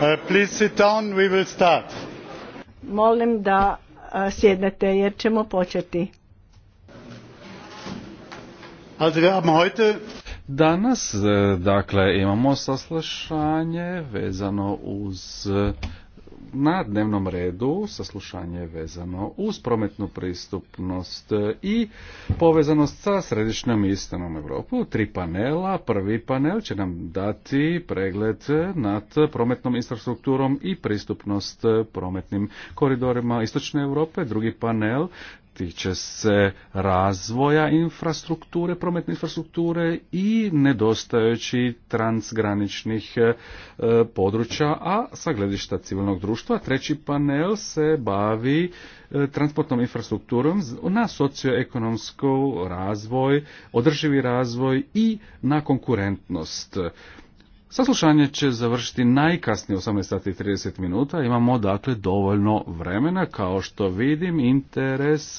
Uh, Molim da uh, sjednete jer ćemo početi. Danas, uh, dakle, imamo saslušanje vezano uz na dnevnom redu saslušanje vezano uz prometnu pristupnost i povezanost sa središnjom i istanom Europu. Tri panela. Prvi panel će nam dati pregled nad prometnom infrastrukturom i pristupnost prometnim koridorima istočne Europe. Drugi panel tiče se razvoja infrastrukture, prometne infrastrukture i nedostajući transgraničnih e, područja, a sa gledišta civilnog društva treći panel se bavi e, transportnom infrastrukturom na socioekonomsku razvoj, održivi razvoj i na konkurentnost. Saslušanje će završiti najkasnije 18.30 minuta. Imamo dakle dovoljno vremena. Kao što vidim, interes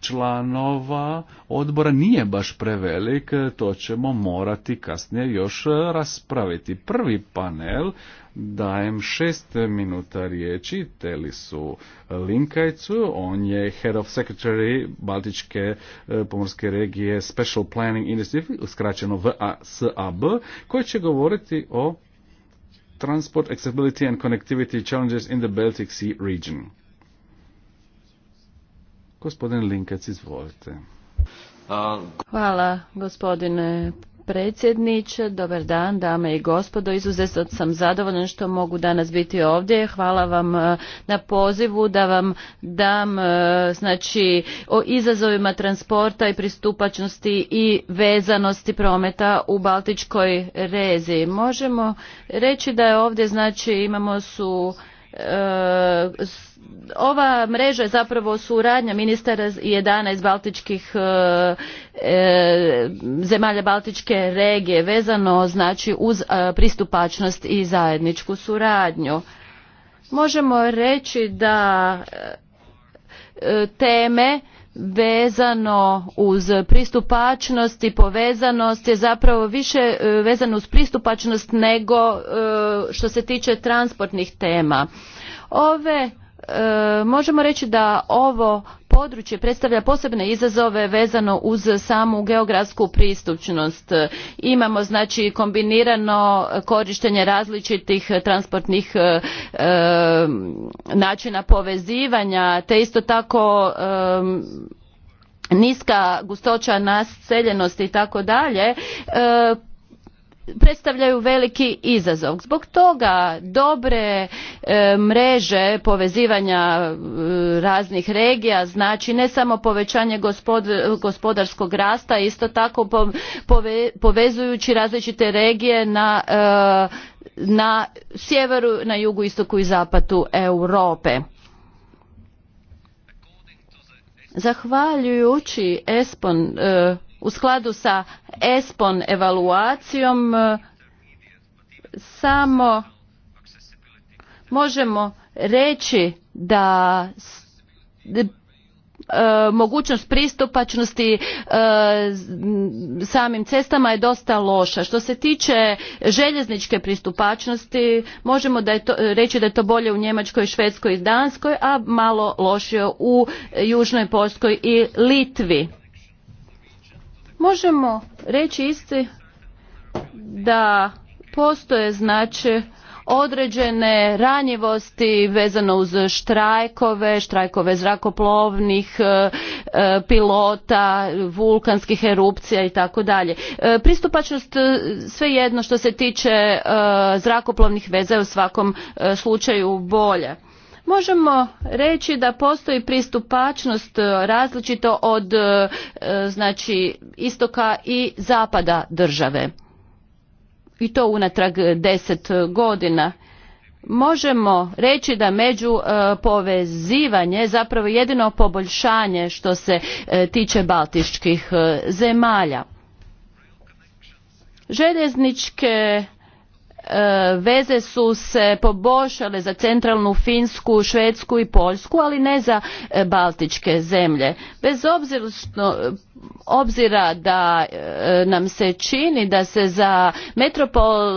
članova odbora nije baš prevelik. To ćemo morati kasnije još raspraviti. Prvi panel dajem šest minuta riječi Telisu Linkajcu. On je Head of Secretary Baltičke e, pomorske regije Special Planning Initiative, skraćeno VASAB, koji će govoriti o Transport, Accessibility and Connectivity Challenges in the Baltic Sea Region. Gospodin Linkac, izvolite. Hvala gospodine predsjedniče, dobar dan dame i gospodo. Izuzetno sam zadovoljan što mogu danas biti ovdje. Hvala vam e, na pozivu da vam dam e, znači o izazovima transporta i pristupačnosti i vezanosti prometa u Baltičkoj rezi. Možemo reći da je ovdje znači imamo su E, ova mreža je zapravo suradnja ministara 11 baltičkih e, e, zemalja baltičke regije vezano znači uz pristupačnost i zajedničku suradnju možemo reći da teme vezano uz pristupačnost i povezanost je zapravo više e, vezano uz pristupačnost nego e, što se tiče transportnih tema. Ove e, možemo reći da ovo područje predstavlja posebne izazove vezano uz samu geografsku pristupnost. Imamo znači kombinirano korištenje različitih transportnih e, e, načina povezivanja te isto tako e, niska gustoća naseljenosti i tako dalje predstavljaju veliki izazov. Zbog toga dobre e, mreže povezivanja e, raznih regija znači ne samo povećanje gospodarskog rasta, isto tako povezujući različite regije na, e, na sjeveru, na jugu, istoku i zapadu Europe. Zahvaljujući ESPON u skladu sa ESPON evaluacijom e, samo možemo reći da e, mogućnost pristupačnosti e, samim cestama je dosta loša. Što se tiče željezničke pristupačnosti, možemo da reći da je to bolje u Njemačkoj, Švedskoj i Danskoj, a malo lošije u Južnoj Poljskoj i Litvi Možemo reći isti da postoje znači određene ranjivosti vezano uz štrajkove, štrajkove zrakoplovnih e, e, pilota, vulkanskih erupcija i tako dalje. E, pristupačnost svejedno što se tiče zrakoplovnih veza je u svakom slučaju bolje možemo reći da postoji pristupačnost e, različito od e, e, znači istoka i zapada države i to unatrag deset godina možemo reći da među povezivanje zapravo jedino poboljšanje što se tiče baltičkih zemalja željezničke E, veze su se poboljšale za centralnu Finsku, Švedsku i Poljsku, ali ne za e, baltičke zemlje. Bez obzira obzira da e, nam se čini da se za metropol,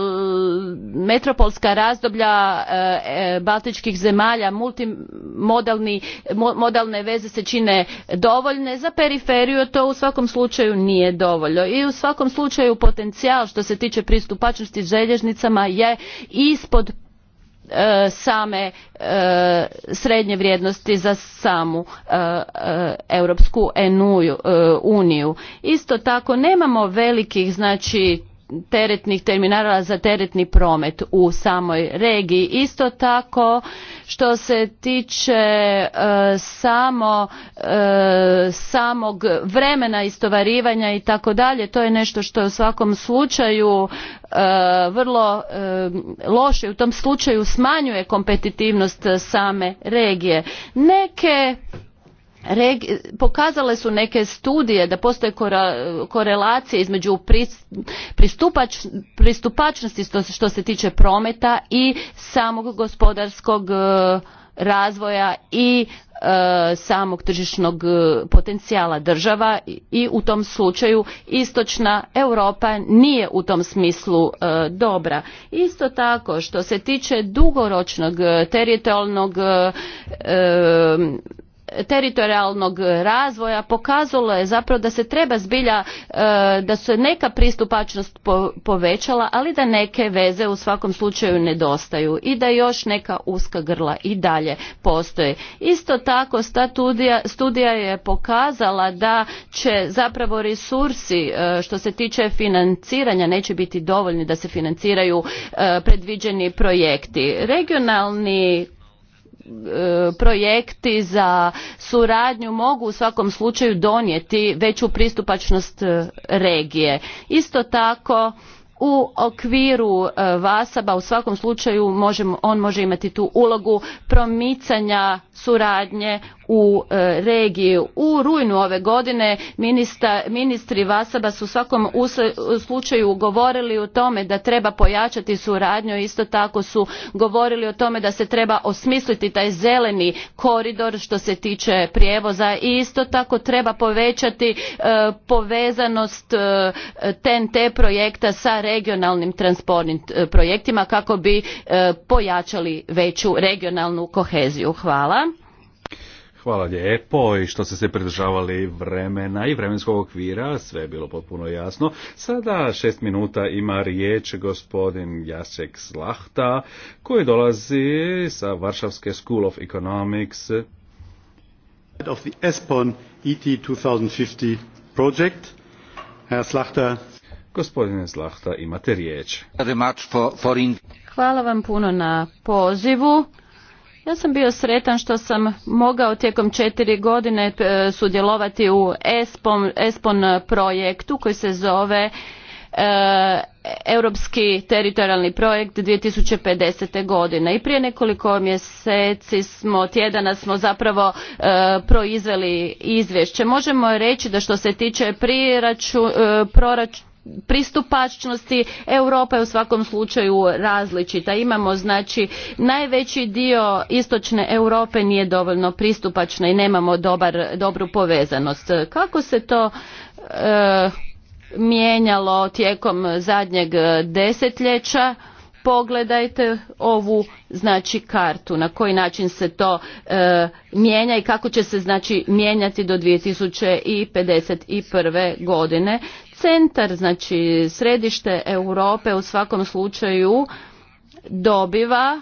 metropolska razdoblja e, e, baltičkih zemalja modalne veze se čine dovoljne za periferiju to u svakom slučaju nije dovoljno i u svakom slučaju potencijal što se tiče pristupačnosti željeznicama je ispod E, same e, srednje vrijednosti za samu e, Europsku uniju. Isto tako nemamo velikih znači teretnih terminala za teretni promet u samoj regiji. Isto tako što se tiče e, samo, e, samog vremena istovarivanja i tako dalje, to je nešto što je u svakom slučaju e, vrlo loše. U tom slučaju smanjuje kompetitivnost same regije. Neke pokazale su neke studije da postoje korelacije između pristupačnosti što, se tiče prometa i samog gospodarskog e, razvoja i e, samog tržišnog e, potencijala država i u tom slučaju istočna Europa nije u tom smislu dobra. Isto tako što se tiče dugoročnog teritorijalnog teritorijalnog razvoja pokazalo je zapravo da se treba zbilja e, da se neka pristupačnost povećala ali da neke veze u svakom slučaju nedostaju i da još neka uska grla i dalje postoje. Isto tako ta studija, studija je pokazala da će zapravo resursi e, što se tiče financiranja neće biti dovoljni da se financiraju e, predviđeni projekti. Regionalni projekti za suradnju mogu u svakom slučaju donijeti veću pristupačnost e, regije. Isto tako u okviru e, VASABA u svakom slučaju on može imati tu ulogu promicanja suradnje u e, regiji. U rujnu ove godine ministri Vasaba su u svakom slučaju govorili o tome da treba pojačati suradnju, isto tako su govorili o tome da se treba osmisliti taj zeleni koridor što se tiče prijevoza i isto tako treba povećati e, povezanost TNT e, projekta sa regionalnim transportnim projektima kako bi pojačali veću regionalnu koheziju. Hvala. Hvala lijepo i što ste se pridržavali vremena i vremenskog okvira, sve je bilo potpuno jasno. Sada šest minuta ima riječ gospodin Jasek Slahta koji dolazi sa Varšavske School of Economics. Of the ESPON ET 2050 project. Herr Gospodine Zlahta, imate riječ. Hvala vam puno na pozivu. Ja sam bio sretan što sam mogao tijekom četiri godine e, sudjelovati u ESPON, projektu koji se zove e, europski teritorijalni projekt 2050. godine i prije nekoliko mjeseci smo tjedana smo zapravo e, proizveli izvješće možemo reći da što se tiče priraču, e, pristupačnosti Europa je u svakom slučaju različita. Imamo znači najveći dio istočne Europe nije dovoljno pristupačna i nemamo dobar, dobru povezanost. Kako se to e, mijenjalo tijekom zadnjeg desetljeća? pogledajte ovu znači kartu na koji način se to e, mijenja i kako će se znači mijenjati do 2051. godine centar, znači središte Europe u svakom slučaju dobiva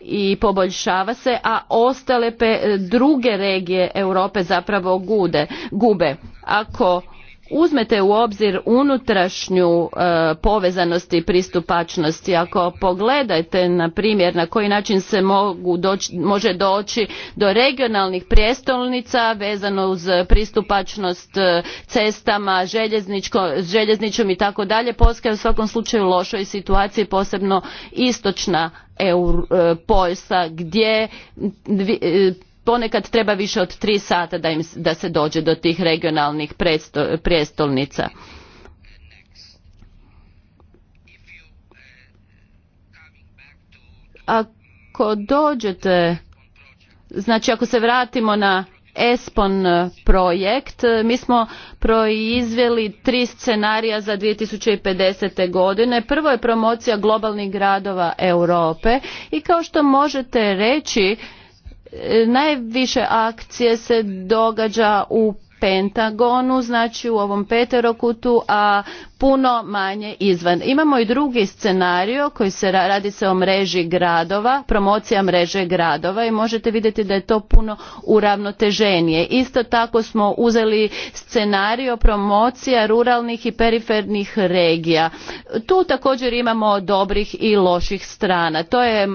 i poboljšava se, a ostale druge regije Europe zapravo gude, gube. Ako uzmete u obzir unutrašnju e, povezanost i pristupačnost ako pogledajte na primjer na koji način se mogu doći, može doći do regionalnih prijestolnica vezano uz pristupačnost e, cestama željezničkom i tako dalje poljska je u svakom slučaju u lošoj situaciji posebno istočna Eur, e, gdje e, ponekad treba više od tri sata da, im, da se dođe do tih regionalnih prijestolnica. Ako dođete, znači ako se vratimo na ESPON e, projekt, e, mi smo proizveli tri scenarija za 2050. godine. Prvo je promocija globalnih gradova Europe i kao što možete reći, Najviše akcije se događa u Pentagonu, znači u ovom peterokutu, a puno manje izvan. Imamo i drugi scenario koji se radi se o mreži gradova, promocija mreže gradova i možete vidjeti da je to puno uravnoteženije. Isto tako smo uzeli scenario promocija ruralnih i perifernih regija. Tu također imamo dobrih i loših strana. To je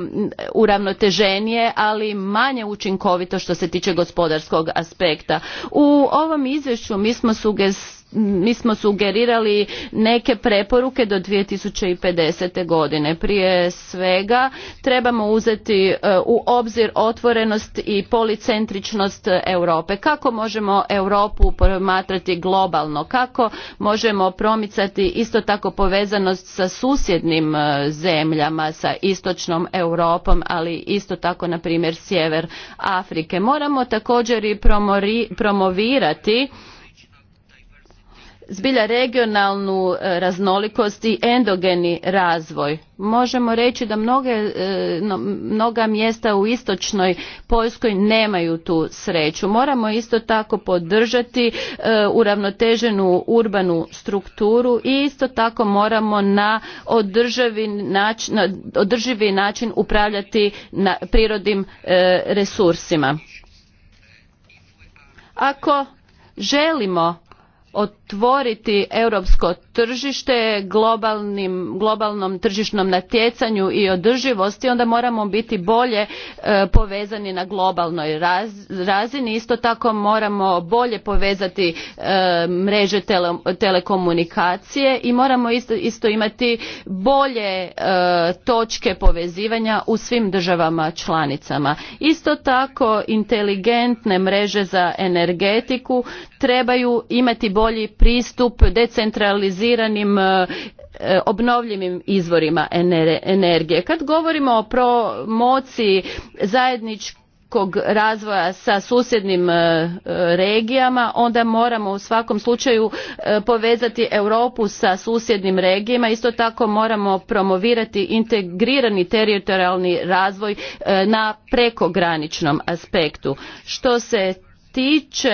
uravnoteženije, ali manje učinkovito što se tiče gospodarskog aspekta. U ovom izvješću mi smo sugestili mi smo sugerirali neke preporuke do 2050. godine. Prije svega trebamo uzeti e, u obzir otvorenost i policentričnost Europe. Kako možemo Europu promatrati globalno? Kako možemo promicati isto tako povezanost sa susjednim e, zemljama, sa istočnom Europom, ali isto tako na primjer sjever Afrike. Moramo također i promovirati zbilja regionalnu e, raznolikost i endogeni razvoj. Možemo reći da mnoge, e, mnoga mjesta u istočnoj Poljskoj nemaju tu sreću. Moramo isto tako podržati e, uravnoteženu urbanu strukturu i isto tako moramo na održivi način, održivi način upravljati na prirodnim resursima. Ako želimo otvoriti europsko tržište globalnim, globalnom tržišnom natjecanju i održivosti onda moramo biti bolje e, povezani na globalnoj razini isto tako moramo bolje povezati e, mreže telekomunikacije i moramo isto, imati bolje e, točke povezivanja u svim državama članicama isto tako inteligentne mreže za energetiku trebaju imati bolje bolji pristup decentraliziranim e, e, obnovljivim izvorima energije. Kad govorimo o promociji zajedničkog razvoja sa susjednim e, regijama onda moramo u svakom slučaju povezati Europu sa susjednim regijama isto tako moramo promovirati integrirani teritorijalni razvoj na prekograničnom aspektu što se tiče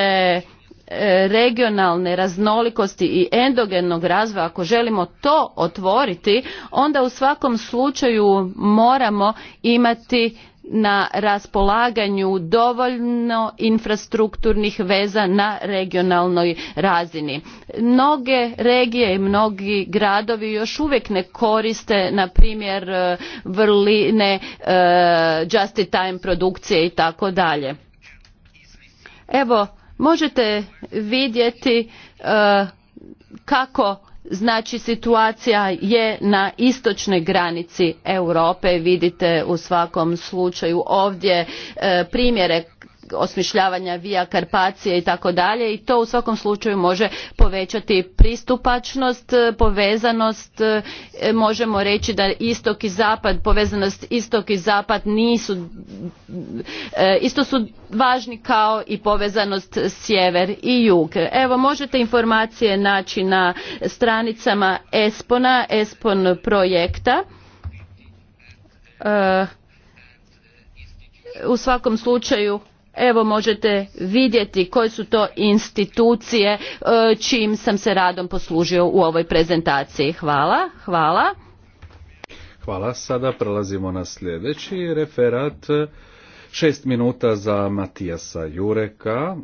E, regionalne raznolikosti i endogenog razvoja, ako želimo to otvoriti, onda u svakom slučaju moramo imati na raspolaganju dovoljno infrastrukturnih veza na regionalnoj razini. Mnoge regije i mnogi gradovi još uvijek ne koriste na primjer e, vrline e, just in time produkcije i tako dalje. Evo možete vidjeti e, kako znači situacija je na istočnoj granici Europe vidite u svakom slučaju ovdje e, primjere osmišljavanja via karpacije i tako dalje i to u svakom slučaju može povećati pristupačnost e, povezanost e, možemo reći da istok i zapad povezanost istok i zapad nisu e, isto su važni kao i povezanost sjever i jug evo možete informacije naći na stranicama espona espon projekta u svakom slučaju Evo možete vidjeti koje su to institucije e, čim sam se radom poslužio u ovoj prezentaciji. Hvala, hvala. Hvala, sada prelazimo na sljedeći referat. Šest minuta za Matijasa Jureka.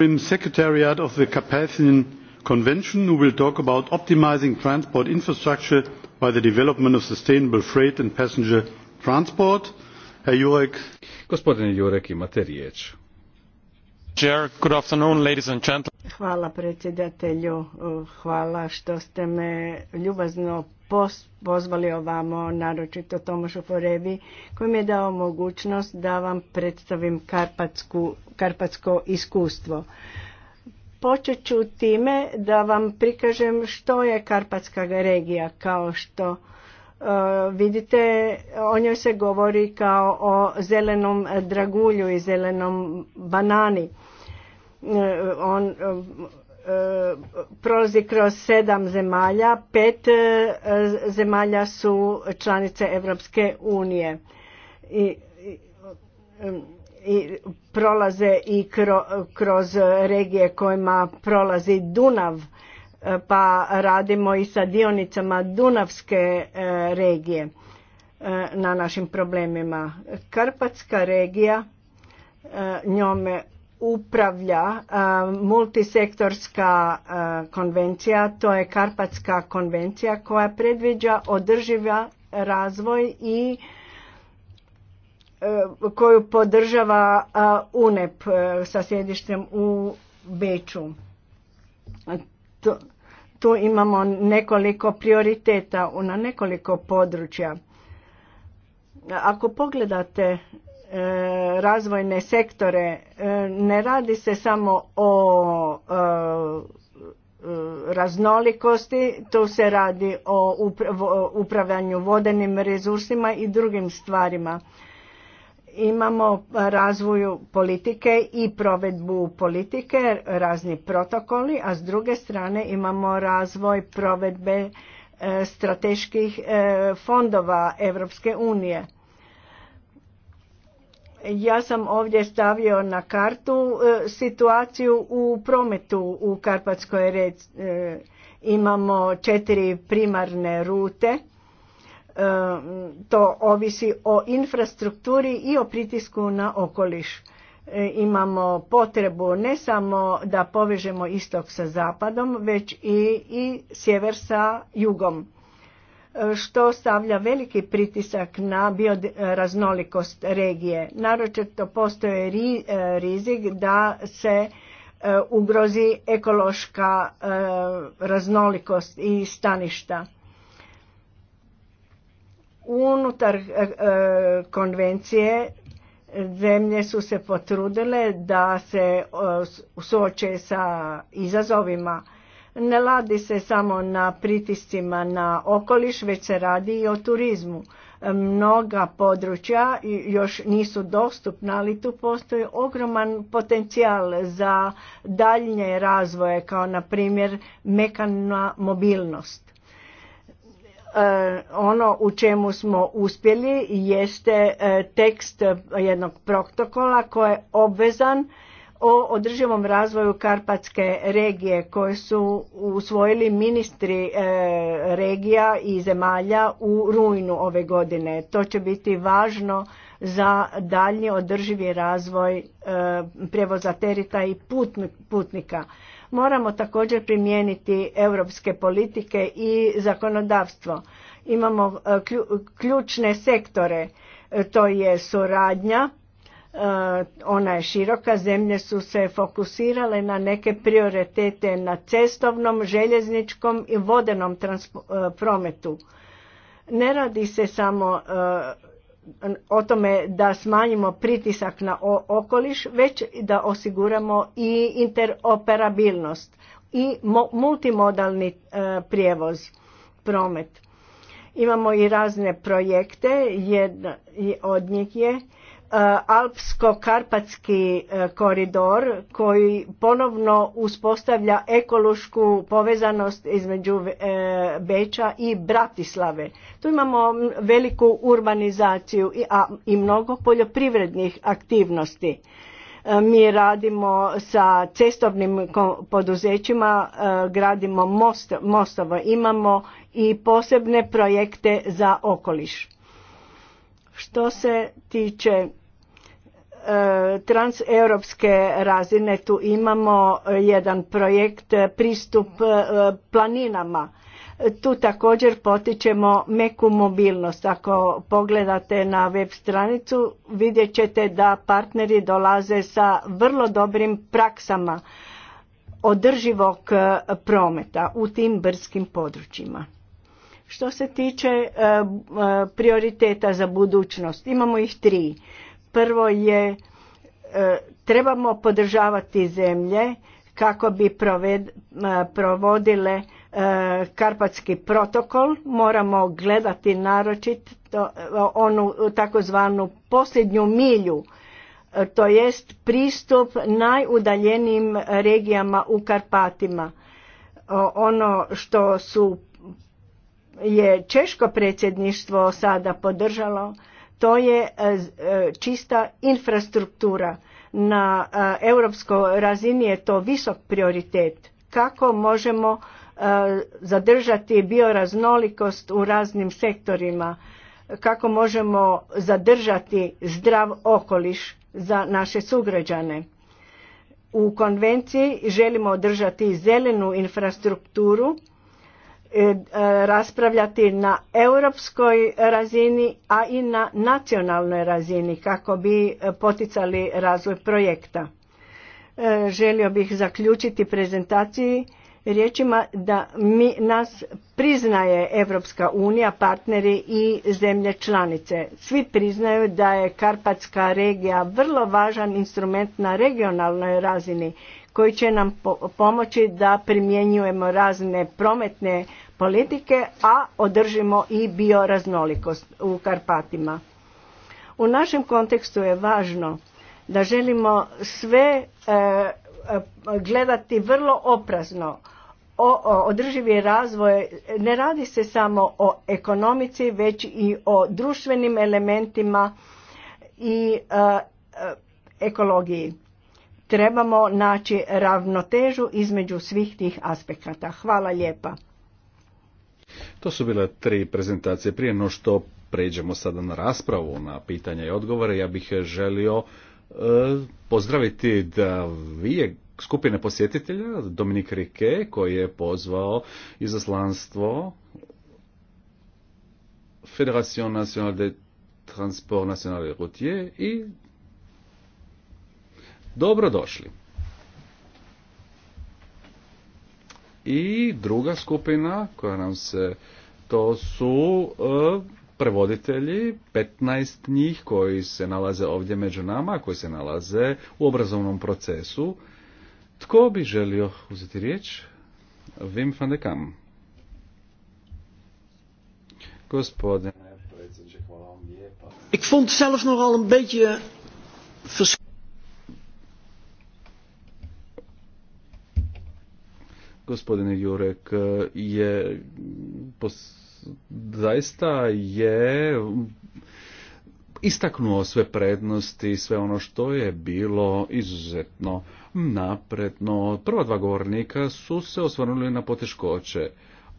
In Secretariat of the Carpathian Convention who will talk about optimizing transport infrastructure by the development of sustainable freight and passenger transport. Jurek. Gospodine Jurek, imate riječ. Hvala predsjedatelju, hvala što ste me ljubazno pozvali ovamo, naročito Tomošu Forevi, koji mi je dao mogućnost da vam predstavim karpatsko iskustvo. Počet ću time da vam prikažem što je Karpatska regija, kao što Eh, vidite, o njoj se govori kao o zelenom dragulju i zelenom banani. Eh, on eh, prolazi kroz sedam zemalja, pet zemalja su članice Europske unije. I, i prolaze i kroz regije kojima prolazi Dunav pa radimo i sa dionicama Dunavske e, regije e, na našim problemima. Karpatska regija e, njome upravlja multisektorska konvencija, to je Karpatska konvencija koja predviđa održiva razvoj i koju podržava UNEP sa sjedištem u Beču. To, tu imamo nekoliko prioriteta na nekoliko područja. Ako pogledate e, razvojne sektore e, ne radi se samo o e, raznolikosti, tu se radi o upravljanju vodenim resursima i drugim stvarima imamo razvoju politike i provedbu politike, razni protokoli, a s druge strane imamo razvoj provedbe e, strateških e, fondova Europske unije. Ja sam ovdje stavio na kartu e, situaciju u prometu u Karpatskoj reci. Imamo četiri primarne rute E, to ovisi o infrastrukturi i o pritisku na okoliš. E, imamo potrebu ne samo da povežemo istok sa zapadom, već i, i sjever sa jugom, e, što stavlja veliki pritisak na bioraznolikost regije. Naročito postoje rizik da se ugrozi ekološka raznolikost i staništa Unutar e, e, konvencije zemlje su se potrudile da se e, suoče sa izazovima. Ne radi se samo na pritiscima na okoliš, već se radi i o turizmu. Mnoga područja još nisu dostupna, ali tu postoji ogroman potencijal za daljnje razvoje, kao na primjer mekana mobilnost. Eh, ono u čemu smo uspjeli jeste eh, tekst jednog protokola koji je obvezan o održivom razvoju Karpatske regije koje su usvojili ministri eh, regija i zemalja u rujnu ove godine. To će biti važno za dalji održivi razvoj prijevoza terita i putnika. Moramo također primijeniti europske politike i zakonodavstvo. Imamo e, ključne sektore, e, to je suradnja, e, ona je široka, zemlje su se fokusirale na neke prioritete na cestovnom, željezničkom i vodenom prometu. Ne radi se samo o tome da smanjimo pritisak na okoliš, već da osiguramo i interoperabilnost i multimodalni e, prijevoz, promet. Imamo i razne projekte, jedna od njih je Alpsko-Karpatski e, koridor koji ponovno uspostavlja ekološku povezanost između e, Beča i Bratislave. Tu imamo veliku urbanizaciju i mnogo poljoprivrednih aktivnosti. E, mi radimo sa cestovnim poduzećima, gradimo most, mostove, imamo i posebne projekte za okoliš. Što se tiče transeuropske razine tu imamo e, jedan projekt e, pristup e, planinama. Tu također potičemo meku mobilnost. Ako pogledate na web stranicu vidjet ćete da partneri dolaze sa vrlo dobrim praksama održivog prometa u tim brskim područjima. Što se tiče prioriteta za budućnost, imamo ih tri Prvo je e, trebamo podržavati zemlje kako bi e, provodile e, Karpatski protokol. Moramo gledati naročito onu takozvanu posljednju milju, to jest pristup najudaljenijim regijama u Karpatima. Ono što su je Češko predsjedništvo sada podržalo to je e, e, čista infrastruktura. Na e, europskoj razini je to visok prioritet. Kako možemo zadržati bioraznolikost u raznim sektorima, kako možemo zadržati zdrav okoliš za naše sugrađane. U konvenciji želimo održati zelenu infrastrukturu E, e, raspravljati na europskoj razini, a i na nacionalnoj razini kako bi poticali razvoj projekta. E, želio bih zaključiti prezentaciji riječima da mi, nas priznaje Europska unija, partneri i zemlje članice. Svi priznaju da je Karpatska regija vrlo važan instrument na regionalnoj razini koji će nam pomoći da primjenjujemo razne prometne politike, a održimo i bioraznolikost u Karpatima. U našem kontekstu je važno da želimo sve e, e, gledati vrlo oprazno. O, o, održivi razvoj ne radi se samo o ekonomici, već i o društvenim elementima i e, ekologiji. Trebamo naći ravnotežu između svih tih aspekata. Hvala lijepa. To su bile tri prezentacije. Prije no što pređemo sada na raspravu, na pitanja i odgovore, ja bih želio e, pozdraviti da vi skupine posjetitelja, Dominik Rike, koji je pozvao izaslanstvo Federation Nationale de Transport National Routier i dobrodošli. I druga skupina koja nam se, to su e, prevoditelji, 15 njih koji se nalaze ovdje među nama, koji se nalaze u obrazovnom procesu. Tko bi želio uzeti riječ? Vim van de Kam. Gospodine hvala vam lijepa. Ik vond zelf nogal een beetje Gospodine Jurek, je zaista je istaknuo sve prednosti, sve ono što je bilo izuzetno napredno. Prva dva govornika su se osvrnuli na poteškoće,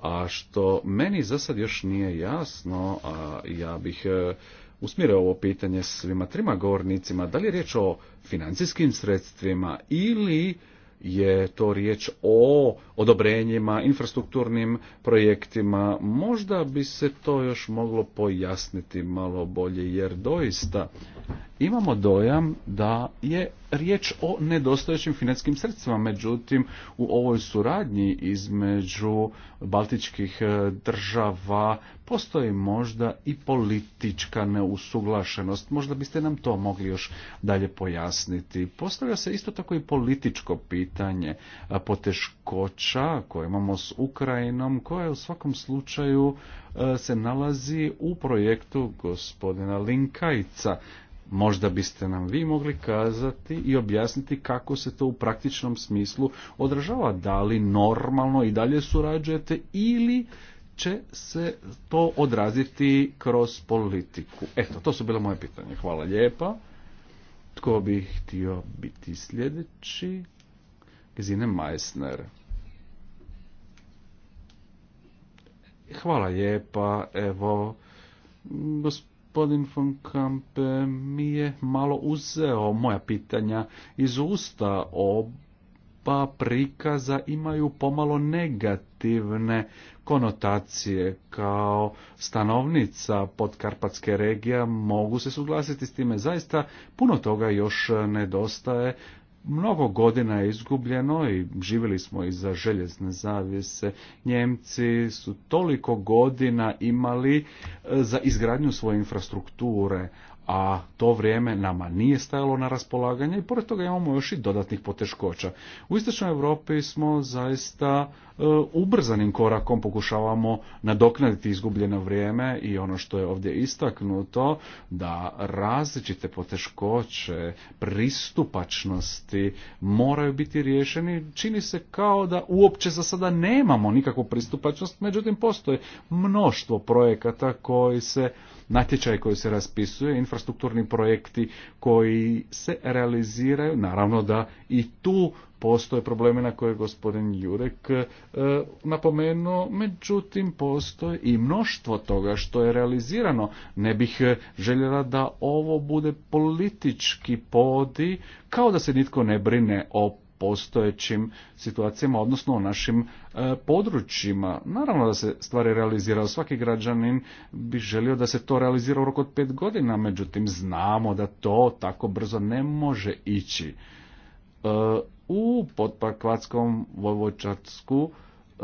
a što meni za sad još nije jasno, a ja bih e, usmjerio ovo pitanje svima trima govornicima, da li je riječ o financijskim sredstvima ili je to riječ o odobrenjima, infrastrukturnim projektima. Možda bi se to još moglo pojasniti malo bolje, jer doista imamo dojam da je riječ o nedostojećim financijskim sredstvima. Međutim, u ovoj suradnji između baltičkih e, država postoji možda i politička neusuglašenost. Možda biste nam to mogli još dalje pojasniti. Postavlja se isto tako i političko pitanje e, poteškoća koje imamo s Ukrajinom, koja u svakom slučaju e, se nalazi u projektu gospodina Linkajca Možda biste nam vi mogli kazati i objasniti kako se to u praktičnom smislu odražava. Da li normalno i dalje surađujete ili će se to odraziti kroz politiku? Eto, to su bila moje pitanje. Hvala lijepa. Tko bi htio biti sljedeći? Zine Meissner. Hvala lijepa, evo, gospodin gospodin von Kamp mi je malo uzeo moja pitanja iz usta pa prikaza imaju pomalo negativne konotacije kao stanovnica podkarpatske regije mogu se suglasiti s time zaista puno toga još nedostaje mnogo godina je izgubljeno i živjeli smo iza željezne zavise. Njemci su toliko godina imali e, za izgradnju svoje infrastrukture, a to vrijeme nama nije stajalo na raspolaganje i pored toga imamo još i dodatnih poteškoća. U istočnoj Europi smo zaista e, ubrzanim korakom pokušavamo nadoknaditi izgubljeno vrijeme i ono što je ovdje istaknuto da različite poteškoće pristupačnosti moraju biti riješeni. Čini se kao da uopće za sada nemamo nikakvu pristupačnost, međutim postoje mnoštvo projekata koji se natječaj koji se raspisuje, infrastrukturni projekti koji se realiziraju, naravno da i tu postoje probleme na koje je gospodin Jurek e, napomenuo, međutim postoje i mnoštvo toga što je realizirano. Ne bih e, željela da ovo bude politički podi, kao da se nitko ne brine o postojećim situacijama, odnosno u našim e, područjima. Naravno da se stvari realiziraju. Svaki građanin bi želio da se to realizira u roku od pet godina, međutim znamo da to tako brzo ne može ići. E, u Potpakvatskom Vojvočarsku e,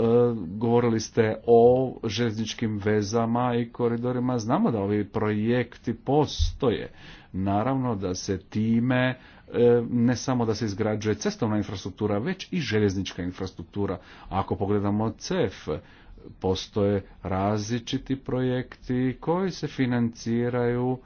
govorili ste o željezničkim vezama i koridorima. Znamo da ovi projekti postoje. Naravno da se time E, ne samo da se izgrađuje cestovna infrastruktura, već i željeznička infrastruktura. ako pogledamo CEF, postoje različiti projekti koji se financiraju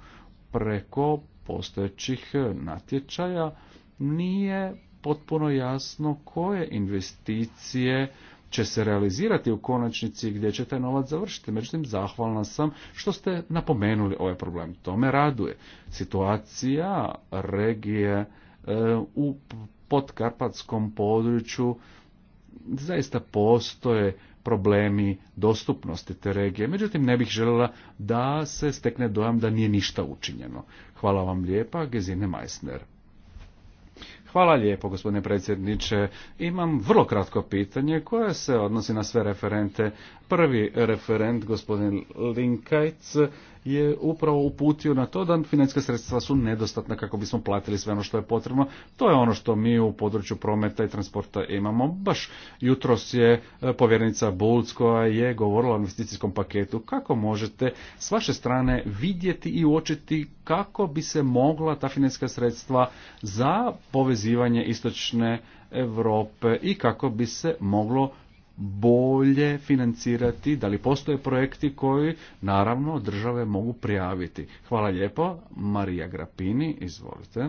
preko postojećih natječaja. Nije potpuno jasno koje investicije će se realizirati u konačnici gdje će taj novac završiti. Međutim, zahvalna sam što ste napomenuli ovaj problem. To me raduje. Situacija regije e, u podkarpatskom području zaista postoje problemi dostupnosti te regije. Međutim, ne bih željela da se stekne dojam da nije ništa učinjeno. Hvala vam lijepa, Gezine Meissner. Hvala lijepo, gospodine predsjedniče. Imam vrlo kratko pitanje koje se odnosi na sve referente Prvi referent, gospodin Linkajc, je upravo uputio na to da financijska sredstva su nedostatna kako bismo platili sve ono što je potrebno. To je ono što mi u području prometa i transporta imamo. Baš jutros je e, povjernica Bulc koja je govorila o investicijskom paketu. Kako možete s vaše strane vidjeti i uočiti kako bi se mogla ta financijska sredstva za povezivanje istočne Europe i kako bi se moglo bolje financirati, da li postoje projekti koji naravno države mogu prijaviti. Hvala lijepo. Marija Grapini, izvolite.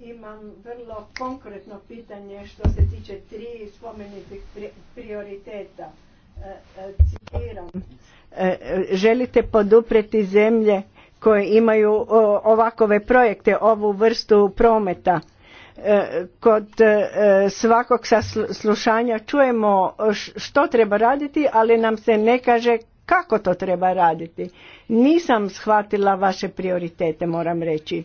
Imam vrlo konkretno pitanje što se tiče tri spomenutih prioriteta. E, e, citiram. E, želite poduprijeti zemlje koje imaju ovakove projekte, ovu vrstu prometa. E, kod e, svakog saslušanja čujemo što treba raditi, ali nam se ne kaže kako to treba raditi. Nisam shvatila vaše prioritete, moram reći. E,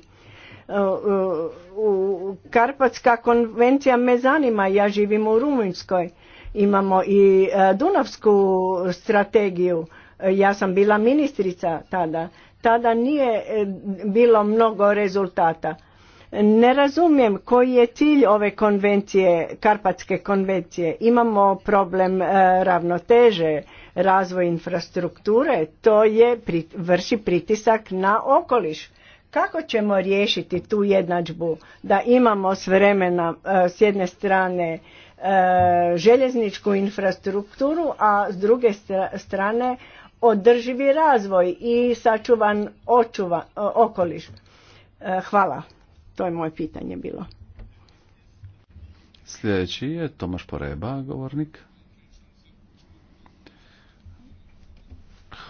u Karpatska konvencija me zanima, ja živim u Rumunjskoj. Imamo i Dunavsku strategiju. Ja sam bila ministrica tada tada nije e, bilo mnogo rezultata. Ne razumijem koji je cilj ove konvencije, Karpatske konvencije. Imamo problem e, ravnoteže, razvoj infrastrukture, to je vrši pritisak na okoliš. Kako ćemo riješiti tu jednadžbu da imamo s vremena e, s jedne strane željezničku infrastrukturu, a s druge strane održivi razvoj i sačuvan očuva, okoliš? E, hvala. To je moje pitanje bilo. Sljedeći je Tomaš Poreba, govornik.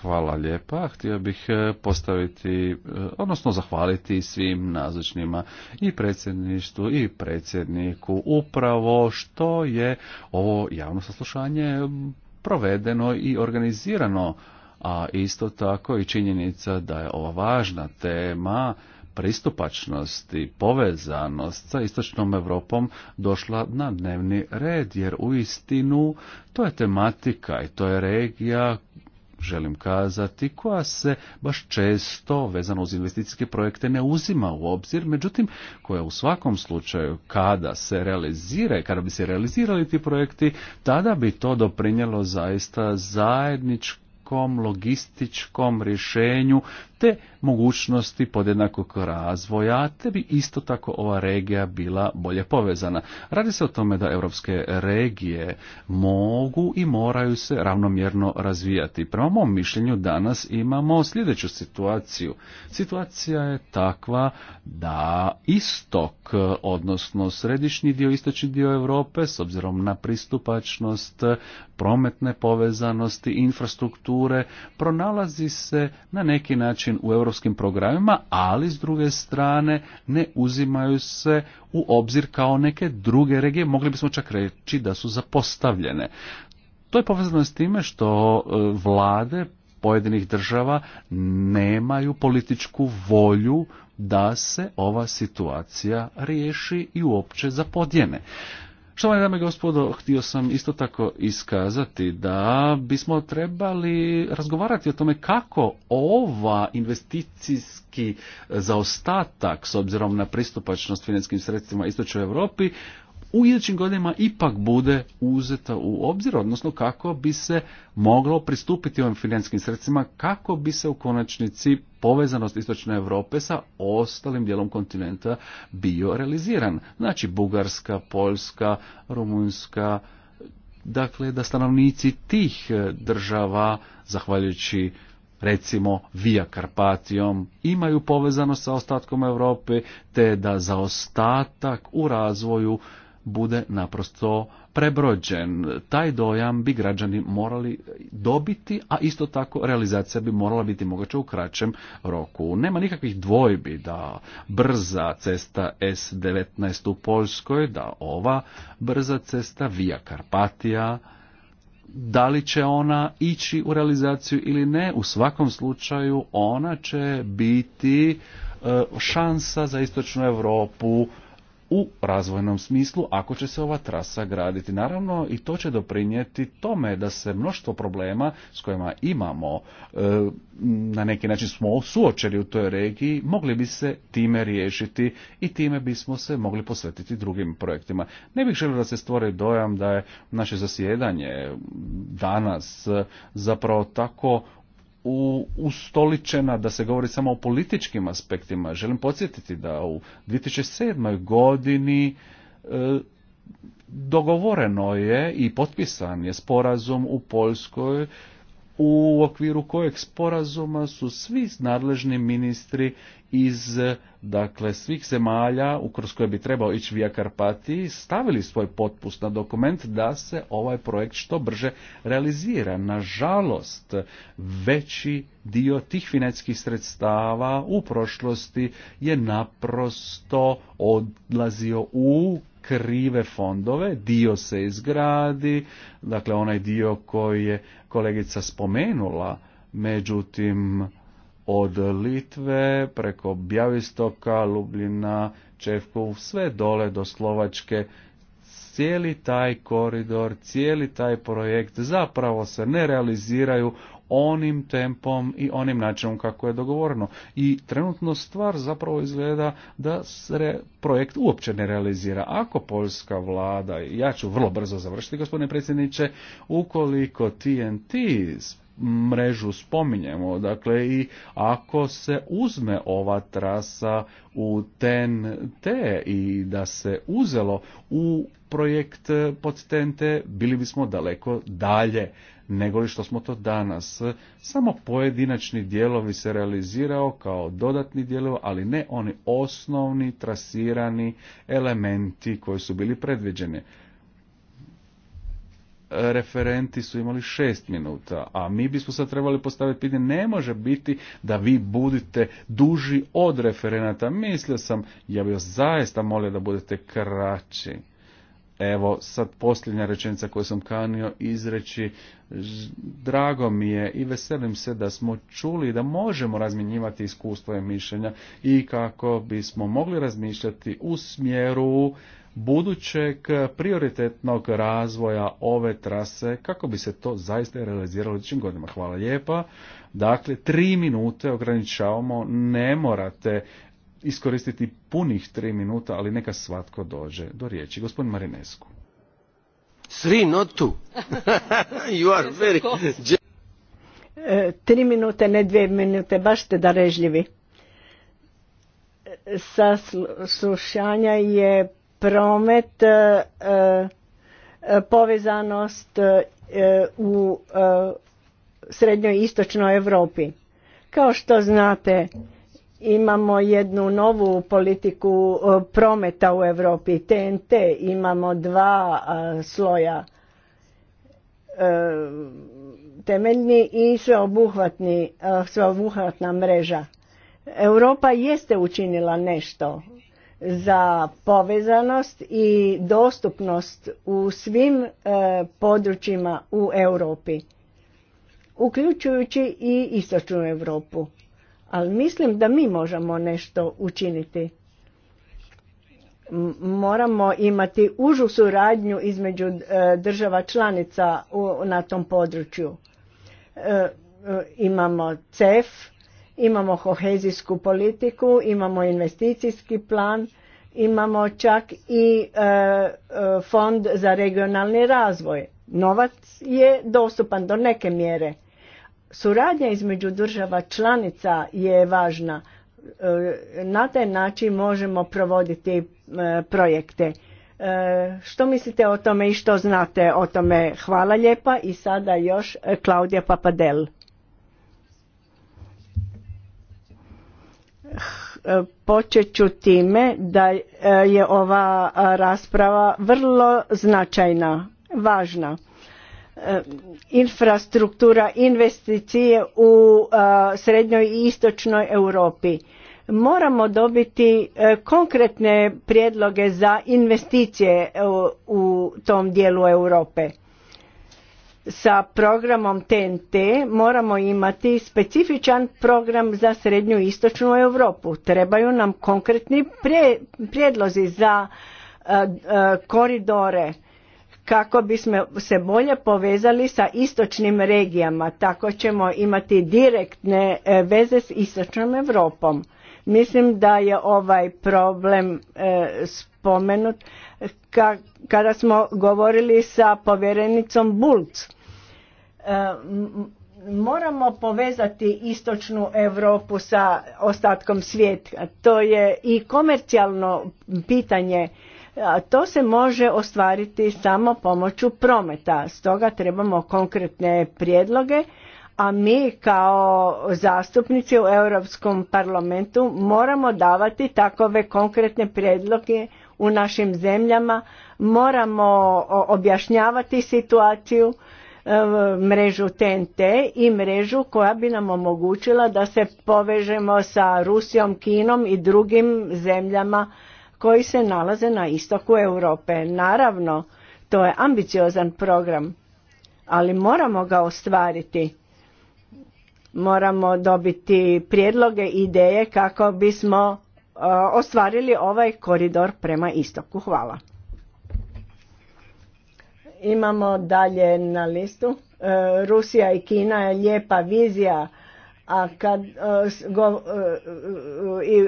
Hvala lijepa. Htio bih e, postaviti, e, odnosno zahvaliti svim nazočnima i predsjedništvu i predsjedniku upravo što je ovo javno saslušanje provedeno i organizirano a isto tako i činjenica da je ova važna tema pristupačnosti, i povezanost sa istočnom Europom došla na dnevni red, jer u istinu to je tematika i to je regija želim kazati, koja se baš često, vezano uz investicijske projekte, ne uzima u obzir, međutim, koja u svakom slučaju, kada se realizira kada bi se realizirali ti projekti, tada bi to doprinjelo zaista zajedničkom logističkom rješenju te mogućnosti podjednakog razvoja, te bi isto tako ova regija bila bolje povezana. Radi se o tome da europske regije mogu i moraju se ravnomjerno razvijati. Prema mom mišljenju danas imamo sljedeću situaciju. Situacija je takva da istok, odnosno središnji dio, istočni dio Europe, s obzirom na pristupačnost, prometne povezanosti, infrastrukture, pronalazi se na neki način u europskim programima, ali s druge strane ne uzimaju se u obzir kao neke druge regije, mogli bismo čak reći da su zapostavljene. To je povezano s time što e, vlade pojedinih država nemaju političku volju da se ova situacija riješi i uopće zapodjene je, dame i gospodo, htio sam isto tako iskazati da bismo trebali razgovarati o tome kako ova investicijski zaostatak s obzirom na pristupačnost financijskim sredstvima istočnoj Europi u idućim godinama ipak bude uzeta u obzir, odnosno kako bi se moglo pristupiti ovim financijskim sredstvima, kako bi se u konačnici povezanost Istočne Europe sa ostalim dijelom kontinenta bio realiziran. Znači Bugarska, Poljska, Rumunjska, dakle da stanovnici tih država, zahvaljujući recimo Via Karpatijom, imaju povezanost sa ostatkom Europe, te da zaostatak u razvoju bude naprosto prebrođen. Taj dojam bi građani morali dobiti, a isto tako realizacija bi morala biti moguća u kraćem roku. Nema nikakvih dvojbi da brza cesta S19 u Poljskoj, da ova brza cesta Via Karpatija, da li će ona ići u realizaciju ili ne, u svakom slučaju ona će biti e, šansa za istočnu Europu u razvojnom smislu ako će se ova trasa graditi. Naravno i to će doprinijeti tome da se mnoštvo problema s kojima imamo e, na neki način smo suočeni u toj regiji, mogli bi se time riješiti i time bismo se mogli posvetiti drugim projektima. Ne bih želio da se stvori dojam da je naše zasjedanje danas zapravo tako u ustoličena da se govori samo o političkim aspektima. Želim podsjetiti da u 2007. godini e, dogovoreno je i potpisan je sporazum u Poljskoj u okviru kojeg sporazuma su svi nadležni ministri iz dakle svih zemalja kroz koje bi trebao ići Via Karpati stavili svoj potpust na dokument da se ovaj projekt što brže realizira. Nažalost, veći dio tih financijskih sredstava u prošlosti je naprosto odlazio u krive fondove, dio se izgradi, dakle onaj dio koji je kolegica spomenula, međutim od Litve preko Bjavistoka, Lubljina, Čevku, sve dole do Slovačke, cijeli taj koridor, cijeli taj projekt zapravo se ne realiziraju onim tempom i onim načinom kako je dogovoreno. I trenutno stvar zapravo izgleda da se projekt uopće ne realizira. Ako poljska vlada, ja ću vrlo brzo završiti gospodine predsjedniče, ukoliko TNT mrežu spominjemo. Dakle, i ako se uzme ova trasa u TNT i da se uzelo u projekt pod TNT, bili bismo daleko dalje nego što smo to danas. Samo pojedinačni dijelovi se realizirao kao dodatni dijelovi, ali ne oni osnovni trasirani elementi koji su bili predviđeni referenti su imali šest minuta, a mi bismo sad trebali postaviti pitanje, ne može biti da vi budite duži od referenata. Mislio sam, ja bih zaista molio da budete kraći. Evo, sad posljednja rečenica koju sam kanio izreći, drago mi je i veselim se da smo čuli da možemo razminjivati iskustvo i mišljenja i kako bismo mogli razmišljati u smjeru budućeg prioritetnog razvoja ove trase kako bi se to zaista realiziralo u godinama. Hvala lijepa. Dakle, tri minute ograničavamo, ne morate iskoristiti punih tri minuta, ali neka svatko dođe do riječi. Gospodin Marinesku. svi not two. you are very... E, tri minute, ne dvije minute, baš ste darežljivi. E, Sa slušanja je promet, e, povezanost u srednjoj istočnoj Europi. Kao što znate, Imamo jednu novu politiku e, prometa u Europi, TNT, imamo dva e, sloja, e, temeljni i sveobuhvatni, sveobuhvatna mreža. Europa jeste učinila nešto za povezanost i dostupnost u svim područjima u Europi, uključujući i istočnu Europu ali mislim da mi možemo nešto učiniti. Moramo imati užu suradnju između e, država članica na tom području. E, e, imamo CEF, imamo kohezijsku politiku, imamo investicijski plan, imamo čak i fond za regionalni razvoj. Novac je dostupan do neke mjere Suradnja između država članica je važna. E, na taj način možemo provoditi e, projekte. E, što mislite o tome i što znate o tome? Hvala lijepa i sada još Klaudija Papadel. Počet ću time da je ova rasprava vrlo značajna, važna Eh, infrastruktura investicije u eh, srednjoj i istočnoj Europi. Moramo dobiti eh, konkretne prijedloge za investicije u tom dijelu Europe. Sa programom TNT moramo imati specifičan program za srednju i istočnu Europu. Trebaju nam konkretni prijedlozi za koridore kako bismo se bolje povezali sa istočnim regijama. Tako ćemo imati direktne e, veze s istočnom Europom. Mislim da je ovaj problem e, spomenut kada smo govorili sa povjerenicom Bulc. E, moramo povezati istočnu Europu sa ostatkom svijeta. To je i komercijalno pitanje to se može ostvariti samo pomoću prometa. Stoga trebamo konkretne prijedloge, a mi kao zastupnici u Europskom parlamentu moramo davati takove konkretne prijedloge u našim zemljama, moramo objašnjavati situaciju, e, mrežu TNT i mrežu koja bi nam omogućila da se povežemo sa Rusijom, Kinom i drugim zemljama koji se nalaze na istoku Europe. Naravno, to je ambiciozan program, ali moramo ga ostvariti. Moramo dobiti prijedloge i ideje kako bismo e, ostvarili ovaj koridor prema istoku. Hvala. Imamo dalje na listu. E, Rusija i Kina je lijepa vizija, a kad e,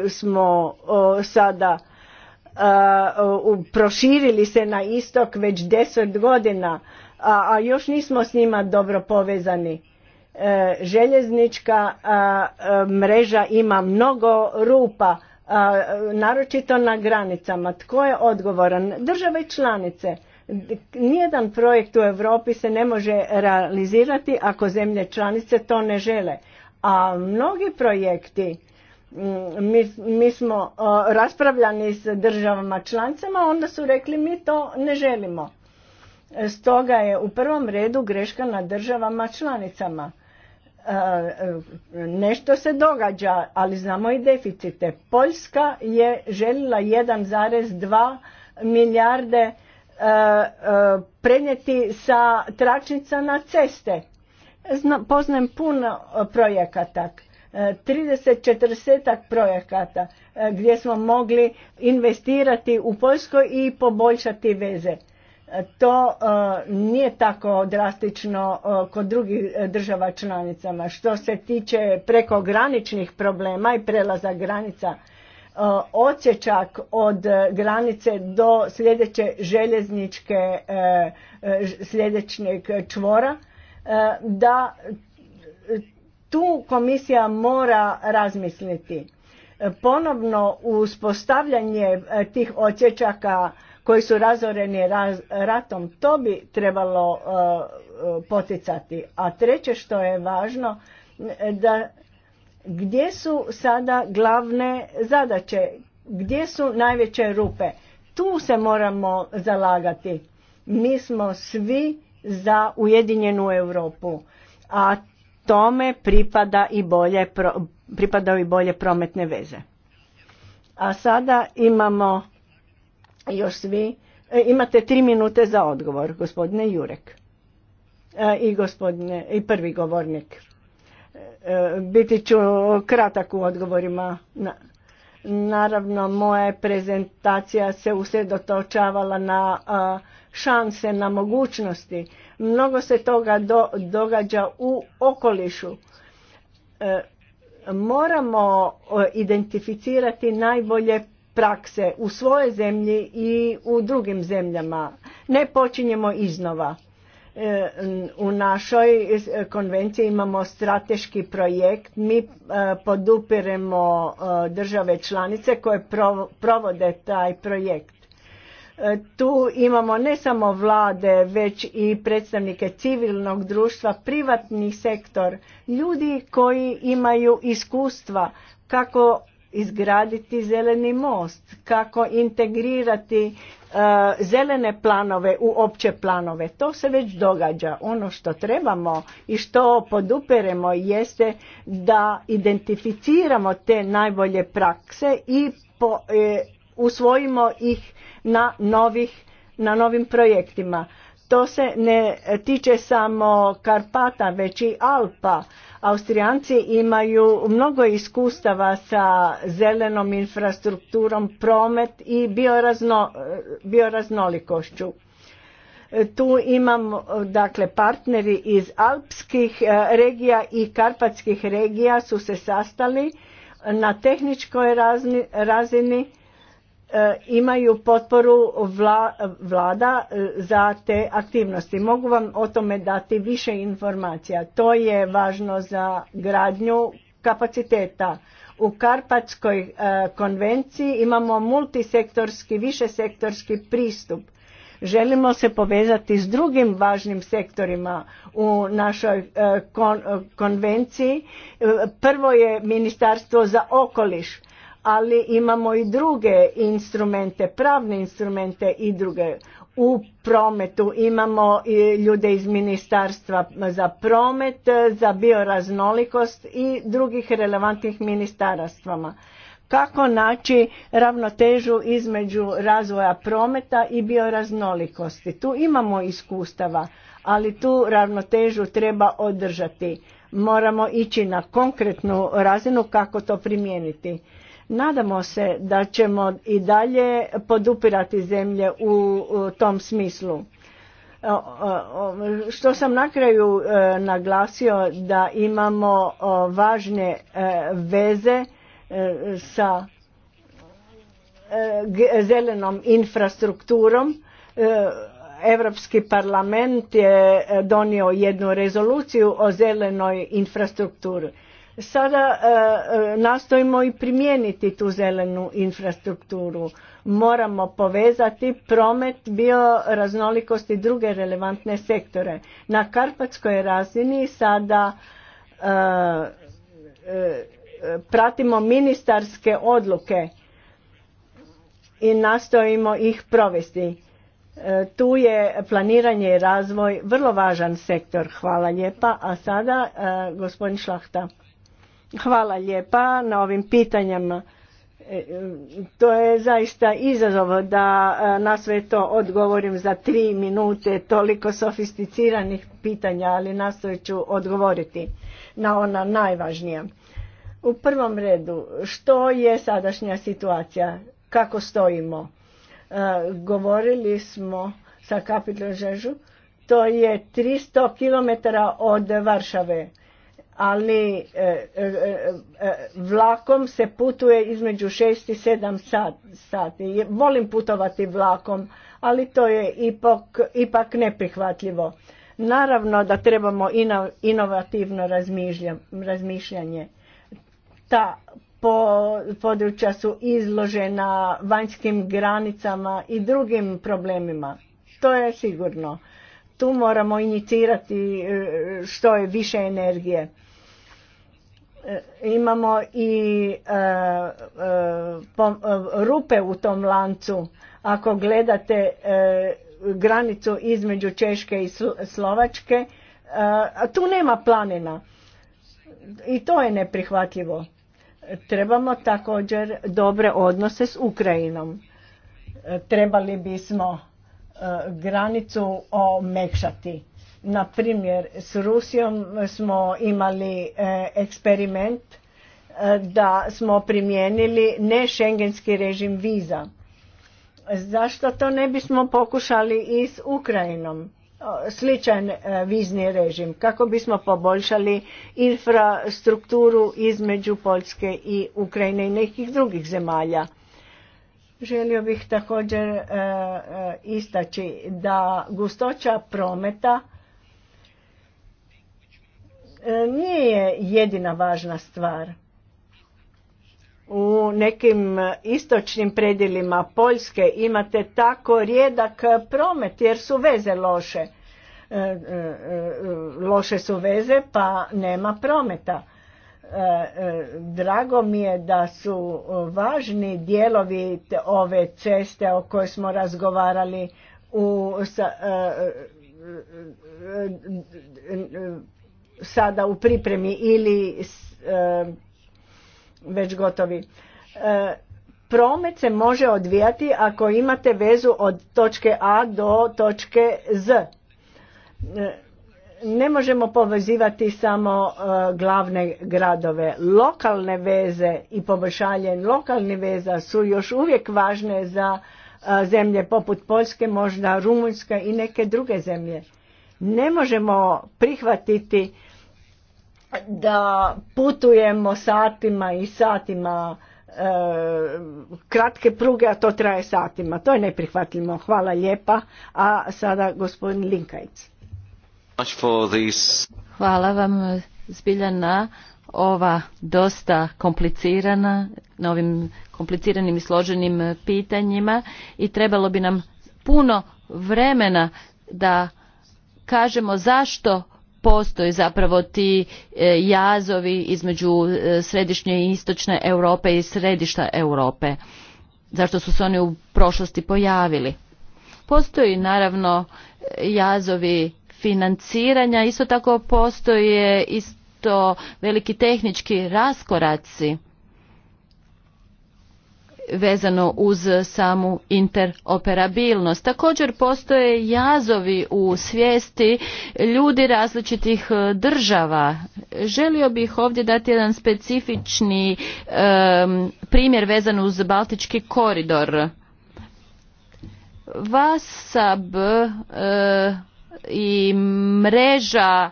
smo sada proširili se na istok već deset godina, a još nismo s njima dobro povezani. E, željeznička mreža ima mnogo rupa, naročito na granicama. Tko je odgovoran? Države članice. Nijedan projekt u Europi se ne može realizirati ako zemlje članice to ne žele. A mnogi projekti Mm, mi, mi smo raspravljani s državama članicama, onda su rekli mi to ne želimo. E, stoga je u prvom redu greška na državama članicama. E, e, nešto se događa, ali znamo i deficite. Poljska je željela 1,2 milijarde prenijeti sa tračnica na ceste. Poznam puno projekata 30-40 projekata e, gdje smo mogli investirati u Poljskoj i poboljšati veze. E, to e, nije tako drastično kod drugih država članicama. Što se tiče prekograničnih problema i prelaza granica, odsječak od granice do sljedeće željezničke sljedećeg čvora da tu komisija mora razmisliti. E, ponovno uspostavljanje e, tih očečaka koji su razoreni ratom, to bi trebalo e, poticati. A treće što je važno, da gdje su sada glavne zadaće, gdje su najveće rupe. Tu se moramo zalagati. Mi smo svi za ujedinjenu Europu. A tome pripada i bolje, pripadaju i bolje prometne veze. A sada imamo još svi, e, imate tri minute za odgovor, gospodine Jurek e, i gospodine i prvi govornik. E, biti ću kratak u odgovorima. Naravno, moja prezentacija se usredotočavala na šanse, na mogućnosti Mnogo se toga događa u okolišu. E, moramo e, identificirati najbolje prakse u svojoj zemlji i u drugim zemljama. Ne počinjemo iznova. E, u našoj konvenciji imamo strateški projekt. Mi e, podupiremo države članice koje provode taj projekt. E, tu imamo ne samo vlade, već i predstavnike civilnog društva, privatni sektor, ljudi koji imaju iskustva kako izgraditi zeleni most, kako integrirati e, zelene planove u opće planove. To se već događa. Ono što trebamo i što poduperemo jeste da identificiramo te najbolje prakse i po, e, usvojimo ih na, novih, na novim projektima. To se ne tiče samo Karpata, već i Alpa. Austrijanci imaju mnogo iskustava sa zelenom infrastrukturom, promet i biorazno, bioraznolikošću. Tu imam dakle partneri iz alpskih e, regija i karpatskih regija su se sastali na tehničkoj razini E, imaju potporu vlada e, za te aktivnosti. Mogu vam o tome dati više informacija. To je važno za gradnju kapaciteta. U Karpatskoj e, konvenciji imamo multisektorski, višesektorski pristup. Želimo se povezati s drugim važnim sektorima u našoj konvenciji. Prvo je Ministarstvo za okoliš ali imamo i druge instrumente, pravne instrumente i druge. U prometu imamo i ljude iz ministarstva za promet, za bioraznolikost i drugih relevantnih ministarstvama. Kako naći ravnotežu između razvoja prometa i bioraznolikosti? Tu imamo iskustava, ali tu ravnotežu treba održati. Moramo ići na konkretnu razinu kako to primijeniti Nadamo se da ćemo i dalje podupirati zemlje u tom smislu. Što sam na kraju e, naglasio da imamo važne e, veze e, sa zelenom infrastrukturom. Europski parlament je donio jednu rezoluciju o zelenoj infrastrukturi Sada e, e, nastojimo i primijeniti tu zelenu infrastrukturu. Moramo povezati promet, bioraznolikosti raznolikosti druge relevantne sektore. Na karpatskoj razini sada e, pratimo ministarske odluke i nastojimo ih provesti. Tu je planiranje i razvoj vrlo važan sektor. Hvala lijepa. A sada gospodin Šlahta. Hvala lijepa na ovim pitanjama. E, e, to je zaista izazov da e, na sve to odgovorim za tri minute toliko sofisticiranih pitanja, ali nastojit ću odgovoriti na ona najvažnija. U prvom redu, što je sadašnja situacija? Kako stojimo? govorili smo sa kapitol Žežu, to je 300 km od Varšave ali e, e, e, vlakom se putuje između 6 i 7 sati. Volim putovati vlakom, ali to je ipak, ipak neprihvatljivo. Naravno da trebamo inovativno razmišljanje. Ta područja su izložena vanjskim granicama i drugim problemima. To je sigurno. Tu moramo inicirati što je više energije E, imamo i e, e, rupe u tom lancu. Ako gledate granicu između Češke i Slovačke, tu nema planina. I to je neprihvatljivo. Trebamo također dobre odnose s Ukrajinom. Trebali bismo granicu omekšati na primjer, s Rusijom smo imali e, eksperiment e, da smo primijenili ne šengenski režim viza. Zašto to ne bismo pokušali i s Ukrajinom? Sličan e, vizni režim kako bismo poboljšali infrastrukturu između Poljske i Ukrajine i nekih drugih zemalja. Želio bih također istaći da gustoća prometa E, nije jedina važna stvar. U nekim istočnim predjelima Poljske imate tako rijedak promet jer su veze loše. E, e, loše su veze pa nema prometa. Drago mi je da su važni dijelovi ove ceste o kojoj smo razgovarali u sada u pripremi ili e, već gotovi. E, promet se može odvijati ako imate vezu od točke A do točke Z. E, ne možemo povezivati samo glavne gradove. Lokalne veze i poboljšanje lokalnih veza su još uvijek važne za zemlje poput Poljske, možda Rumunjske i neke druge zemlje. Ne možemo prihvatiti da putujemo satima i satima e, kratke pruge, a to traje satima. To je neprihvatljivo. Hvala lijepa. A sada gospodin Linkajc. Hvala vam zbilja na ova dosta komplicirana, na ovim kompliciranim i složenim pitanjima i trebalo bi nam puno vremena da kažemo zašto postoje zapravo ti e, jazovi između e, središnje i istočne Europe i središta Europe. Zašto su se oni u prošlosti pojavili? Postoji naravno jazovi financiranja, isto tako postoje isto veliki tehnički raskoraci vezano uz samu interoperabilnost. Također postoje jazovi u svijesti ljudi različitih e, država. Želio bih ovdje dati jedan specifični e, primjer vezan uz Baltički koridor. Vasab e, i mreža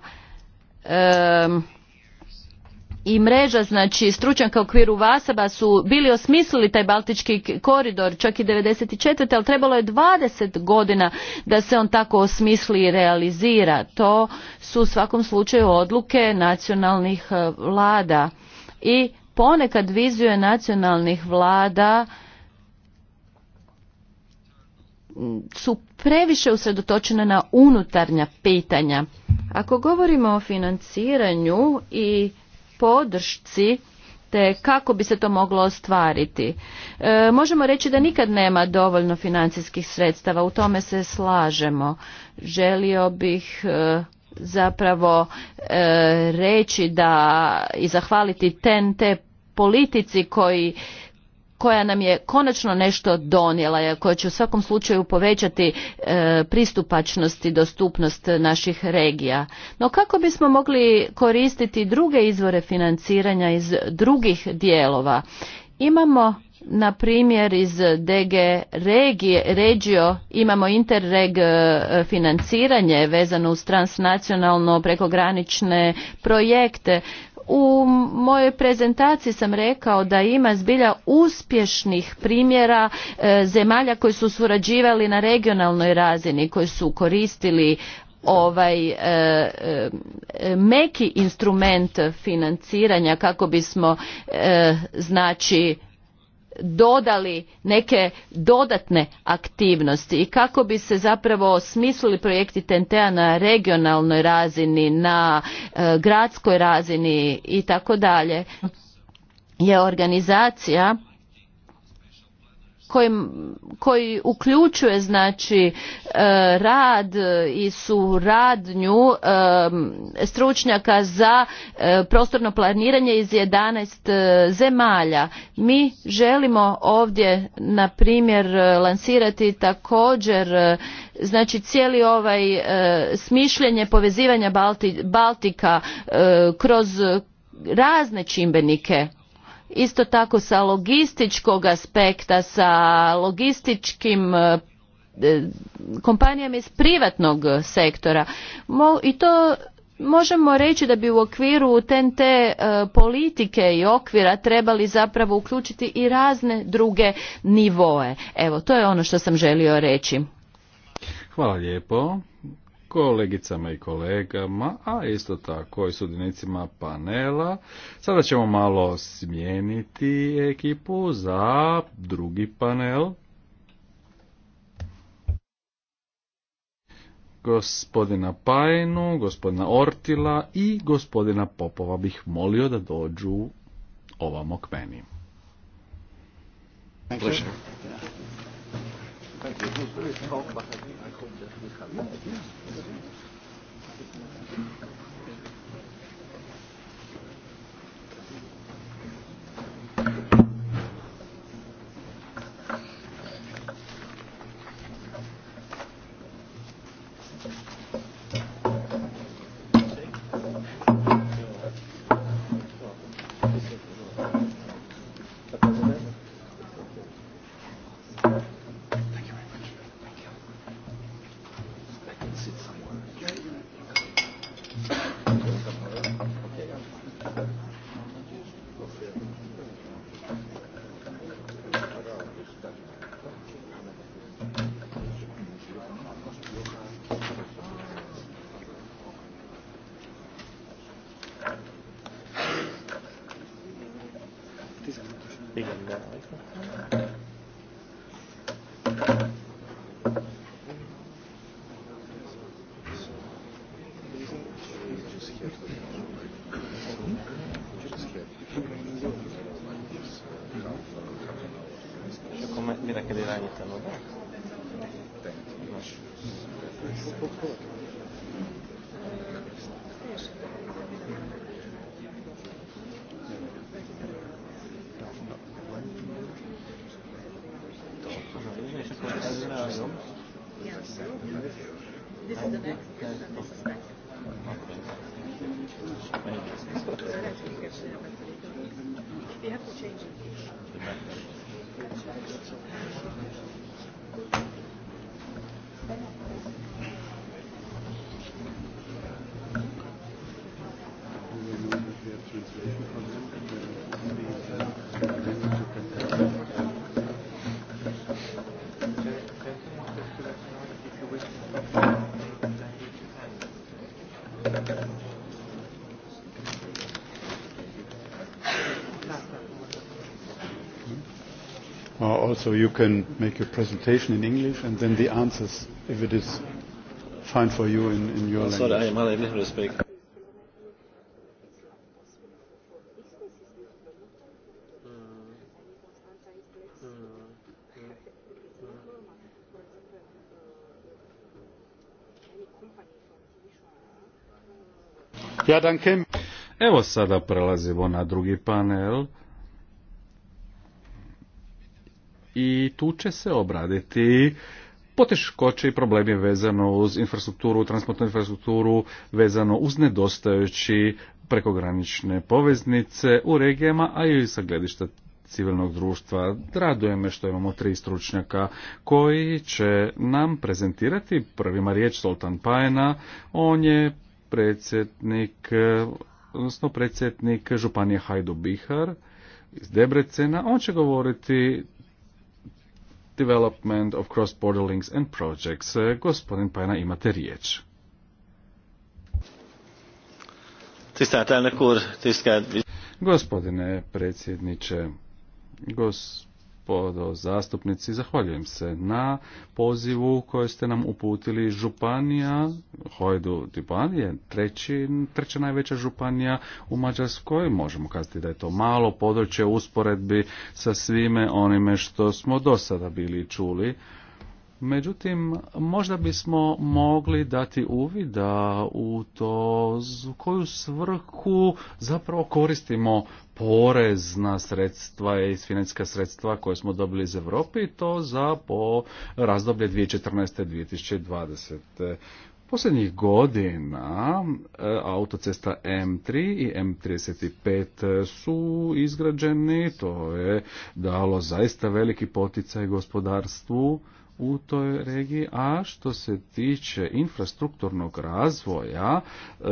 i mreža znači stručnjaka u okviru Vasaba su bili osmislili taj baltički koridor čak i četiri ali trebalo je 20 godina da se on tako osmisli i realizira. To su u svakom slučaju odluke nacionalnih eh, vlada i ponekad vizije nacionalnih vlada mm, su previše usredotočene na unutarnja pitanja. Ako govorimo o financiranju i podršci te kako bi se to moglo ostvariti. E, možemo reći da nikad nema dovoljno financijskih sredstava, u tome se slažemo. Želio bih e, zapravo e, reći da i zahvaliti TNT politici koji koja nam je konačno nešto donijela, koja će u svakom slučaju povećati e, pristupačnost i dostupnost naših regija. No kako bismo mogli koristiti druge izvore financiranja iz drugih dijelova? Imamo na primjer iz DG regije, regio imamo interreg e, financiranje vezano uz transnacionalno prekogranične projekte u mojoj prezentaciji sam rekao da ima zbilja uspješnih primjera e, zemalja koji su surađivali na regionalnoj razini, koji su koristili ovaj e, e, meki instrument financiranja kako bismo znači dodali neke dodatne aktivnosti i kako bi se zapravo smislili projekti tnt na regionalnoj razini, na e, gradskoj razini i tako dalje je organizacija koji, koji uključuje znači e, rad i suradnju e, stručnjaka za e, prostorno planiranje iz 11 zemalja. Mi želimo ovdje na primjer lansirati također znači cijeli ovaj smišljenje povezivanja Balti, Baltika kroz razne čimbenike isto tako sa logističkog aspekta, sa logističkim e, e, kompanijama iz privatnog sektora. I to možemo reći da bi u okviru TNT e, politike i okvira trebali zapravo uključiti i razne druge nivoe. Evo, to je ono što sam želio reći. Hvala lijepo kolegicama i kolegama, a isto tako i sudjenicima panela. Sada ćemo malo smijeniti ekipu za drugi panel. Gospodina Pajnu, gospodina Ortila i gospodina Popova bih molio da dođu ovamo k meni. Thank ihali i ti so you can make your presentation in English and then the answers, if it is fine for you in, in your language. Sorry, I am Ja, danke. Evo sada prelazimo na drugi panel. tu će se obraditi poteškoće i problemi vezano uz infrastrukturu, transportnu infrastrukturu, vezano uz nedostajući prekogranične poveznice u regijama, a i sa gledišta civilnog društva. Raduje me što imamo tri stručnjaka koji će nam prezentirati prvima riječ Soltan Pajena. On je predsjednik, odnosno predsjednik Županije Hajdu Bihar iz Debrecena. On će govoriti development of cross-border links and projects. Eh, gospodin Pajna, imate riječ. Gospodine predsjedniče, Gospodine predsjedniče, gospodo zastupnici, zahvaljujem se na pozivu koji ste nam uputili. Županija Hojdu županije treći, treća najveća županija u Mađarskoj. Možemo kazati da je to malo područje usporedbi sa svime onime što smo do sada bili čuli. Međutim, možda bismo mogli dati uvida u to u koju svrhu zapravo koristimo porezna sredstva i financijska sredstva koje smo dobili iz Europe i to za po razdoblje 2014. 2020. Posljednjih godina e, autocesta M3 i M35 su izgrađeni, to je dalo zaista veliki poticaj gospodarstvu u toj regiji, a što se tiče infrastrukturnog razvoja, e,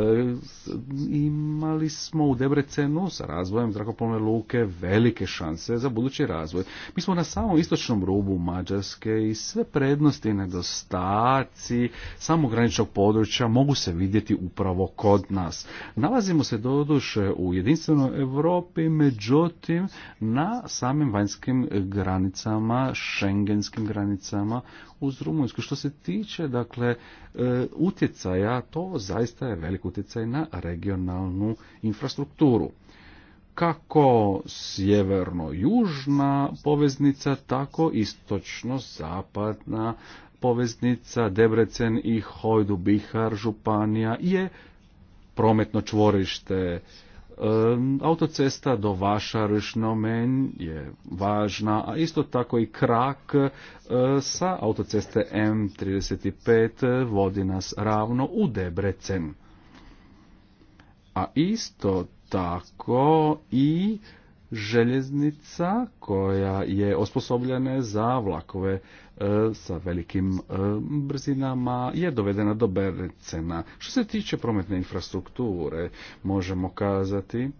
imali smo u Debrecenu sa razvojem zrakoplovne luke velike šanse za budući razvoj. Mi smo na samom istočnom rubu Mađarske i sve prednosti i nedostaci samograničnog područja mogu se vidjeti upravo kod nas. Nalazimo se doduše u jedinstvenoj Europi, međutim na samim vanjskim granicama, šengenskim granicama, uz Rumunjsku. Što se tiče dakle e, utjecaja, to zaista je velik utjecaj na regionalnu infrastrukturu kako sjeverno-južna poveznica, tako istočno-zapadna poveznica Debrecen i Hojdu Bihar, Županija je prometno čvorište Autocesta do Vaša Ršnomen je važna, a isto tako i krak e, sa autoceste M35 e, vodi nas ravno u Debrecen. A isto tako i željeznica koja je osposobljena za vlakove e, sa velikim e, brzinama je dovedena do Bercena. Što se tiče prometne infrastrukture, možemo kazati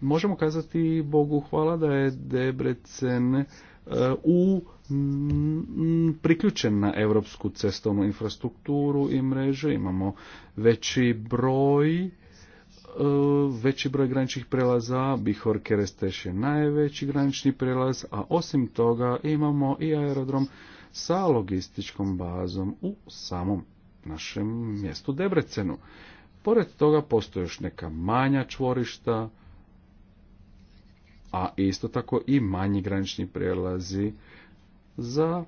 možemo kazati Bogu hvala da je Debrecen e, u priključen na europsku cestovnu infrastrukturu i mrežu. Imamo veći broj E, veći broj graničnih prelaza, Bihor Keresteš je najveći granični prelaz, a osim toga imamo i aerodrom sa logističkom bazom u samom našem mjestu Debrecenu. Pored toga postoje još neka manja čvorišta, a isto tako i manji granični prelazi za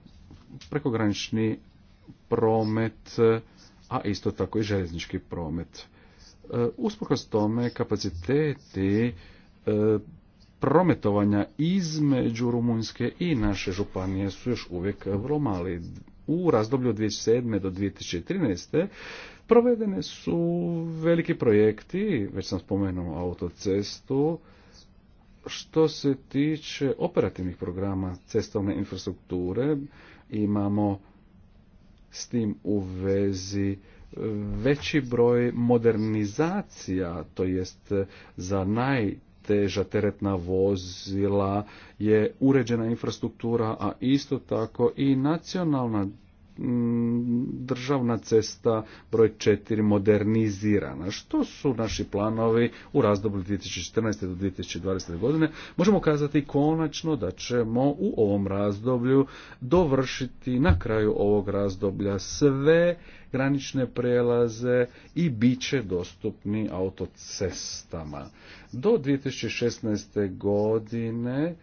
prekogranični promet, a isto tako i željeznički promet. E, usprkos tome kapaciteti e, prometovanja između Rumunjske i naše županije su još uvijek vrlo mali. U razdoblju od 2007. do 2013. provedene su veliki projekti, već sam spomenuo autocestu, što se tiče operativnih programa cestovne infrastrukture, imamo s tim u vezi veći broj modernizacija, to jest e, za najteža teretna vozila je uređena infrastruktura, a isto tako i nacionalna Mm, državna cesta broj 4 modernizirana. Što su naši planovi u razdoblju 2014. do 2020. godine? Možemo kazati konačno da ćemo u ovom razdoblju dovršiti na kraju ovog razdoblja sve granične prelaze i bit će dostupni autocestama. Do 2016. godine e,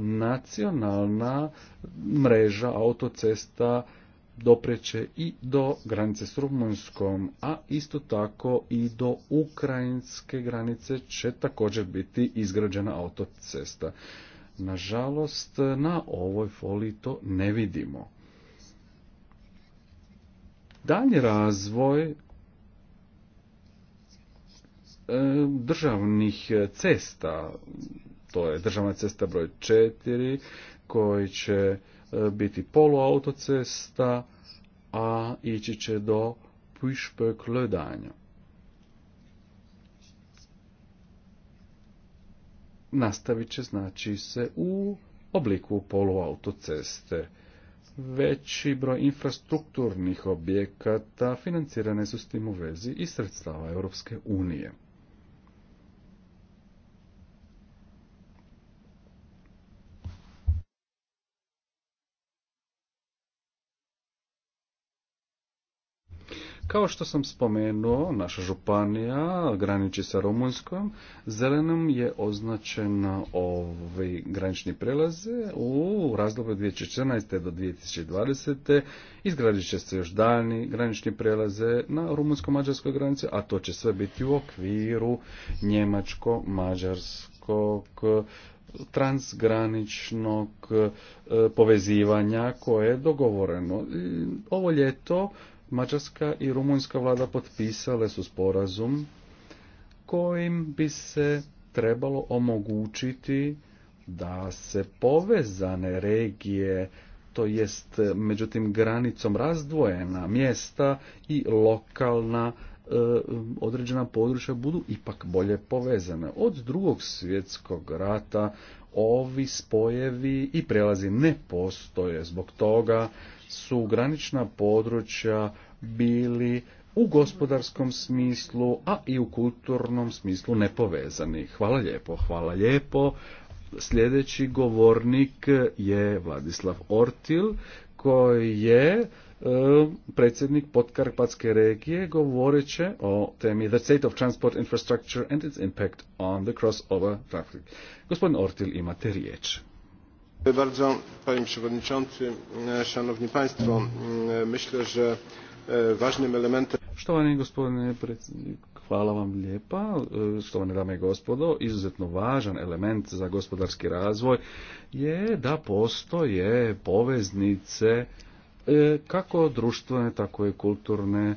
nacionalna mreža autocesta dopreće i do granice s Rumunjskom, a isto tako i do ukrajinske granice će također biti izgrađena autocesta. Nažalost, na ovoj foliji to ne vidimo. Dalji razvoj e, državnih cesta, to je državna cesta broj 4, koji će E, biti poluautocesta, a ići će do Pušpök Ledanja. Nastavit će znači se u obliku poluautoceste. Veći broj infrastrukturnih objekata financirane su s tim u vezi i sredstava Europske unije. Kao što sam spomenuo, naša županija graniči sa Rumunjskom, zelenom je označen ovaj granični prelaze u razdoblju 2014. do 2020. Izgradit će se još daljni granični prelaze na rumunsko-mađarskoj granici, a to će sve biti u okviru njemačko-mađarskog transgraničnog e, povezivanja koje je dogovoreno. Ovo ljeto Mađarska i rumunjska vlada potpisale su sporazum kojim bi se trebalo omogućiti da se povezane regije, to jest međutim granicom razdvojena mjesta i lokalna e, određena područja budu ipak bolje povezane. Od drugog svjetskog rata ovi spojevi i prelazi ne postoje. Zbog toga su granična područja bili u gospodarskom smislu, a i u kulturnom smislu nepovezani. Hvala lijepo, hvala lijepo. Sljedeći govornik je Vladislav Ortil, koji je e, predsjednik podkarpatske regije, govorit o temi The State of Transport Infrastructure and its Impact on the Crossover Traffic. Gospodin Ortil, imate riječ bardzo, panie przewodniczący, e, szanowni państwo. E, myślę, że e, elementem... Štovani gospodine predsjednik, hvala vam lijepa. Štovane dame i gospodo, izuzetno važan element za gospodarski razvoj je da postoje poveznice kako društvene, tako i kulturne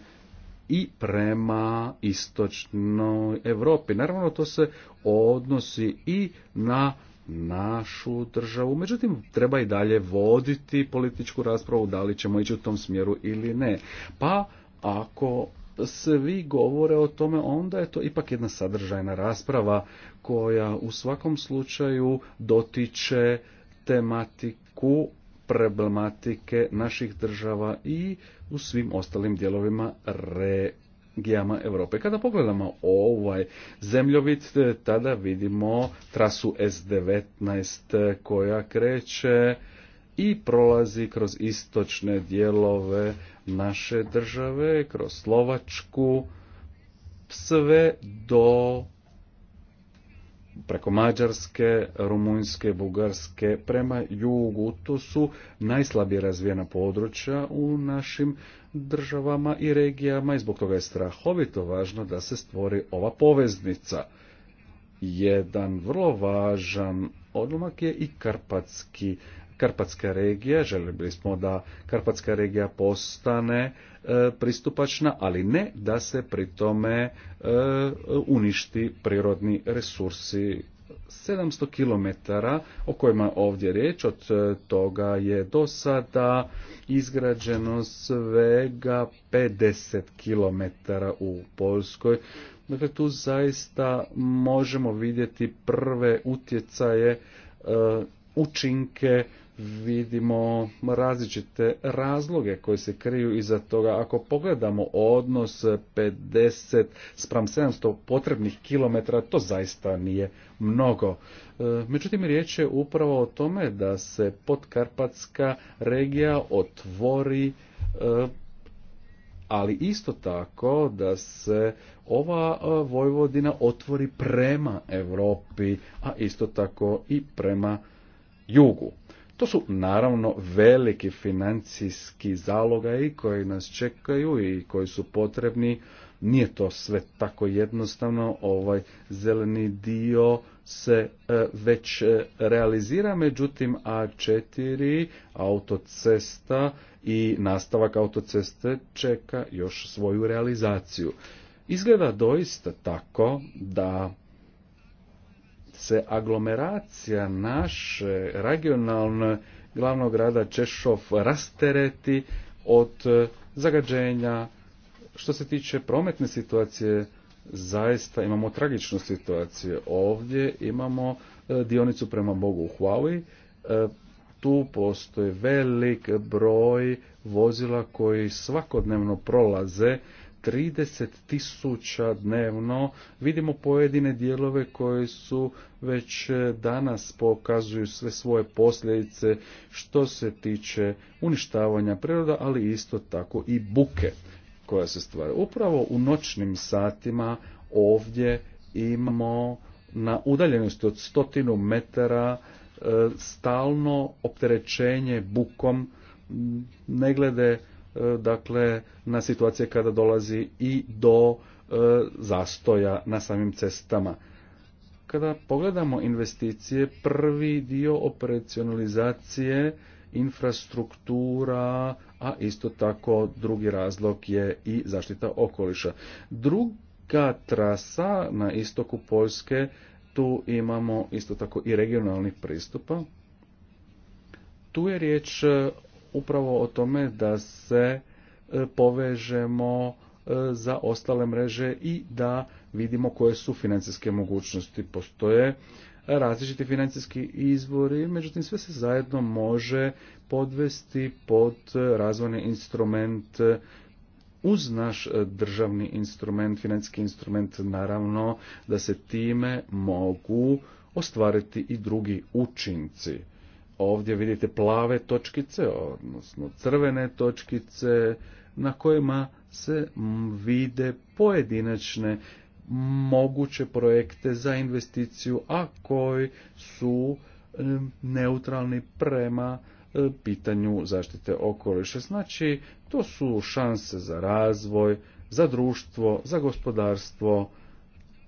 i prema istočnoj Europi. Naravno to se odnosi i na našu državu. Međutim, treba i dalje voditi političku raspravu da li ćemo ići u tom smjeru ili ne. Pa ako svi govore o tome, onda je to ipak jedna sadržajna rasprava koja u svakom slučaju dotiče tematiku problematike naših država i u svim ostalim dijelovima re Europe. Kada pogledamo ovaj zemljovid, e, tada vidimo trasu S19 e, koja kreće i prolazi kroz istočne dijelove naše države, kroz Slovačku, sve do preko Mađarske, Rumunjske, Bugarske prema jugu. To su najslabije razvijena područja u našim državama i regijama i zbog toga je strahovito važno da se stvori ova poveznica. Jedan vrlo važan odlomak je i karpatski Karpatska regija. Željeli smo da Karpatska regija postane e, pristupačna, ali ne da se pri tome e, uništi prirodni resursi 700 km o kojima ovdje riječ, od e, toga je do sada izgrađeno svega 50 km u Poljskoj. Dakle, tu zaista možemo vidjeti prve utjecaje, učinke vidimo različite razloge koji se kriju iza toga. Ako pogledamo odnos 50 spram 700 potrebnih kilometara, to zaista nije mnogo. E, međutim, riječ je upravo o tome da se podkarpatska regija otvori e, ali isto tako da se ova e, Vojvodina otvori prema Europi, a isto tako i prema jugu. To su naravno veliki financijski i koji nas čekaju i koji su potrebni. Nije to sve tako jednostavno, ovaj zeleni dio se e, već e, realizira, međutim A4 autocesta i nastavak autoceste čeka još svoju realizaciju. Izgleda doista tako da se aglomeracija naše regionalne glavnog grada Češov rastereti od e, zagađenja. Što se tiče prometne situacije, zaista imamo tragičnu situaciju. Ovdje imamo e, dionicu prema Bogu u Huawei. E, tu postoji velik broj vozila koji svakodnevno prolaze 30 tisuća dnevno. Vidimo pojedine dijelove koji su već danas pokazuju sve svoje posljedice što se tiče uništavanja priroda, ali isto tako i buke koja se stvara. Upravo u noćnim satima ovdje imamo na udaljenosti od stotinu metara e, stalno opterećenje bukom ne glede E, dakle na situacije kada dolazi i do e, zastoja na samim cestama. Kada pogledamo investicije, prvi dio operacionalizacije infrastruktura, a isto tako drugi razlog je i zaštita okoliša. Druga trasa na istoku Poljske, tu imamo isto tako i regionalnih pristupa. Tu je riječ upravo o tome da se e, povežemo e, za ostale mreže i da vidimo koje su financijske mogućnosti. Postoje različiti financijski izvori, međutim sve se zajedno može podvesti pod razvojni instrument uz naš državni instrument, financijski instrument, naravno da se time mogu ostvariti i drugi učinci ovdje vidite plave točkice, odnosno crvene točkice, na kojima se vide pojedinačne moguće projekte za investiciju, a koji su neutralni prema e, pitanju zaštite okoliša. Znači, to su šanse za razvoj, za društvo, za gospodarstvo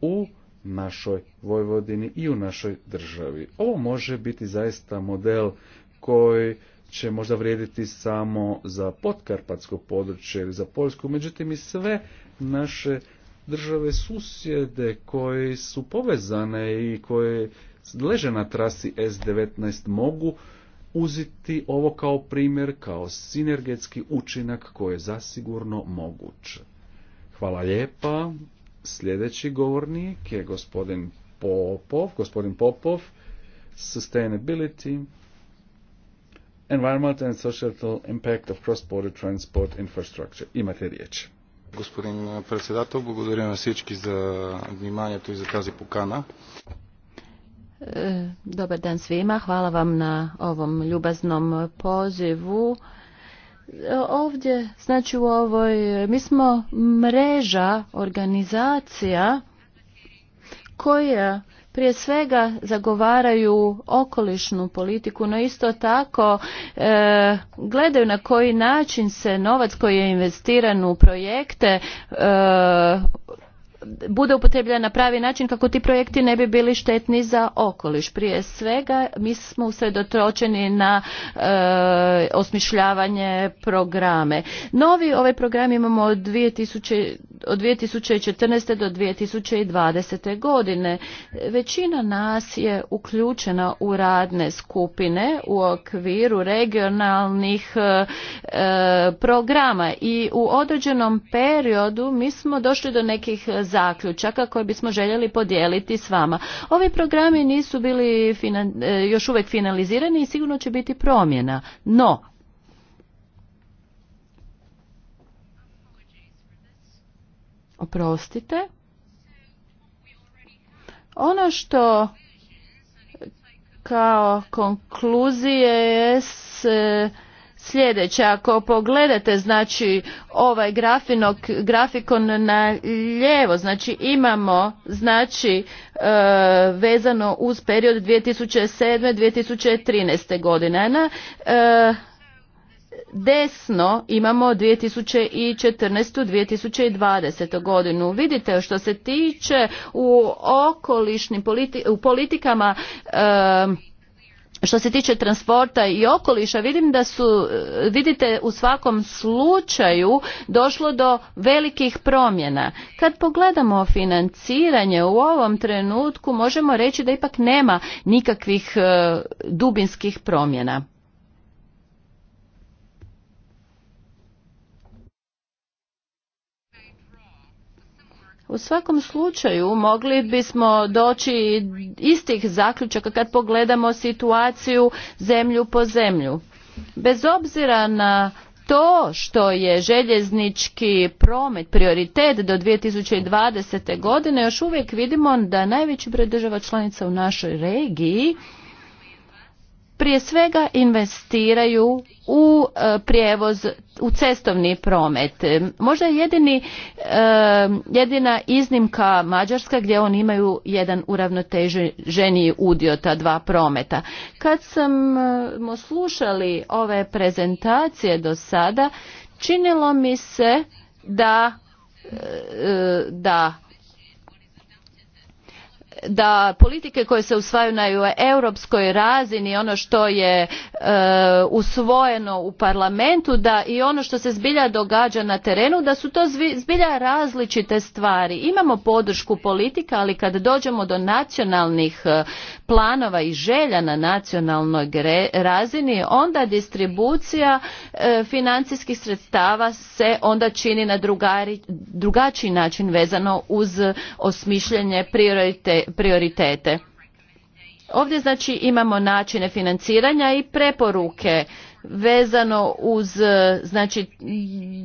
u našoj Vojvodini i u našoj državi. Ovo može biti zaista model koji će možda vrijediti samo za potkarpatsko područje ili za Poljsku, međutim i sve naše države susjede koje su povezane i koje leže na trasi S19 mogu uzeti ovo kao primjer, kao sinergetski učinak koji je zasigurno moguć. Hvala lijepa. Sljedeći govornik je gospodin Popov, gospodin Popov, Sustainability, Environment and Social Impact of Cross-Border Transport Infrastructure. Imate riječ. gospodin председател, благодаря svički za за tu i za тази покана. Dobar dan svima, hvala vam na ovom ljubaznom pozivu ovdje, znači u ovoj, mi smo mreža organizacija koja prije svega zagovaraju okolišnu politiku, no isto tako e, gledaju na koji način se novac koji je investiran u projekte e, bude upotrebljena na pravi način kako ti projekti ne bi bili štetni za okoliš. Prije svega mi smo usredotočeni na e, osmišljavanje programe. Novi ovaj program imamo od 2000 od 2014. do 2020. godine. Većina nas je uključena u radne skupine u okviru regionalnih e, e, programa i u određenom periodu mi smo došli do nekih zaključaka koje bismo željeli podijeliti s vama. Ovi programi nisu bili e, još uvijek finalizirani i sigurno će biti promjena. No, Oprostite. Ono što kao konkluzije je e, sljedeće. Ako pogledate znači ovaj grafinok, grafikon na lijevo, znači imamo znači e, vezano uz period 2007. 2013. godine. Na e, desno imamo 2014. 2020. godinu. Vidite što se tiče u okolišnim u politikama što se tiče transporta i okoliša, vidim da su, vidite u svakom slučaju došlo do velikih promjena. Kad pogledamo financiranje u ovom trenutku možemo reći da ipak nema nikakvih e, dubinskih promjena. U svakom slučaju mogli bismo doći istih zaključaka kad pogledamo situaciju zemlju po zemlju. Bez obzira na to što je željeznički promet prioritet do 2020. godine još uvijek vidimo da najveći broj država članica u našoj regiji prije svega investiraju u e, prijevoz u cestovni promet. Možda je jedini, e, jedina iznimka Mađarska gdje oni imaju jedan uravnoteženiji udio ta dva prometa. Kad smo slušali ove prezentacije do sada, činilo mi se da e, da da politike koje se usvajaju na europskoj razini ono što je e, usvojeno u parlamentu da i ono što se zbilja događa na terenu da su to zbilja različite stvari imamo podršku politika ali kad dođemo do nacionalnih e, planova i želja na nacionalnoj razini onda distribucija e, financijskih sredstava se onda čini na drugačiji način vezano uz osmišljanje priorite, prioritete. Ovdje znači imamo načine financiranja i preporuke vezano uz znači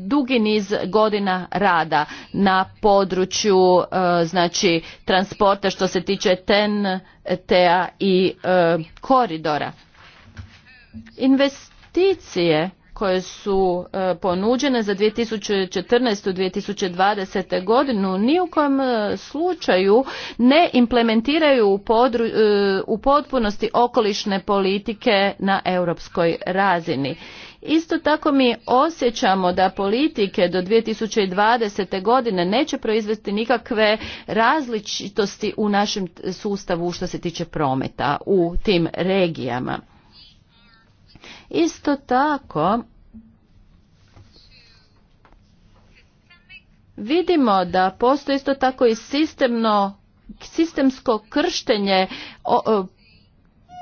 dugi niz godina rada na području e, znači transporta što se tiče ten TEA i e, koridora. Investicije koje su e, ponuđene za 2014. i 2020. godinu ni u kojem e, slučaju ne implementiraju u, e, u potpunosti okolišne politike na europskoj razini. Isto tako mi osjećamo da politike do 2020. godine neće proizvesti nikakve različitosti u našem sustavu što se tiče prometa u tim regijama. Isto tako, vidimo da postoji isto tako i sistemno, sistemsko krštenje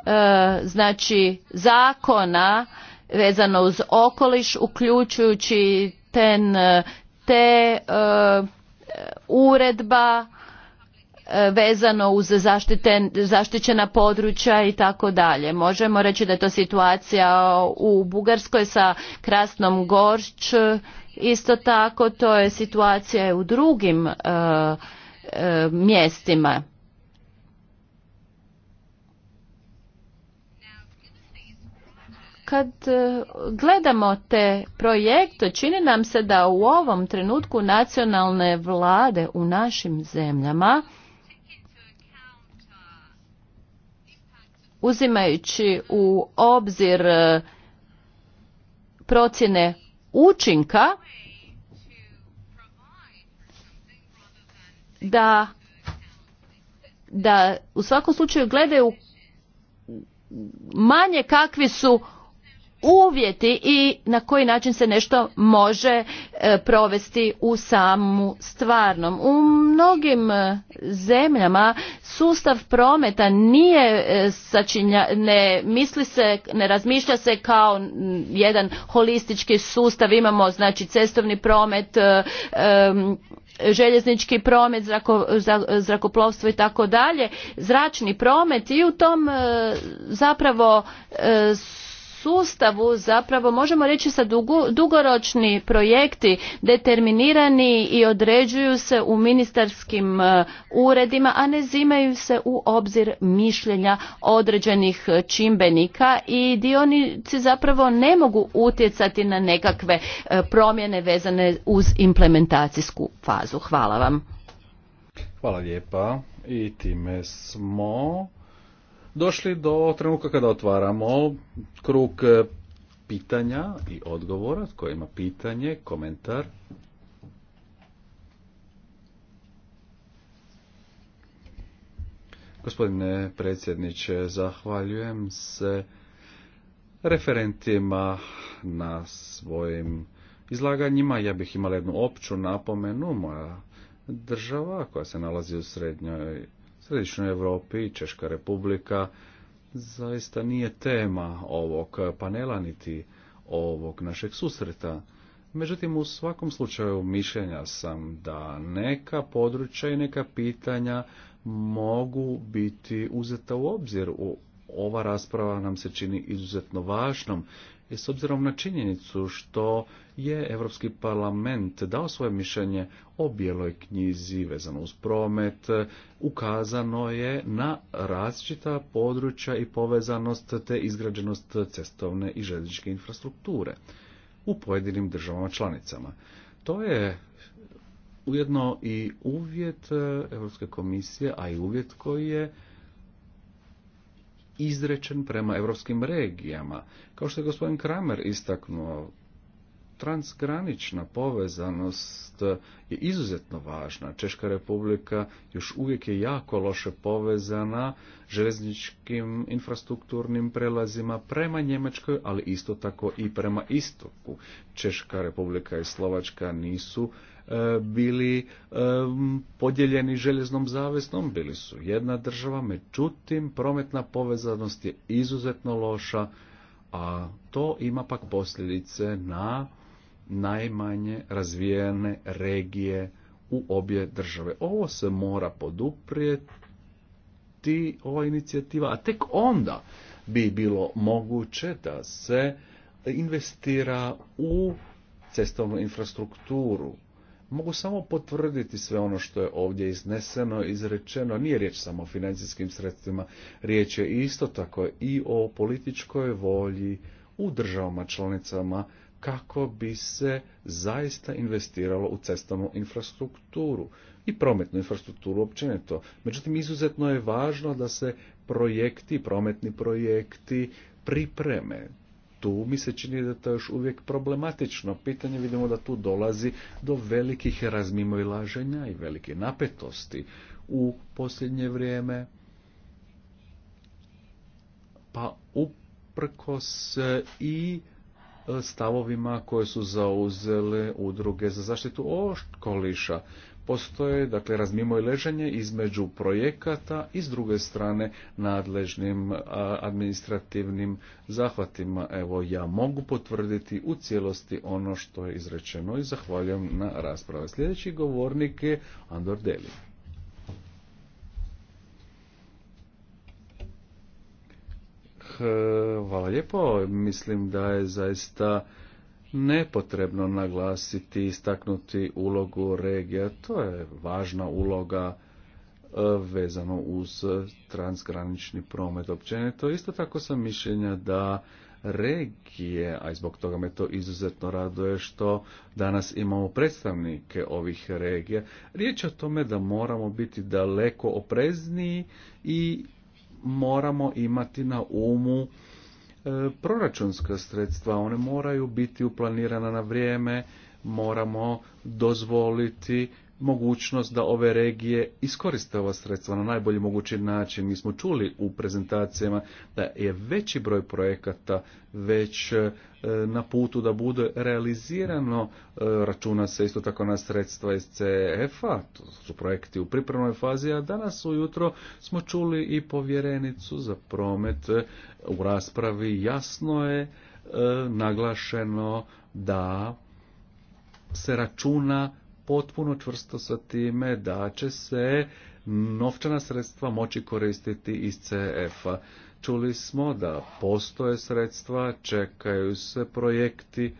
e, znači zakona vezano uz okoliš uključujući ten te e, e, uredba vezano uz zaštićena područja i tako dalje. Možemo reći da je to situacija u Bugarskoj sa Krasnom Gorč, isto tako to je situacija u drugim e, e, mjestima. kad e, gledamo te projekte, čini nam se da u ovom trenutku nacionalne vlade u našim zemljama uzimajući u obzir e, procjene učinka da da u svakom slučaju gledaju manje kakvi su uvjeti i na koji način se nešto može e, provesti u samu stvarnom. U mnogim e, zemljama sustav prometa nije e, sačinja, ne misli se, ne razmišlja se kao jedan holistički sustav. Imamo znači cestovni promet, željeznički promet, zrako, zrakoplovstvo i tako dalje, zračni promet i u tom zapravo sustavu zapravo možemo reći sa dugoročni projekti determinirani i određuju se u ministarskim e, uredima, a ne zimaju se u obzir mišljenja određenih čimbenika i dionici zapravo ne mogu utjecati na nekakve e, promjene vezane uz implementacijsku fazu. Hvala vam. Hvala i time smo došli do trenutka kada otvaramo krug e, pitanja i odgovora. Tko ima pitanje, komentar? Gospodine predsjedniče, zahvaljujem se referentima na svojim izlaganjima. Ja bih imala jednu opću napomenu. Moja država koja se nalazi u srednjoj Središnjoj Europi, Češka republika, zaista nije tema ovog panela niti ovog našeg susreta. Međutim, u svakom slučaju mišljenja sam da neka područja i neka pitanja mogu biti uzeta u obzir. Ova rasprava nam se čini izuzetno važnom s obzirom na činjenicu što je Europski parlament dao svoje mišljenje o bijeloj knjizi vezano uz promet, ukazano je na različita područja i povezanost te izgrađenost cestovne i željezničke infrastrukture u pojedinim državama članicama. To je ujedno i uvjet Europske komisije, a i uvjet koji je izrečen prema europskim regijama. Kao što je gospodin Kramer istaknuo, transgranična povezanost je izuzetno važna. Češka republika još uvijek je jako loše povezana željezničkim infrastrukturnim prelazima prema Njemačkoj, ali isto tako i prema istoku. Češka republika i Slovačka nisu E, bili e, podijeljeni željeznom Zaveznom. bili su jedna država, međutim prometna povezanost je izuzetno loša, a to ima pak posljedice na najmanje razvijene regije u obje države. Ovo se mora poduprijeti, ova inicijativa, a tek onda bi bilo moguće da se investira u cestovnu infrastrukturu, Mogu samo potvrditi sve ono što je ovdje izneseno, izrečeno. Nije riječ samo o financijskim sredstvima, riječ je isto tako i o političkoj volji u državama članicama kako bi se zaista investiralo u cestovnu infrastrukturu i prometnu infrastrukturu općenito. Međutim, izuzetno je važno da se projekti, prometni projekti pripreme tu mi se čini da je to još uvijek problematično pitanje. Vidimo da tu dolazi do velikih razmimoilaženja i velike napetosti u posljednje vrijeme. Pa uprkos e, i e, stavovima koje su zauzele udruge za zaštitu okoliša postoje dakle razmimo leženje između projekata i s druge strane nadležnim administrativnim zahvatima. Evo ja mogu potvrditi u cijelosti ono što je izrečeno i zahvaljujem na raspravi. Sljedeći govornik je Andor Deli. Hvala lijepo. Mislim da je zaista nepotrebno naglasiti i istaknuti ulogu regija. To je važna uloga e, vezano uz transgranični promet općenito. Isto tako sam mišljenja da regije, a i zbog toga me to izuzetno raduje što danas imamo predstavnike ovih regija. Riječ je o tome da moramo biti daleko oprezniji i moramo imati na umu proračunska sredstva, one moraju biti uplanirana na vrijeme, moramo dozvoliti mogućnost da ove regije iskoriste ova sredstva na najbolji mogući način. Mi smo čuli u prezentacijama da je veći broj projekata već e, na putu da bude realizirano. E, računa se isto tako na sredstva iz CEF-a, to su projekti u pripremnoj fazi, a danas ujutro smo čuli i povjerenicu za promet e, u raspravi. Jasno je naglašeno da se računa potpuno čvrsto sa time da će se novčana sredstva moći koristiti iz CF-a. Čuli smo da postoje sredstva, čekaju se projekti,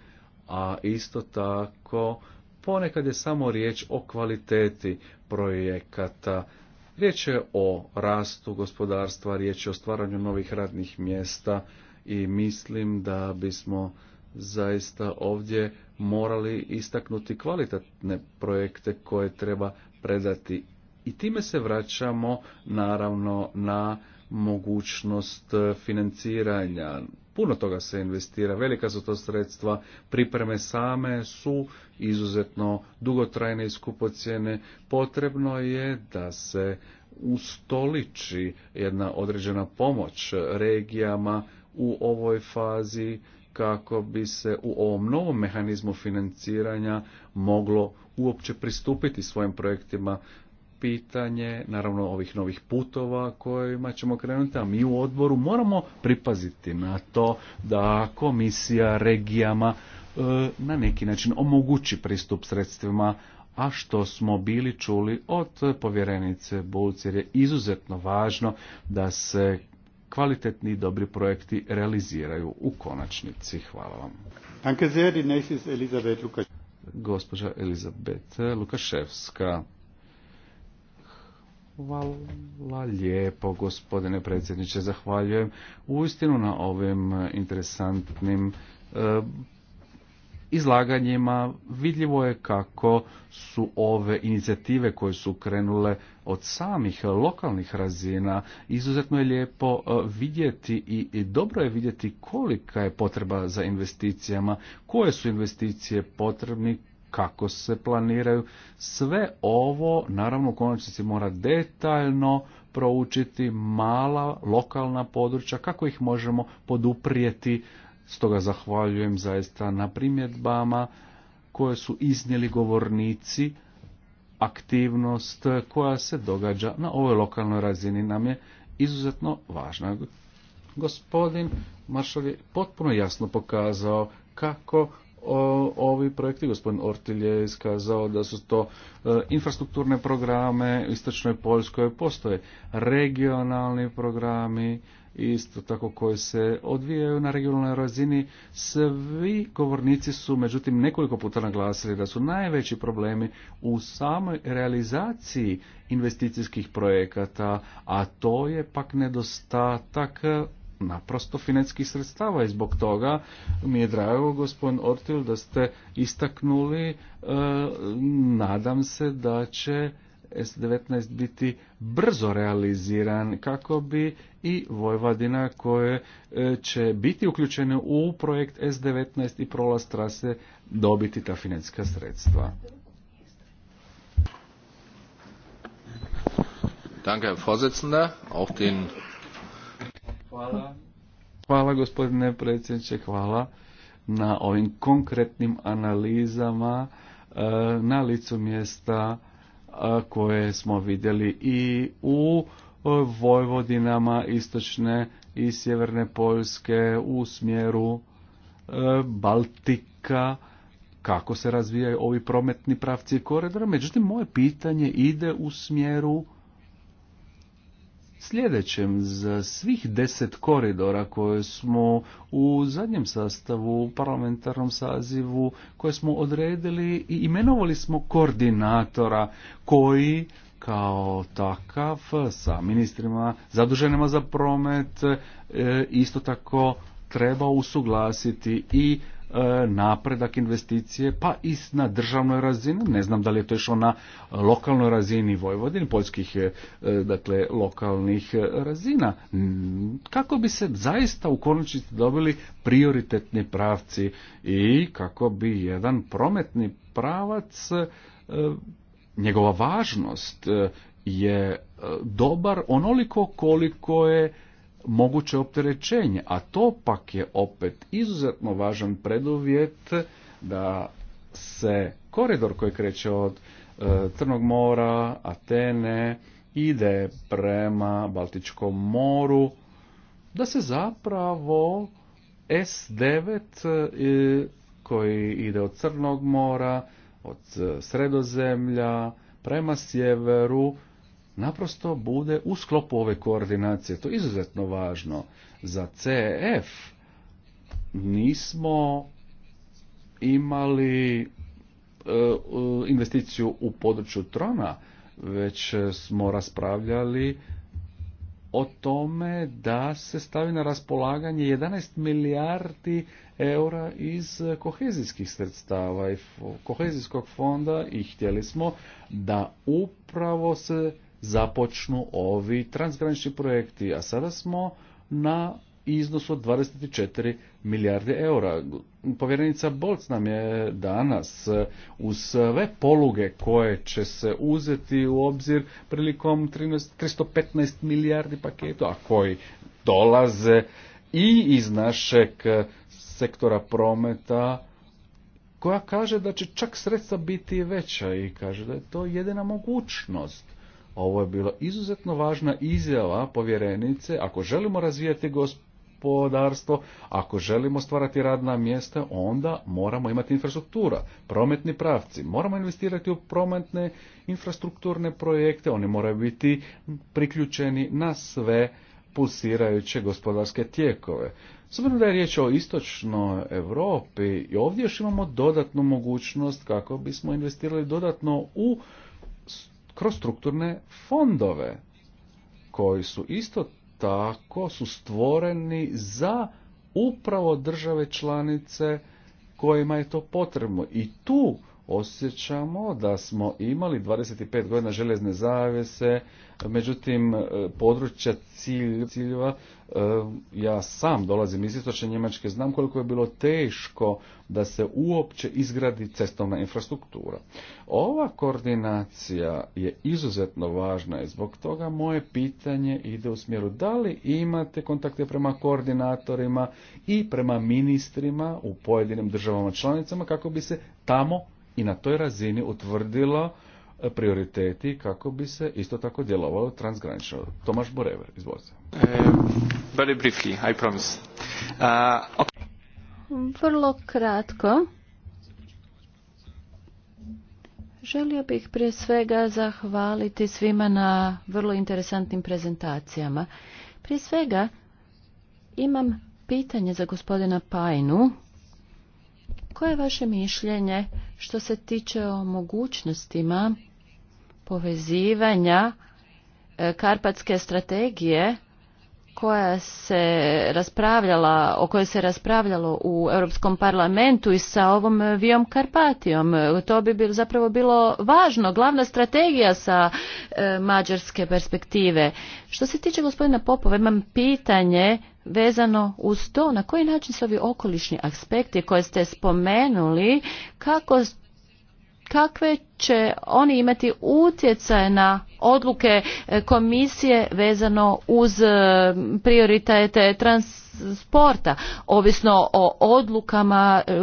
a isto tako ponekad je samo riječ o kvaliteti projekata. Riječ je o rastu gospodarstva, riječ je o stvaranju novih radnih mjesta i mislim da bismo zaista ovdje morali istaknuti kvalitetne projekte koje treba predati. I time se vraćamo naravno na mogućnost financiranja. Puno toga se investira, velika su to sredstva, pripreme same su izuzetno dugotrajne i skupocjene. Potrebno je da se ustoliči jedna određena pomoć regijama u ovoj fazi kako bi se u ovom novom mehanizmu financiranja moglo uopće pristupiti svojim projektima pitanje, naravno ovih novih putova kojima ćemo krenuti, a mi u odboru moramo pripaziti na to da komisija regijama e, na neki način omogući pristup sredstvima, a što smo bili čuli od povjerenice Bulc, jer je izuzetno važno da se kvalitetni i dobri projekti realiziraju u konačnici. Hvala vam. Danke sehr, die nächste ist Elisabeth Lukas. Gospođa Elizabet Lukaševska. Hvala lijepo, gospodine predsjedniče. Zahvaljujem uistinu na ovim interesantnim e, izlaganjima vidljivo je kako su ove inicijative koje su krenule od samih lokalnih razina izuzetno je lijepo e, vidjeti i dobro je vidjeti kolika je potreba za investicijama, koje su investicije potrebni, kako se planiraju. Sve ovo, naravno, u konačnici mora detaljno proučiti mala lokalna područja, kako ih možemo poduprijeti Stoga zahvaljujem zaista na primjedbama koje su iznijeli govornici aktivnost koja se događa na ovoj lokalnoj razini nam je izuzetno važna. Gospodin Maršal je potpuno jasno pokazao kako ovi projekti, gospodin Ortil je iskazao da su to e, infrastrukturne programe u Istočnoj Poljskoj, postoje regionalni programi, isto tako koje se odvijaju na regionalnoj razini. Svi govornici su međutim nekoliko puta naglasili da su najveći problemi u samoj realizaciji investicijskih projekata, a to je pak nedostatak e, naprosto financijskih sredstava i zbog toga mi je drago gospodin Ortil da ste istaknuli e, nadam se da će s19 biti brzo realiziran kako bi i Vojvodina koje e, će biti uključene u projekt S19 i prolaz trase dobiti ta financijska sredstva. Danke, Auch den... Hvala. Hvala gospodine predsjedniče, hvala na ovim konkretnim analizama e, na licu mjesta koje smo vidjeli i u e, Vojvodinama istočne i sjeverne Poljske u smjeru e, Baltika kako se razvijaju ovi prometni pravci i koridora. Međutim, moje pitanje ide u smjeru sljedećem. Za svih deset koridora koje smo u zadnjem sastavu, u parlamentarnom sazivu, koje smo odredili i imenovali smo koordinatora koji kao takav sa ministrima zaduženima za promet e, isto tako treba usuglasiti i E, napredak investicije, pa i na državnoj razini, ne znam da li je to išlo na lokalnoj razini Vojvodine, poljskih e, e, dakle, lokalnih razina, kako bi se zaista u konačnici dobili prioritetni pravci i kako bi jedan prometni pravac njegova važnost je dobar onoliko koliko je moguće opterećenje, a to pak je opet izuzetno važan preduvjet da se koridor koji kreće od e, Crnog mora, Atene, ide prema Baltičkom moru, da se zapravo S9 e, koji ide od Crnog mora, od e, Sredozemlja prema sjeveru naprosto bude u sklopu ove koordinacije. To je izuzetno važno. Za CEF nismo imali e, investiciju u području trona, već smo raspravljali o tome da se stavi na raspolaganje 11 milijardi eura iz kohezijskih sredstava i kohezijskog fonda i htjeli smo da upravo se započnu ovi transgranični projekti, a sada smo na iznosu od 24 milijarde eura. Povjerenica Bolc nam je danas e, uz sve poluge koje će se uzeti u obzir prilikom 13, 315 milijardi paketa, a koji dolaze i iz našeg e, sektora prometa, koja kaže da će čak sredstva biti veća i kaže da je to jedina mogućnost. Ovo je bila izuzetno važna izjava povjerenice. Ako želimo razvijati gospodarstvo, ako želimo stvarati radna mjesta, onda moramo imati infrastruktura, prometni pravci. Moramo investirati u prometne infrastrukturne projekte, oni moraju biti priključeni na sve pulsirajuće gospodarske tijekove. S da je riječ o istočnoj Europi i ovdje još imamo dodatnu mogućnost kako bismo investirali dodatno u kroz strukturne fondove koji su isto tako su stvoreni za upravo države članice kojima je to potrebno. I tu osjećamo da smo imali 25 godina železne zavese, međutim e, područja ciljeva, e, ja sam dolazim iz istočne Njemačke, znam koliko je bilo teško da se uopće izgradi cestovna infrastruktura. Ova koordinacija je izuzetno važna i zbog toga moje pitanje ide u smjeru da li imate kontakte prema koordinatorima i prema ministrima u pojedinim državama članicama kako bi se tamo i na toj razini utvrdilo e, prioriteti kako bi se isto tako djelovalo transgranično. Tomaš Borever, izvolite. E, very briefly, I promise. Vrlo kratko. Želio bih prije svega zahvaliti svima na vrlo interesantnim prezentacijama. Prije svega imam pitanje za gospodina Pajnu. Koje je vaše mišljenje što se tiče o mogućnostima povezivanja e, karpatske strategije koja se raspravljala, o kojoj se raspravljalo u Europskom parlamentu i sa ovom Vijom Karpatijom. To bi zapravo bilo važno, glavna strategija sa e, mađarske perspektive. Što se tiče gospodina Popova, imam pitanje vezano uz to na koji način se ovi okolišni aspekti koje ste spomenuli, kako kakve će oni imati utjecaj na odluke e, komisije vezano uz e, prioritete transporta, ovisno o odlukama e,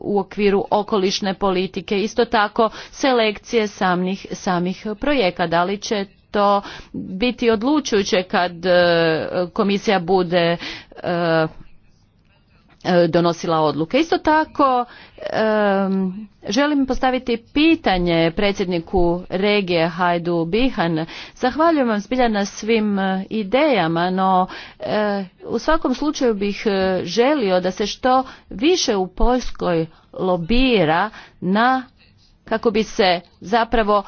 u okviru okolišne politike, isto tako selekcije samih, samih projekata. Da li će to biti odlučujuće kad komisija bude E, donosila odluke. Isto tako e, želim postaviti pitanje predsjedniku regije Hajdu Bihan. Zahvaljujem vam zbilja na svim e, idejama, no u svakom slučaju bih želio da se što više u Poljskoj lobira na kako bi se zapravo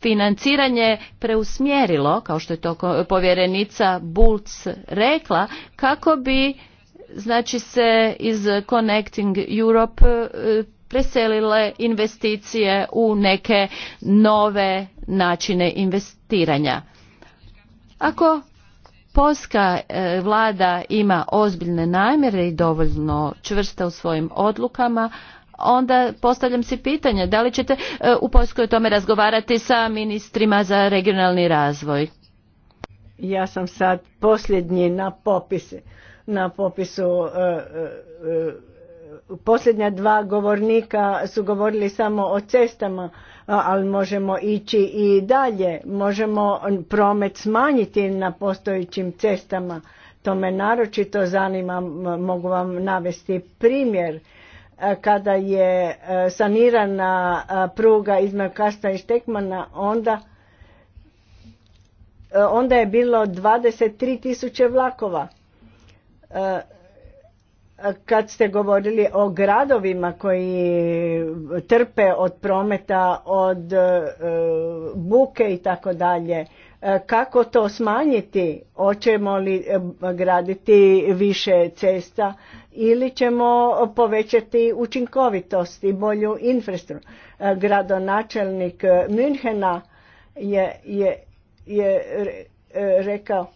financiranje preusmjerilo, kao što je to povjerenica Bulc rekla, kako bi znači se iz Connecting Europe e, preselile investicije u neke nove načine investiranja. Ako Polska e, vlada ima ozbiljne namjere i dovoljno čvrsta u svojim odlukama, onda postavljam si pitanje da li ćete e, u Poljskoj o tome razgovarati sa ministrima za regionalni razvoj. Ja sam sad posljednji na popise na popisu e, e, e, posljednja dva govornika su govorili samo o cestama, ali možemo ići i dalje. Možemo promet smanjiti na postojećim cestama. To me naročito zanima, mogu vam navesti primjer kada je sanirana pruga iz Kasta i Štekmana, onda onda je bilo 23 tisuće vlakova kad ste govorili o gradovima koji trpe od prometa, od e, buke i tako dalje, e, kako to smanjiti? Hoćemo li e, graditi više cesta ili ćemo povećati učinkovitost i bolju infrastrukturu? Gradonačelnik Münchena je, je, je rekao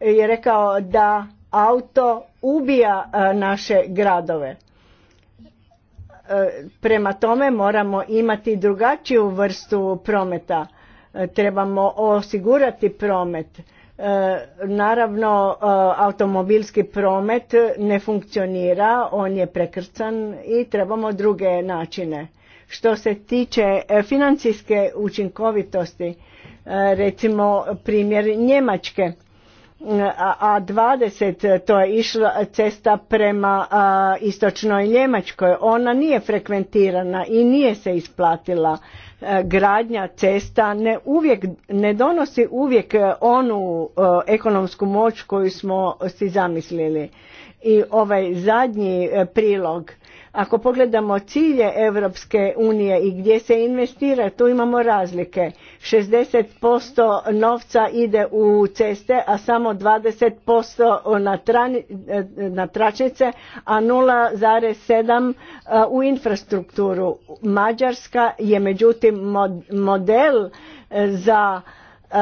je rekao da auto ubija e, naše gradove. E, prema tome moramo imati drugačiju vrstu prometa. E, trebamo osigurati promet. Naravno, automobilski promet ne funkcionira, on je prekrcan i trebamo druge načine. Što se tiče financijske učinkovitosti, recimo primjer Njemačke, a 20 to je išla cesta prema istočnoj Njemačkoj. Ona nije frekventirana i nije se isplatila. E, gradnja cesta ne, uvijek, ne donosi uvijek e, onu e, ekonomsku moć koju smo si zamislili. I ovaj zadnji prilog ako pogledamo cilje Europske unije i gdje se investira, tu imamo razlike. 60% novca ide u ceste, a samo 20% na, na tračnice, a 0,7% e, u infrastrukturu. Mađarska je međutim model e, za e,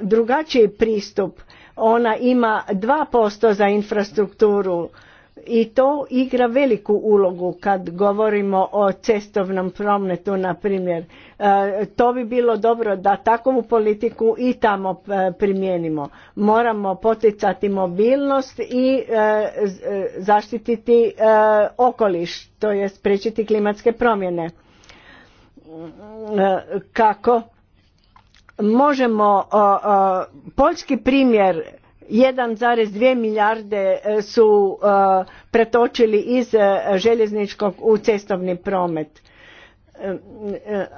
drugačiji pristup. Ona ima 2% za infrastrukturu i to igra veliku ulogu kad govorimo o cestovnom prometu na primjer e, to bi bilo dobro da takvu politiku i tamo e, primijenimo moramo poticati mobilnost i e, zaštititi okoliš to je spriječiti klimatske promjene kako možemo poljski primjer 1,2 milijarde e, su e, pretočili iz e, željezničkog u cestovni promet.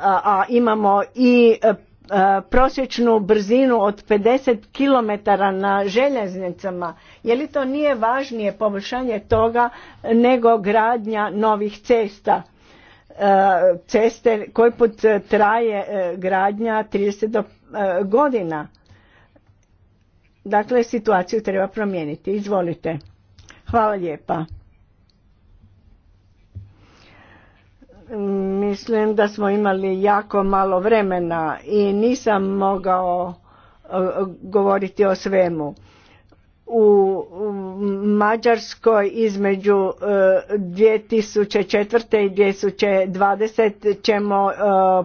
A imamo i prosječnu brzinu od 50 km na željeznicama. Je li to nije važnije poboljšanje toga nego gradnja novih cesta? Ceste koji put traje gradnja 30 godina Dakle, situaciju treba promijeniti. Izvolite. Hvala lijepa. Mislim da smo imali jako malo vremena i nisam mogao e, govoriti o svemu. U Mađarskoj između 2004. E, i 2020. ćemo e,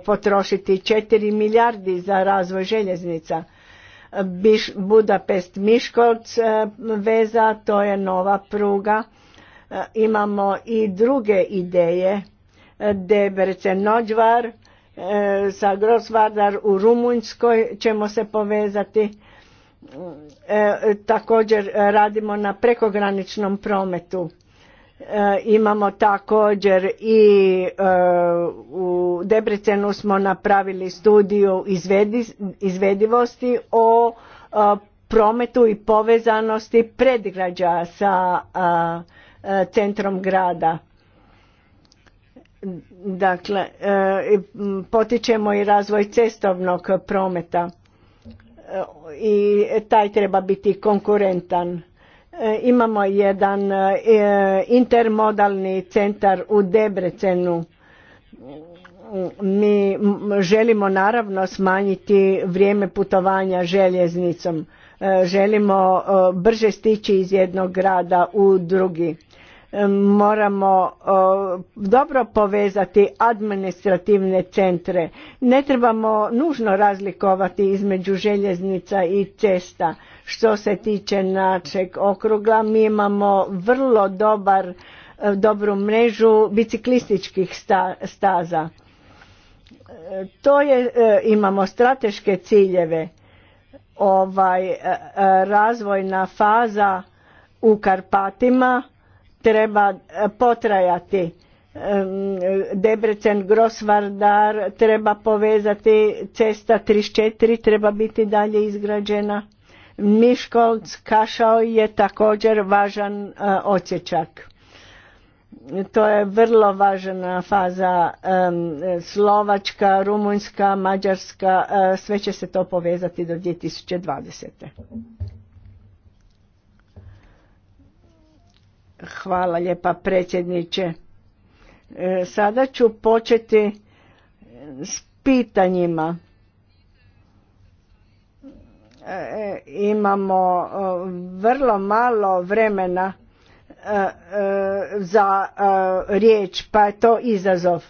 potrošiti 4 milijardi za razvoj željeznica – Budapest-Miškolc e, veza, to je nova pruga. E, imamo i druge ideje, e, Debrecen-Nođvar, sa Grosvardar u Rumunjskoj ćemo se povezati. Također radimo na prekograničnom prometu E, imamo također i e, u Debrecenu smo napravili studiju izvedivosti o e, prometu i povezanosti predgrađa sa centrom grada. Dakle, potičemo i razvoj cestovnog prometa i taj treba biti konkurentan E, imamo jedan e, intermodalni centar u Debrecenu. Mi želimo naravno smanjiti vrijeme putovanja željeznicom. E, želimo brže stići iz jednog grada u drugi moramo dobro povezati administrativne centre. Ne trebamo nužno razlikovati između željeznica i cesta. Što se tiče našeg okrugla, mi imamo vrlo dobar, e, dobru mrežu biciklističkih staza. E, to je, e, imamo strateške ciljeve. Ovaj razvojna faza u Karpatima treba e, potrajati. E, Debrecen Grosvardar treba povezati, cesta 34 treba biti dalje izgrađena. Miškolc Kašao je također važan e, odsječak. To je vrlo važna faza Slovačka, Rumunjska, Mađarska, sve će se to povezati do 2020. Hvala lijepa predsjedniče. E, sada ću početi s pitanjima. E, imamo e, vrlo malo vremena za riječ, pa je to izazov.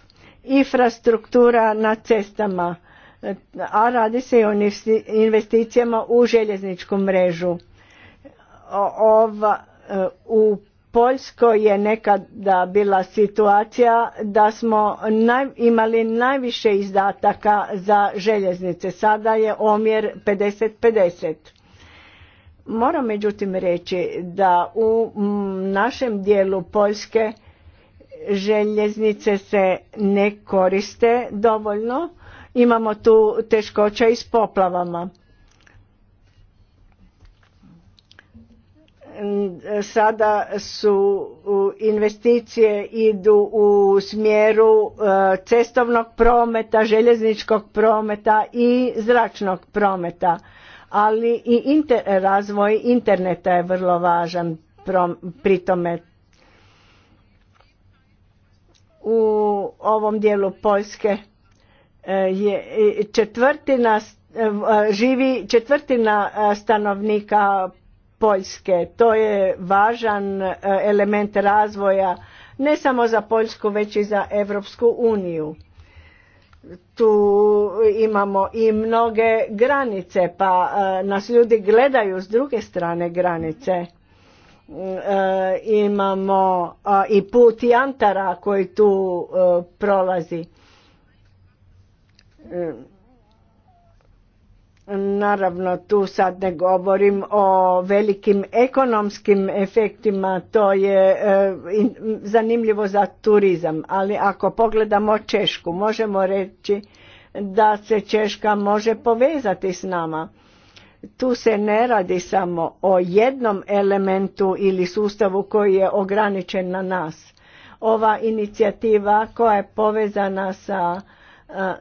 Infrastruktura na cestama, a radi se i o investicijama u željezničku mrežu. Ova u Poljskoj je nekada bila situacija da smo naj, imali najviše izdataka za željeznice. Sada je omjer 50-50. Moram međutim reći da u našem dijelu Poljske željeznice se ne koriste dovoljno. Imamo tu teškoća i s poplavama sada su investicije idu u smjeru e, cestovnog prometa, željezničkog prometa i zračnog prometa, ali i razvoj interneta je vrlo važan pri tome. U ovom dijelu Poljske e, je e, četvrtina živi četvrtina stanovnika Poljske. To je važan e, element razvoja ne samo za Poljsku već i za Europsku uniju. Tu imamo i mnoge granice pa e, nas ljudi gledaju s druge strane granice. E, imamo i put Jantara koji tu prolazi Naravno, tu sad ne govorim o velikim ekonomskim efektima, to je e, zanimljivo za turizam, ali ako pogledamo Češku, možemo reći da se Češka može povezati s nama. Tu se ne radi samo o jednom elementu ili sustavu koji je ograničen na nas. Ova inicijativa koja je povezana sa e,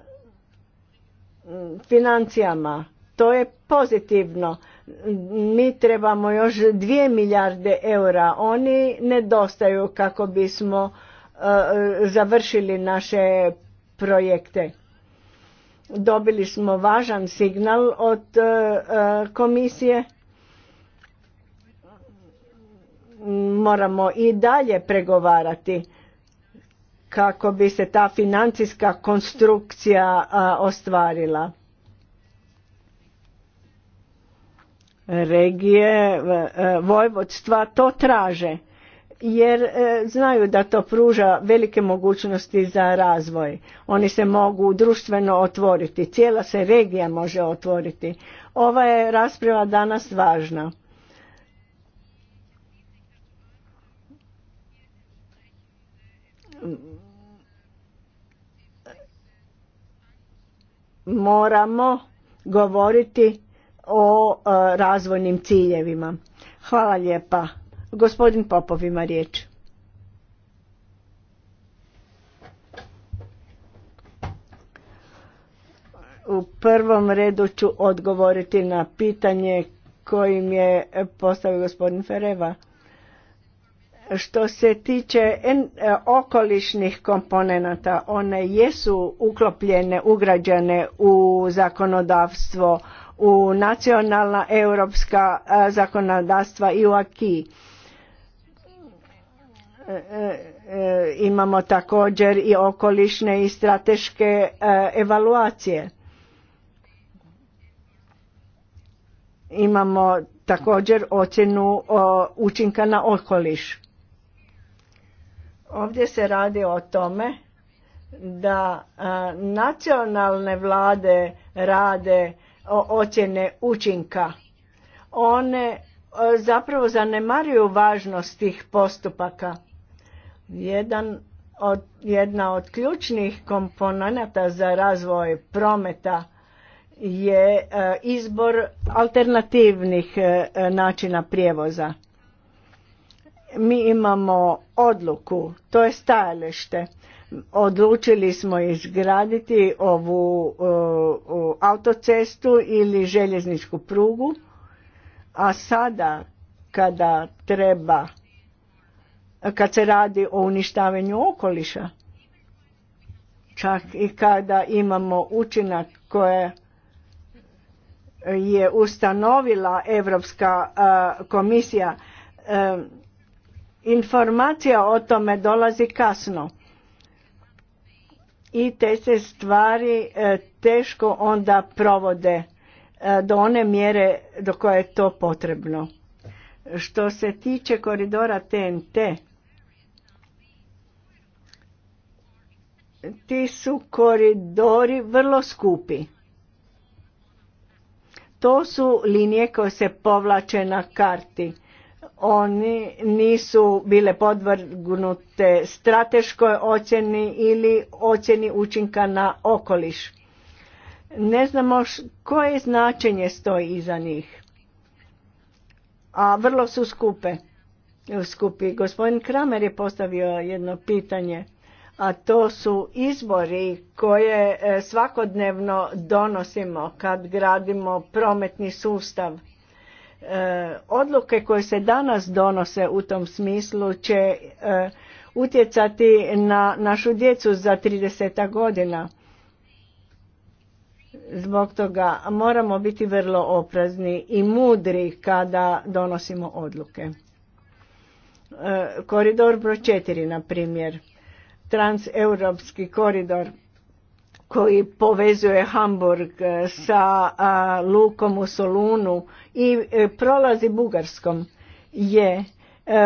financijama to je pozitivno. Mi trebamo još 2 milijarde eura. Oni nedostaju kako bismo e, završili naše projekte. Dobili smo važan signal od e, komisije. Moramo i dalje pregovarati kako bi se ta financijska konstrukcija ostvarila. regije e, vojvodstva to traže jer e, znaju da to pruža velike mogućnosti za razvoj. Oni se mogu društveno otvoriti, cijela se regija može otvoriti. Ova je rasprava danas važna. Moramo govoriti o e, razvojnim ciljevima. Hvala lijepa. Gospodin Popov ima riječ. U prvom redu ću odgovoriti na pitanje kojim je postavio gospodin Fereva. Što se tiče e, okolišnih komponenata, one jesu uklopljene, ugrađene u zakonodavstvo u nacionalna europska e, zakonodavstva i u AKI. E, e, imamo također i okolišne i strateške evaluacije. Imamo također ocjenu učinka na okoliš. Ovdje se radi o tome da nacionalne vlade rade ocjene učinka. One e, zapravo zanemaruju važnost tih postupaka. Jedan od, jedna od ključnih komponenata za razvoj prometa je e, izbor alternativnih e, načina prijevoza. Mi imamo odluku, to je stajalište Odlučili smo izgraditi ovu e, autocestu ili željezničku prugu, a sada kada treba, kad se radi o uništavanju okoliša, čak i kada imamo učinak koje je ustanovila Europska e, komisija, e, informacija o tome dolazi kasno i te se stvari e, teško onda provode e, do one mjere do koje je to potrebno. Što se tiče koridora TNT, ti su koridori vrlo skupi. To su linije koje se povlače na karti oni nisu bile podvrgnute strateškoj ocjeni ili ocjeni učinka na okoliš. Ne znamo koje značenje stoji iza njih, a vrlo su skupe. Skupi. Gospodin Kramer je postavio jedno pitanje, a to su izbori koje e, svakodnevno donosimo kad gradimo prometni sustav E, odluke koje se danas donose u tom smislu će e, utjecati na našu djecu za 30 godina. Zbog toga moramo biti vrlo oprazni i mudri kada donosimo odluke. E, koridor broj 4, na primjer, transeuropski koridor koji povezuje Hamburg e, sa lukom u Solunu i e, prolazi Bugarskom je e,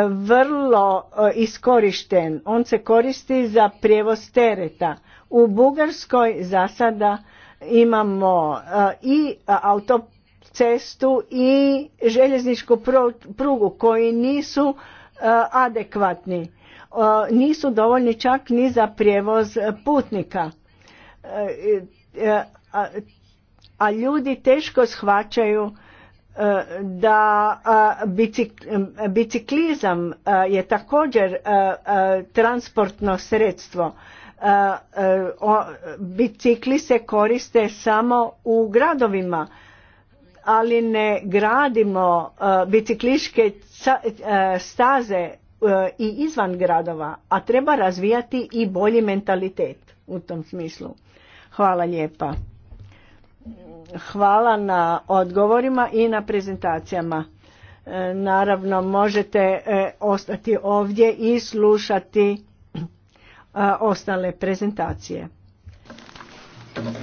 vrlo iskorišten. On se koristi za prijevoz tereta. U Bugarskoj za sada imamo i autocestu i željezničku prugu koji nisu adekvatni. Nisu dovoljni čak ni za prijevoz putnika a ljudi teško shvaćaju e, da biciklizam je također transportno sredstvo. Bicikli se koriste samo u gradovima, ali ne gradimo bicikliške staze i izvan gradova, a treba razvijati i bolji mentalitet u tom smislu. Hvala lijepa. Hvala na odgovorima i na prezentacijama. E, naravno možete e, ostati ovdje i slušati e, ostale prezentacije. Hvala.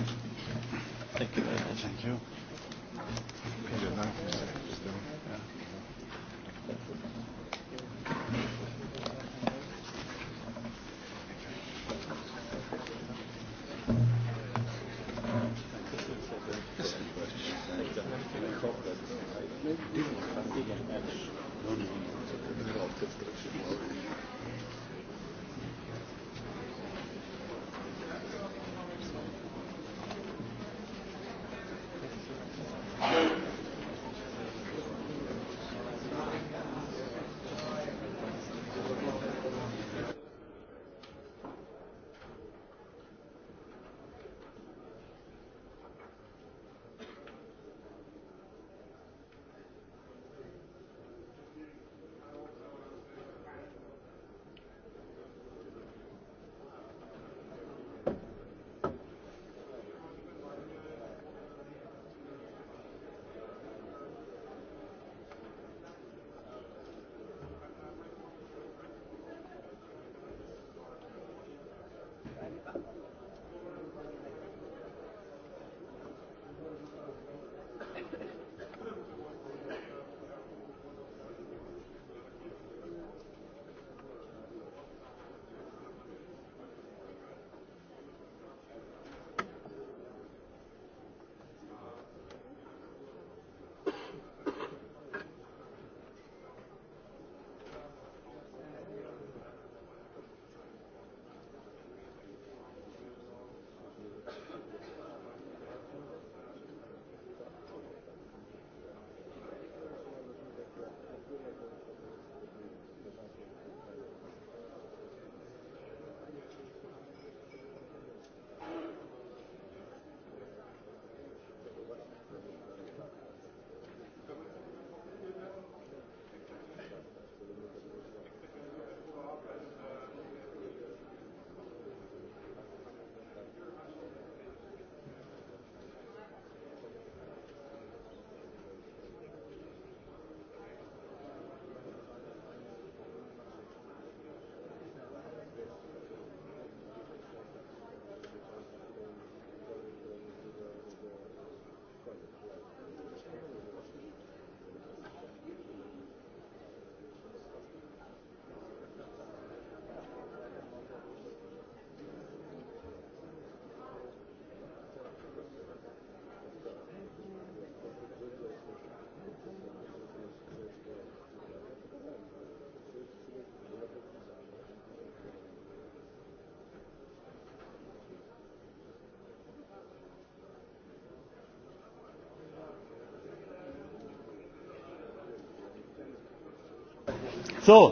So.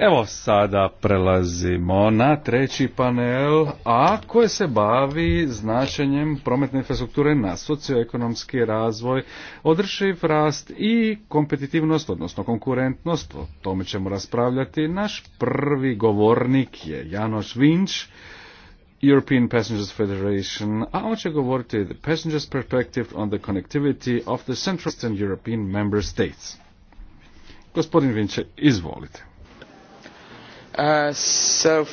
Evo sada prelazimo na treći panel, a koji se bavi značenjem prometne infrastrukture na socioekonomski razvoj, održiv rast i kompetitivnost, odnosno konkurentnost. O tome ćemo raspravljati. Naš prvi govornik je Janoš Vinč, European Passengers Federation, a on će govoriti The Passengers Perspective on the Connectivity of the Central and European Member States. Gospodin Vinče, izvolite. Uh,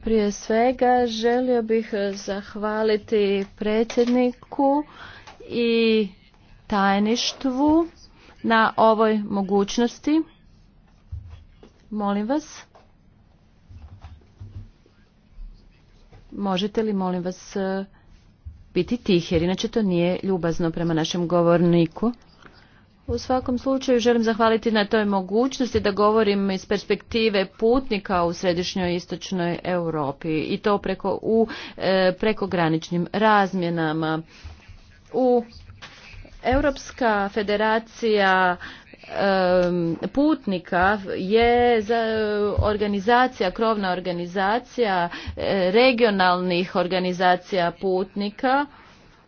Prije svega želio bih uh, zahvaliti predsjedniku i tajništvu na ovoj mogućnosti. Molim vas. Možete li, molim vas, uh, biti tih, jer inače to nije ljubazno prema našem govorniku. U svakom slučaju želim zahvaliti na toj mogućnosti da govorim iz perspektive putnika u središnjoj istočnoj Europi i to preko u e, prekograničnim razmjenama. U Europska federacija putnika je organizacija, krovna organizacija e, regionalnih organizacija putnika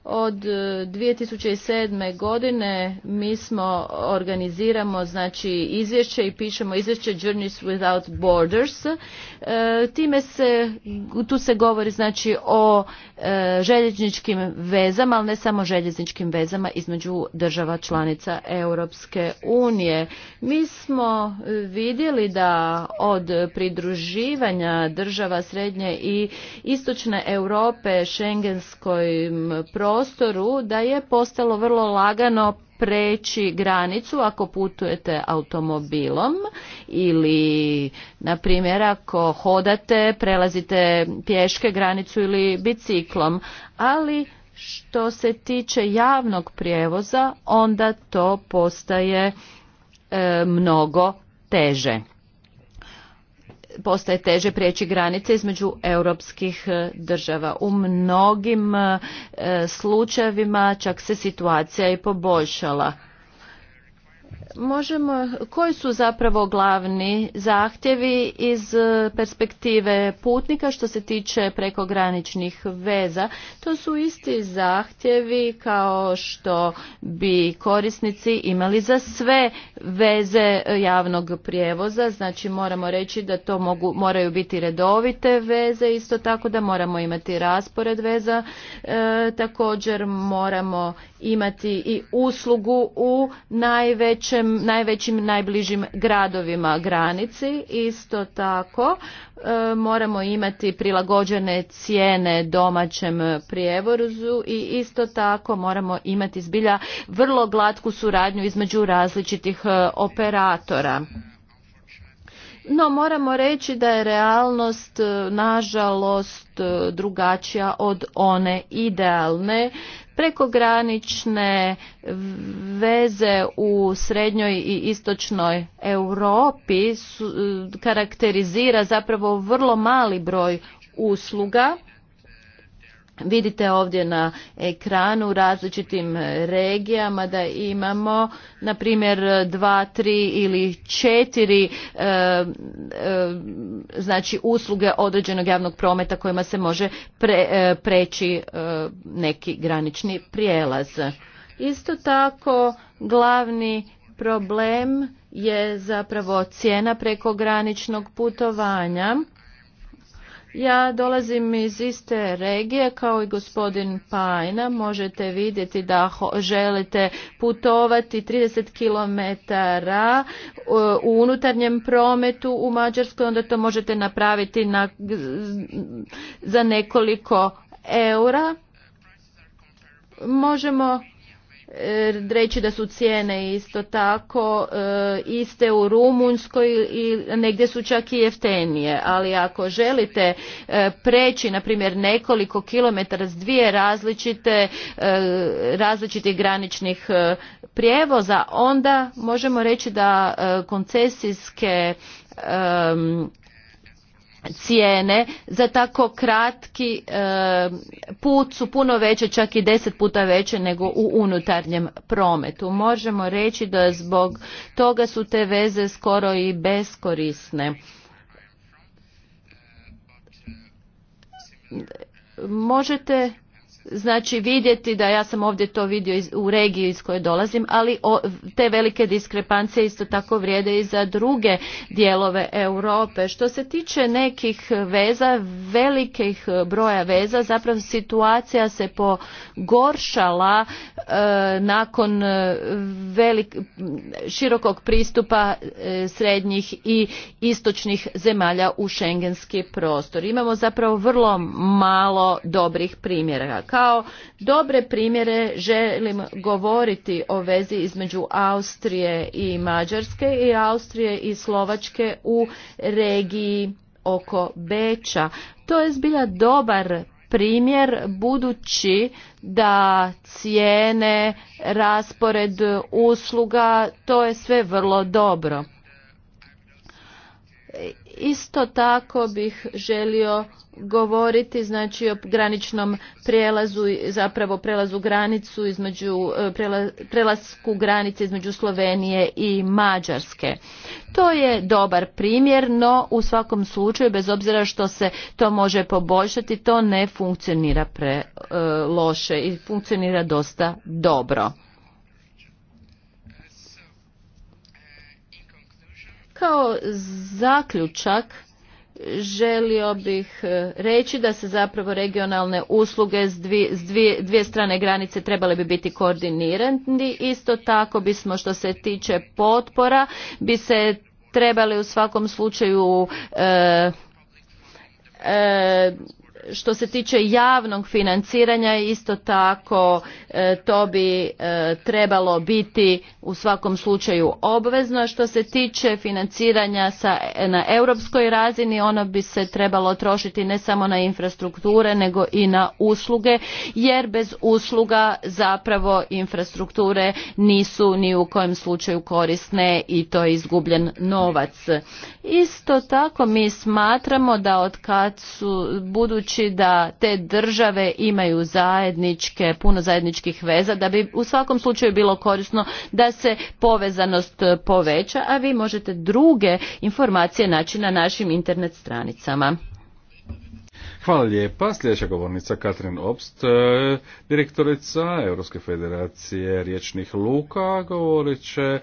od 2007. E, godine mi smo organiziramo znači izvješće i pišemo izvješće Journeys Without Borders. E, time se, tu se govori znači o e, željezničkim vezama, ali ne samo željezničkim vezama između država članica Europske unije. Mi smo vidjeli da od pridruživanja država srednje i istočne Europe Šengenskoj pro prostoru da je postalo vrlo lagano preći granicu ako putujete automobilom ili na primjer ako hodate, prelazite pješke granicu ili biciklom, ali što se tiče javnog prijevoza onda to postaje e, mnogo teže postaje teže prijeći granice između europskih e, država. U mnogim e, e, slučajevima čak se situacija i poboljšala možemo, koji su zapravo glavni zahtjevi iz e, perspektive putnika što se tiče prekograničnih veza? To su isti zahtjevi kao što bi korisnici imali za sve veze e, javnog prijevoza, znači moramo reći da to mogu, moraju biti redovite veze, isto tako da moramo imati raspored veza, e, također moramo imati i uslugu u najveće najvećim najbližim gradovima granici. Isto tako e, moramo imati prilagođene cijene domaćem prijevozu i isto tako moramo imati zbilja vrlo glatku suradnju između različitih e, operatora. No moramo reći da je realnost e, nažalost drugačija od one idealne prekogranične veze u srednjoj i istočnoj Europi e, karakterizira zapravo vrlo mali broj usluga Vidite ovdje na ekranu u različitim e, regijama da imamo na primjer dva, tri ili četiri e, e, znači usluge određenog javnog prometa kojima se može preći neki granični prijelaz. Isto tako glavni problem je zapravo cijena prekograničnog putovanja ja dolazim iz iste regije kao i gospodin Pajna. Možete vidjeti da želite putovati 30 km e, u unutarnjem prometu u Mađarskoj, onda to možete napraviti na, za nekoliko eura. Možemo E, reći da su cijene isto tako e, iste u Rumunjskoj i negdje su čak i jeftenije, ali ako želite e, preći na primjer nekoliko kilometara s dvije različite različitih graničnih prijevoza, onda možemo reći da koncesijske cijene za tako kratki e, put su puno veće, čak i deset puta veće nego u unutarnjem prometu. Možemo reći da zbog toga su te veze skoro i beskorisne. Možete znači vidjeti da ja sam ovdje to vidio iz, u regiji iz koje dolazim, ali te velike diskrepancije isto tako vrijede i za druge dijelove Europe. Što se tiče nekih veza, velikih broja veza, zapravo situacija se pogoršala e, nakon e, velik, širokog pristupa e, srednjih i istočnih zemalja u šengenski prostor. Imamo zapravo vrlo malo dobrih primjera kao dobre primjere želim govoriti o vezi između Austrije i Mađarske i Austrije i Slovačke u regiji oko Beča. To je zbilja dobar primjer budući da cijene, raspored usluga, to je sve vrlo dobro. Isto tako bih želio govoriti znači o graničnom prijelazu, zapravo prelazu granicu između, e, prelasku granice između Slovenije i Mađarske. To je dobar primjer, no u svakom slučaju, bez obzira što se to može poboljšati, to ne funkcionira pre e, loše i funkcionira dosta dobro. Kao zaključak želio bih e, reći da se zapravo regionalne usluge s dvije, s dvije, dvije strane granice trebale bi biti koordinirani. Isto tako bismo što se tiče potpora bi se trebali u svakom slučaju e, e što se tiče javnog financiranja isto tako e, to bi e, trebalo biti u svakom slučaju obvezno što se tiče financiranja sa, na europskoj razini ono bi se trebalo trošiti ne samo na infrastrukture nego i na usluge jer bez usluga zapravo infrastrukture nisu ni u kojem slučaju korisne i to je izgubljen novac isto tako mi smatramo da od kad su budući da te države imaju zajedničke, puno zajedničkih veza, da bi u svakom slučaju bilo korisno da se povezanost e, poveća, a vi možete druge informacije naći na našim internet stranicama. Hvala lijepa. Sljedeća govornica Katrin Obst, e, direktorica Europske federacije riječnih luka, govorit će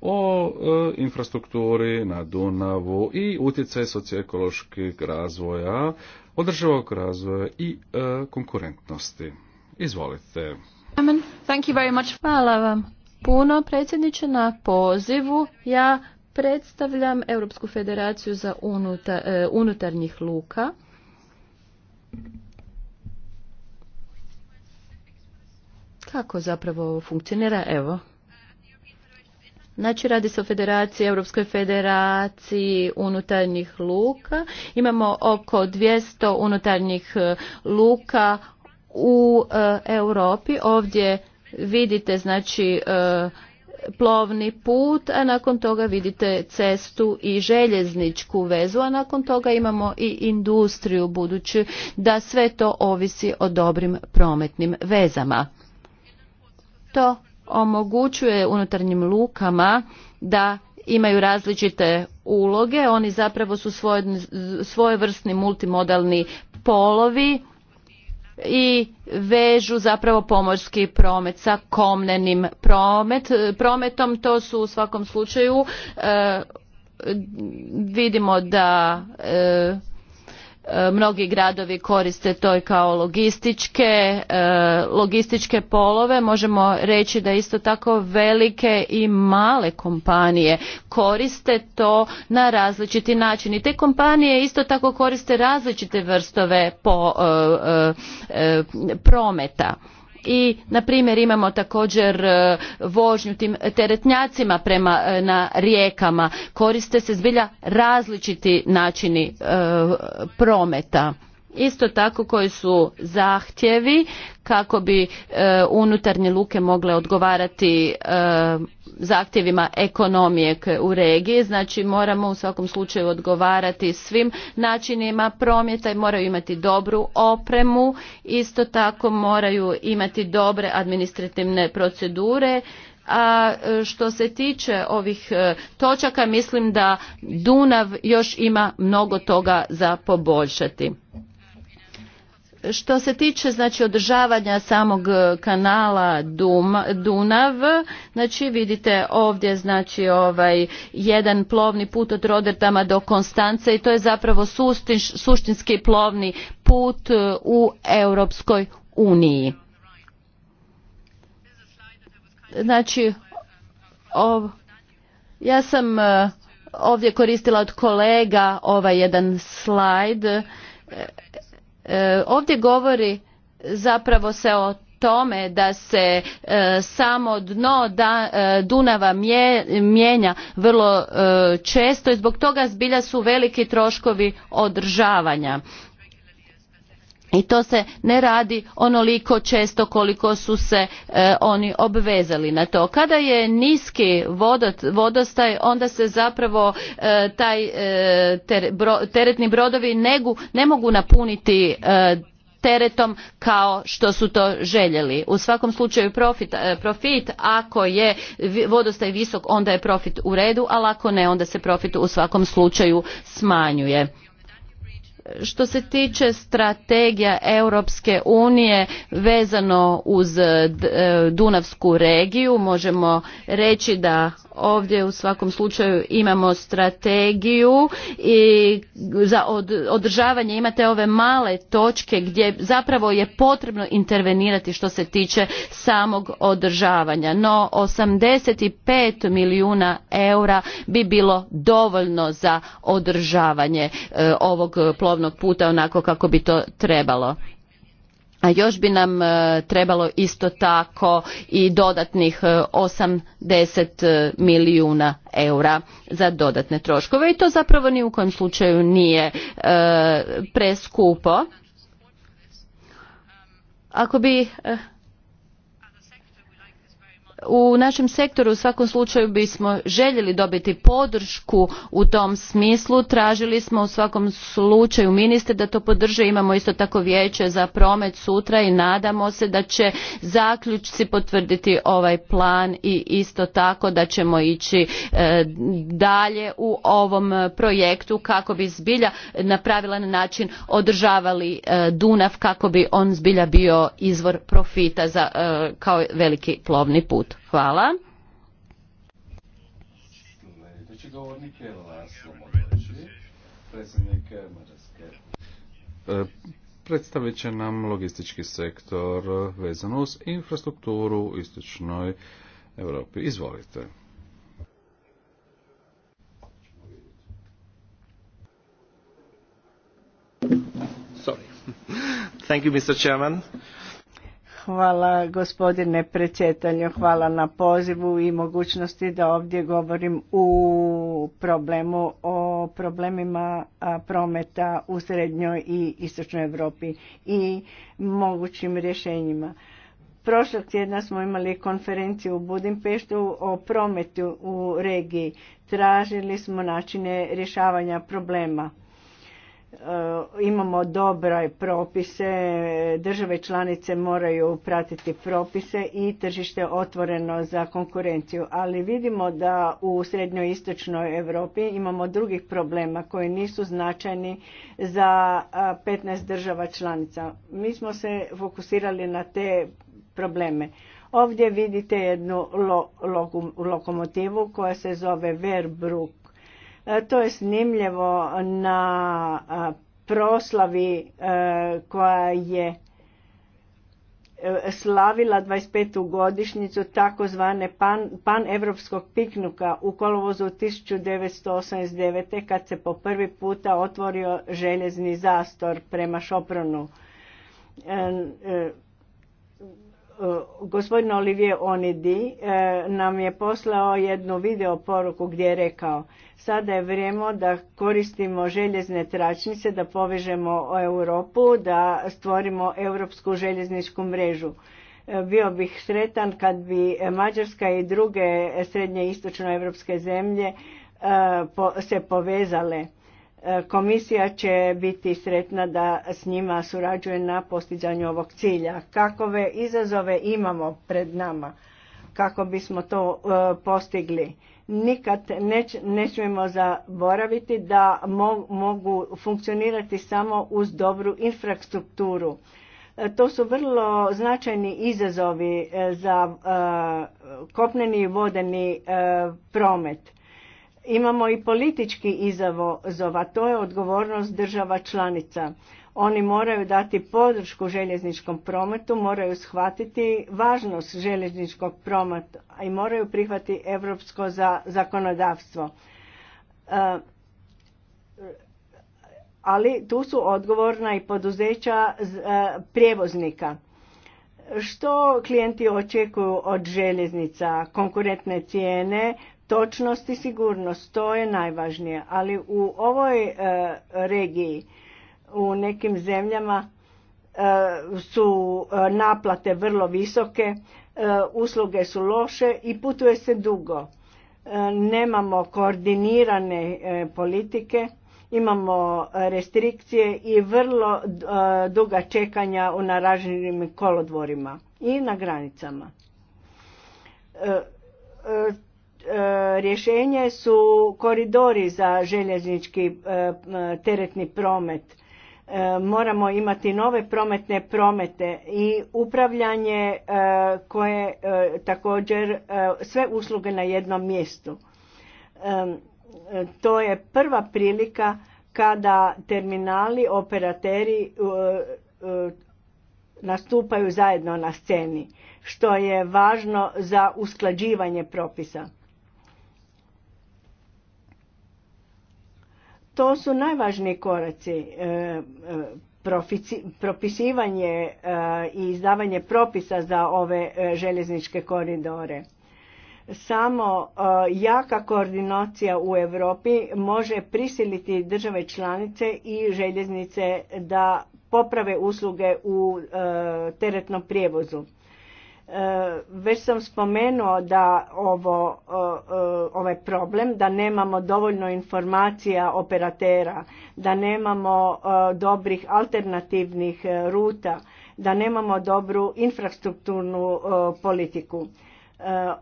o e, infrastrukturi na Dunavu i utjecaj socioekoloških razvoja održivog razvoja i e, konkurentnosti. Izvolite. Thank Hvala vam puno predsjedniče na pozivu. Ja predstavljam Europsku federaciju za e, unutarnjih luka. Kako zapravo funkcionira? Evo, Znači radi se o federaciji, Europskoj federaciji unutarnjih luka. Imamo oko 200 unutarnjih e, luka u e, Europi. Ovdje vidite znači e, plovni put, a nakon toga vidite cestu i željezničku vezu, a nakon toga imamo i industriju budući da sve to ovisi o dobrim prometnim vezama. To omogućuje unutarnjim lukama da imaju različite uloge. Oni zapravo su svoje svojevrsni multimodalni polovi i vežu zapravo pomorski promet sa komnenim promet, prometom. To su u svakom slučaju e, vidimo da e, E, mnogi gradovi koriste to kao e, logističke, polove. Možemo reći da isto tako velike i male kompanije koriste to na različiti način. I te kompanije isto tako koriste različite vrstove po, e, prometa i na primjer imamo također e, vožnju tim teretnjacima prema e, na rijekama koriste se zbilja različiti načini e, prometa isto tako koji su zahtjevi kako bi unutarnje luke mogle odgovarati zahtjevima ekonomije u regiji znači moramo u svakom slučaju odgovarati svim načinima prometa i moraju imati dobru opremu isto tako moraju imati dobre administrativne procedure a e, što se tiče ovih e, točaka mislim da Dunav još ima mnogo toga za poboljšati što se tiče znači održavanja samog e, kanala Dunav, znači vidite ovdje znači ovaj jedan plovni put od Rodertama do Konstance i to je zapravo suštinski plovni put e, u Europskoj uniji. Znači ja sam e, ovdje koristila od kolega ovaj jedan slajd E, ovdje govori zapravo se o tome da se e, samo dno da, e, Dunava mje, mijenja vrlo često i zbog toga zbilja su veliki troškovi održavanja i to se ne radi onoliko često koliko su se e, oni obvezali na to kada je niski vodostaj onda se zapravo e, taj e, teretni brodovi negu, ne mogu napuniti teretom kao što su to željeli u svakom slučaju profit, profit ako je vodostaj visok onda je profit u redu ali ako ne onda se profit u svakom slučaju smanjuje što se tiče strategija Europske unije vezano uz e, Dunavsku regiju možemo reći da ovdje u svakom slučaju imamo strategiju i za održavanje imate ove male točke gdje zapravo je potrebno intervenirati što se tiče samog održavanja. No 85 milijuna eura bi bilo dovoljno za održavanje e, ovog plovnog puta onako kako bi to trebalo a još bi nam e, trebalo isto tako i dodatnih 80 e, e, milijuna eura za dodatne troškove i to zapravo ni u kojem slučaju nije preskupo. Ako bi u našem sektoru u svakom slučaju bismo željeli dobiti podršku u tom smislu tražili smo u svakom slučaju ministre da to podrže imamo isto tako vijeće za promet sutra i nadamo se da će zaključci potvrditi ovaj plan i isto tako da ćemo ići e, dalje u ovom projektu kako bi zbilja na pravilan način održavali e, dunav kako bi on zbilja bio izvor profita za, e, kao veliki plovni put put. Hvala. E, predstavit će nam logistički sektor vezan uz infrastrukturu u istočnoj Europi. Izvolite. Sorry. Thank you, Mr. Chairman. Hvala gospodine predsjetanju, hvala na pozivu i mogućnosti da ovdje govorim u problemu o problemima prometa u srednjoj i istočnoj Europi i mogućim rješenjima. Prošlog tjedna smo imali konferenciju u Budimpeštu o prometu u regiji. Tražili smo načine rješavanja problema E, imamo dobre propise, države članice moraju pratiti propise i tržište otvoreno za konkurenciju, ali vidimo da u srednjoj istočnoj Europi imamo drugih problema koji nisu značajni za 15 država članica. Mi smo se fokusirali na te probleme. Ovdje vidite jednu lokomotivu koja se zove Verbruck. E, to je snimljivo na e, proslavi e, koja je slavila 25. godišnjicu takozvane pan pan piknuka u kolovozu 1989. kad se po prvi puta otvorio željezni zastor prema Šopronu gospodin Olivier Onidi e, nam je poslao jednu video poruku gdje je rekao sada je vrijeme da koristimo željezne tračnice, da povežemo Europu, da stvorimo europsku željezničku mrežu. E, bio bih sretan kad bi Mađarska i druge srednje istočno europske zemlje e, se povezale E, komisija će biti sretna da s njima surađuje na postizanju ovog cilja. Kakove izazove imamo pred nama kako bismo to e, postigli? Nikad ne smijemo zaboraviti da mogu funkcionirati samo uz dobru infrastrukturu. E, to su vrlo značajni izazovi za kopneni i vodeni promet Imamo i politički izazov, a to je odgovornost država članica. Oni moraju dati podršku željezničkom prometu, moraju shvatiti važnost željezničkog prometa i moraju prihvati europsko za zakonodavstvo. E, ali tu su odgovorna i poduzeća e, prijevoznika. Što klijenti očekuju od željeznica? Konkurentne cijene, točnost i sigurnost to je najvažnije ali u ovoj e, regiji u nekim zemljama e, su e, naplate vrlo visoke usluge su loše i putuje se dugo nemamo koordinirane politike imamo restrikcije i vrlo duga čekanja u naraženim kolodvorima i na granicama E, rješenje su koridori za željeznički e, teretni promet. E, moramo imati nove prometne promete i upravljanje koje također sve usluge na jednom mjestu. To je prva prilika kada terminali, operateri nastupaju zajedno na sceni, što je važno za usklađivanje propisa. to su najvažniji koraci e, e, propisivanje e, i izdavanje propisa za ove željezničke koridore samo jaka koordinacija u Europi može prisiliti države članice i željeznice da poprave usluge u teretnom prijevozu Eh, već sam spomenuo da ovo, ovaj problem, da nemamo dovoljno informacija operatera, da nemamo dobrih alternativnih e, ruta, da nemamo dobru infrastrukturnu politiku. E,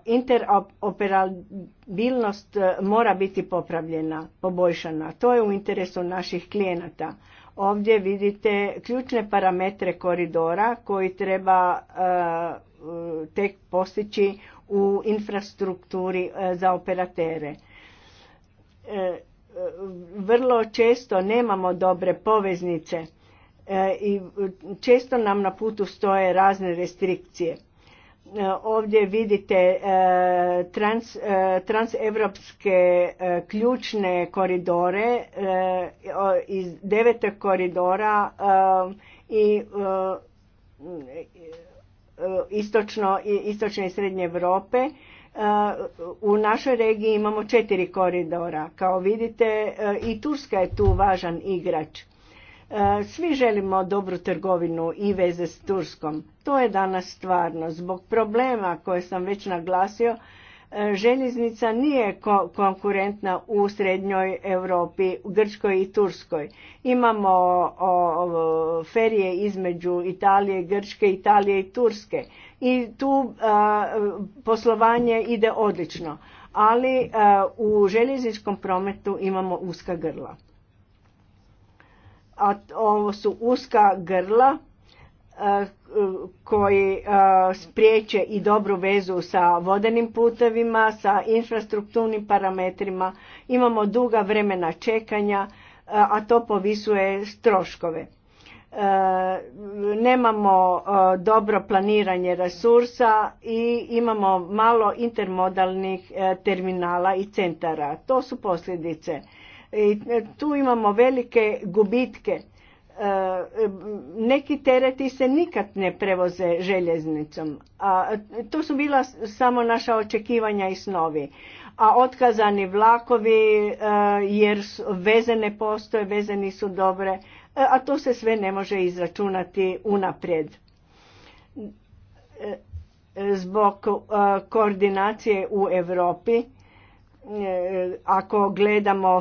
interoperabilnost e, mora biti popravljena, poboljšana. To je u interesu naših klijenata. Ovdje vidite ključne parametre koridora koji treba Eh, tek postići u infrastrukturi eh, za operatere. Eh, vrlo često nemamo dobre poveznice i često nam na putu stoje razne restrikcije. Ovdje vidite trans, transevropske ključne koridore iz devetog koridora i E, istočno, istočne i srednje Europe. E, u našoj regiji imamo četiri koridora. Kao vidite e, i Turska je tu važan igrač. Svi želimo dobru trgovinu i veze s Turskom. To je danas stvarno. Zbog problema koje sam već naglasio, željeznica nije konkurentna u srednjoj Europi, u Grčkoj i Turskoj. Imamo ferije između Italije, Grčke, Italije i Turske i tu poslovanje ide odlično, ali u željezničkom prometu imamo uska grla. A ovo su uska grla koji e, spriječe i dobru vezu sa vodenim putevima, sa infrastrukturnim parametrima. Imamo duga vremena čekanja, e, a to povisuje troškove. E, nemamo dobro planiranje resursa i imamo malo intermodalnih terminala i centara. To su posljedice. tu imamo velike gubitke neki tereti se nikad ne prevoze željeznicom. A, to su bila samo naša očekivanja i snovi. A otkazani vlakovi e, jer veze ne postoje, veze nisu dobre, e, a to se sve ne može izračunati unaprijed. E, zbog koordinacije u Europi ako gledamo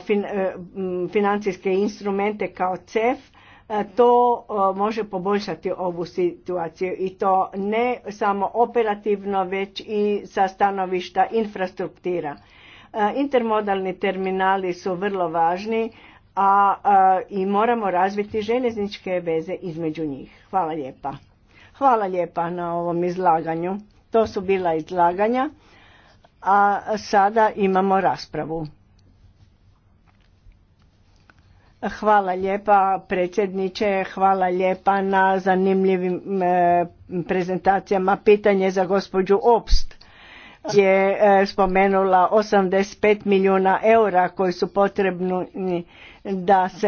financijske instrumente kao CEF, E, to e, može poboljšati ovu situaciju i to ne samo operativno već i sa stanovišta infrastruktura. E, intermodalni terminali su vrlo važni a i moramo razviti željezničke veze između njih. Hvala Hvala lijepa na ovom izlaganju. To su bila izlaganja, a sada imamo raspravu. Hvala lijepa predsjedniče, hvala lijepa na zanimljivim e, prezentacijama. Pitanje za gospođu Opst je e, spomenula 85 milijuna eura koji su potrebni da se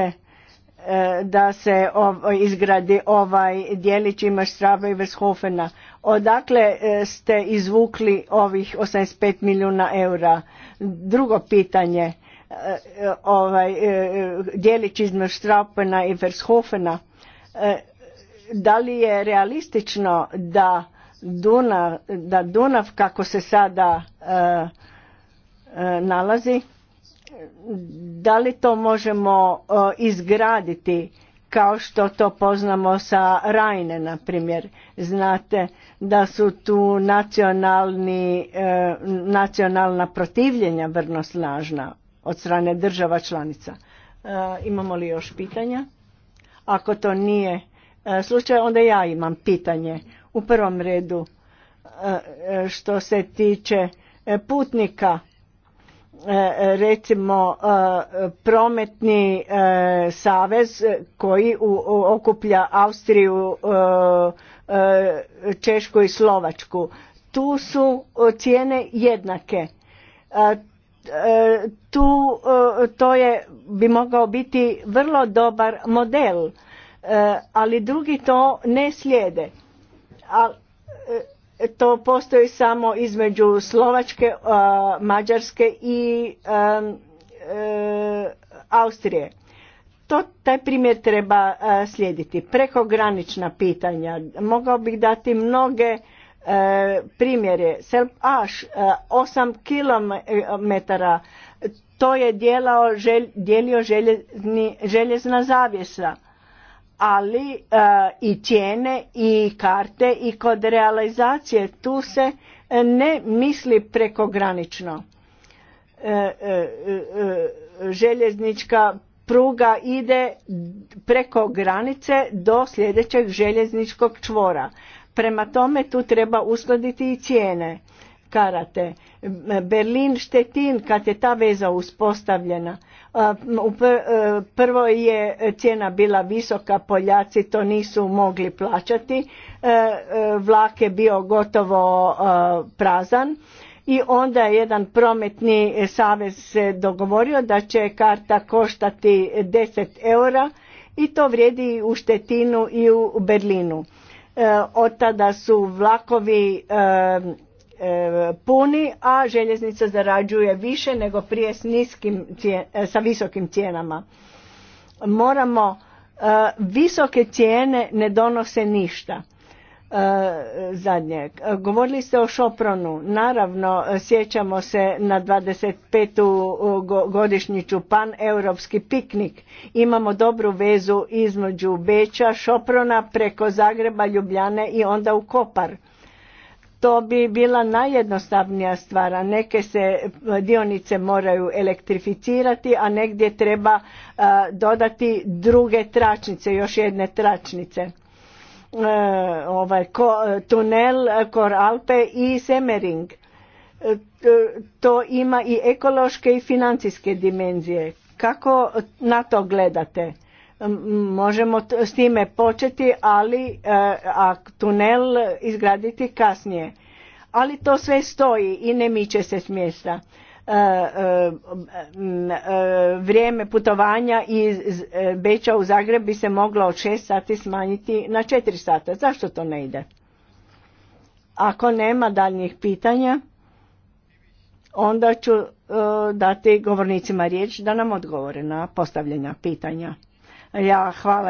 e, da se izgradi ovaj dijelić Maštrava i Vershofena. Odakle ste izvukli ovih 85 milijuna eura? Drugo pitanje, Eh, ovaj, eh, djelić između Straupena i Vershofena, eh, da li je realistično da Dunav, da Dunav kako se sada nalazi, da li to možemo izgraditi kao što to poznamo sa Rajne, na primjer. Znate da su tu nacionalni, nacionalna protivljenja vrlo snažna od strane država članica. E, imamo li još pitanja? Ako to nije e, slučaj, onda ja imam pitanje. U prvom redu, e, što se tiče putnika, recimo prometni savez koji okuplja Austriju, Češku i Slovačku. Tu su cijene jednake tu e, to je bi mogao biti vrlo dobar model e, ali drugi to ne slijede a e, to postoji samo između Slovačke, Mađarske i Austrije to taj primjer treba slijediti prekogranična pitanja mogao bih dati mnoge E, primjer je Aš 8 e, km e, to je dijelao, dijelio željezni, željezna zavjesa ali i cijene i karte i kod realizacije tu se ne misli prekogranično e, željeznička pruga ide preko granice do sljedećeg željezničkog čvora Prema tome tu treba uskladiti i cijene karate. Berlin Štetin kad je ta veza uspostavljena e, prvo je cijena bila visoka Poljaci to nisu mogli plaćati e, e, vlak je bio gotovo prazan i onda je jedan prometni savez se dogovorio da će karta koštati 10 eura i to vrijedi u Štetinu i u Berlinu E, od tada su vlakovi e, e, puni, a željeznica zarađuje više nego prije s niskim, sa visokim cijenama. Moramo visoke cijene ne donose ništa zadnje. Govorili ste o Šopronu. Naravno, sjećamo se na 25. godišnjiću pan-europski piknik. Imamo dobru vezu između Beća, Šoprona, preko Zagreba, Ljubljane i onda u Kopar. To bi bila najjednostavnija stvar Neke se dionice moraju elektrificirati, a negdje treba dodati druge tračnice, još jedne tračnice E, ovaj tunel Koralpe i Semering. E, to ima i ekološke i financijske dimenzije. Kako na to gledate? Možemo s time početi, ali e, a tunel izgraditi kasnije. Ali to sve stoji i ne miče se s mjesta. E, e, e, vrijeme putovanja iz Beća u Zagreb bi se moglo od 6 sati smanjiti na 4 sata. Zašto to ne ide? Ako nema daljnjih pitanja, onda ću dati govornicima riječ da nam odgovore na postavljena pitanja. Ja, hvala,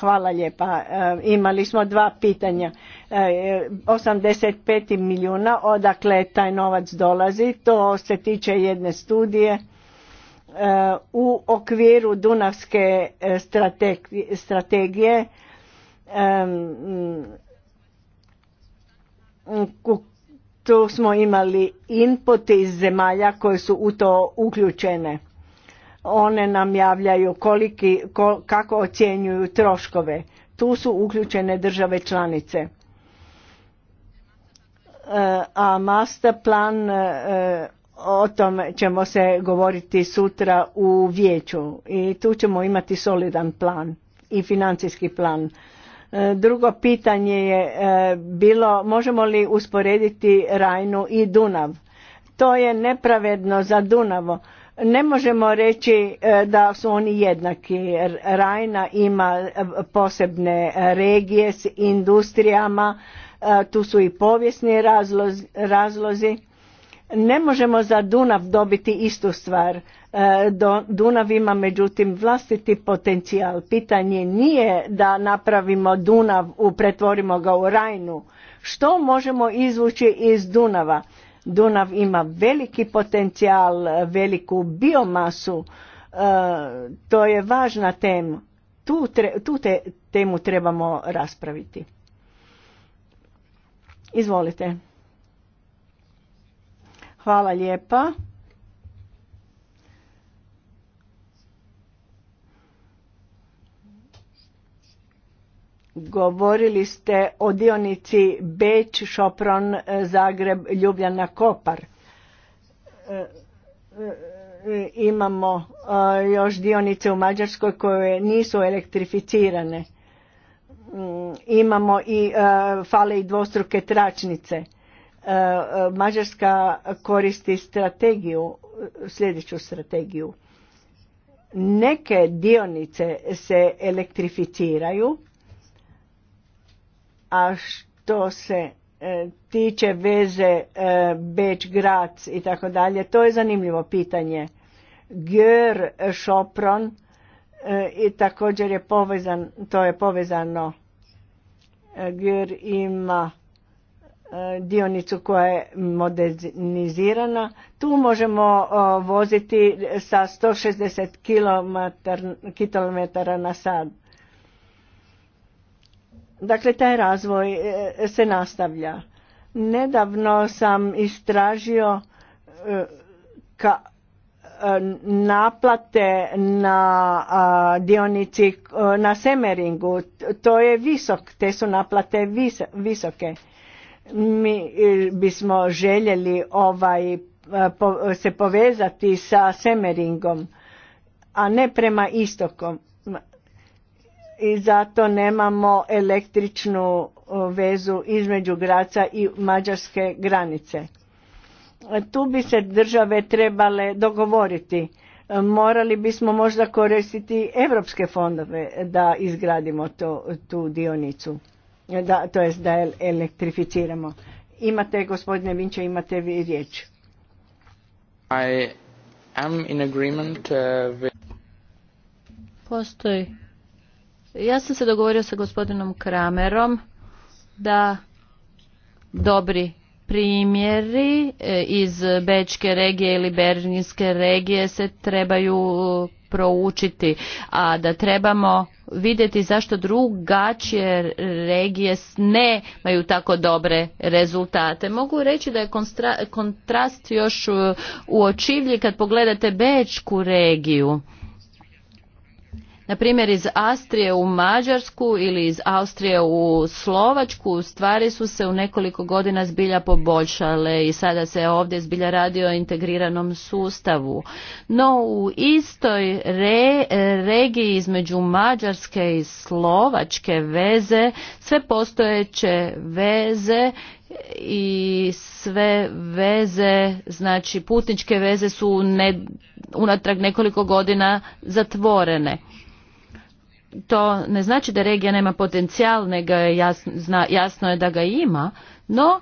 hvala lijepa. E, imali smo dva pitanja. E, 85 milijuna, odakle taj novac dolazi, to se tiče jedne studije. E, u okviru Dunavske e, strategije tu smo imali input iz zemalja koje su u to uključene one nam javljaju koliki, kako ocjenjuju troškove. Tu su uključene države članice. E, a master plan, e, o tom ćemo se govoriti sutra u vijeću i tu ćemo imati solidan plan i financijski plan. E, drugo pitanje je bilo možemo li usporediti Rajnu i Dunav. To je nepravedno za Dunavo ne možemo reći e, da su oni jednaki. Rajna ima e, posebne regije s industrijama, e, tu su i povijesni razlozi. Ne možemo za Dunav dobiti istu stvar. Dunav ima međutim vlastiti potencijal. Pitanje nije da napravimo Dunav, pretvorimo ga u Rajnu. Što možemo izvući iz Dunava? Dunav ima veliki potencijal, veliku biomasu, e, to je važna tema. Tu, tu temu trebamo raspraviti. Izvolite. Hvala lijepa. Govorili ste o dionici Beč, Šopron, e, Zagreb, Ljubljana, Kopar. E, e, imamo još dionice u Mađarskoj koje nisu elektrificirane. Mm, imamo i fale i dvostruke tračnice. Mađarska koristi strategiju, sljedeću strategiju. Neke dionice se elektrificiraju, a što se e, tiče veze e, Beč, Grac i tako dalje, to je zanimljivo pitanje. Gör Šopron e, i također je povezan, to je povezano. Gör ima dionicu koja je modernizirana. Tu možemo voziti sa 160 km na sat. Dakle, taj razvoj e, se nastavlja. Nedavno sam istražio e, ka e, naplate na dionici na Semeringu. To je visok, te su naplate visoke. Mi bismo željeli ovaj se povezati sa Semeringom, a ne prema istokom i zato nemamo električnu vezu između Graca i mađarske granice. Tu bi se države trebale dogovoriti. Morali bismo možda koristiti evropske fondove da izgradimo to, tu dionicu, da, to jest da elektrificiramo. Imate, gospodine Vinče, imate vi riječ. I am in agreement, uh, with... Postoji ja sam se dogovorio sa gospodinom Kramerom da dobri primjeri e, iz Bečke regije ili Berlinske regije se trebaju e, proučiti, a da trebamo vidjeti zašto drugačije regije ne imaju tako dobre rezultate. Mogu reći da je kontrast još e, uočivlji kad pogledate Bečku regiju na primjer iz Austrije u Mađarsku ili iz Austrije u Slovačku stvari su se u nekoliko godina zbilja poboljšale i sada se ovdje zbilja radi o integriranom sustavu. No u istoj regiji između Mađarske i Slovačke veze sve postojeće veze i sve veze, znači putničke veze su unatrag nekoliko godina zatvorene to ne znači da regija nema potencijal, nego je jasno, jasno je da ga ima, no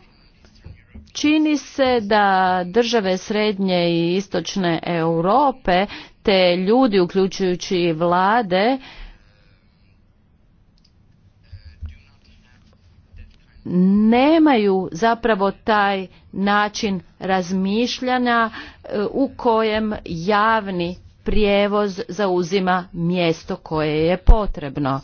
čini se da države srednje i istočne Europe te ljudi uključujući i vlade nemaju zapravo taj način razmišljanja e, u kojem javni prijevoz zauzima mjesto koje je potrebno.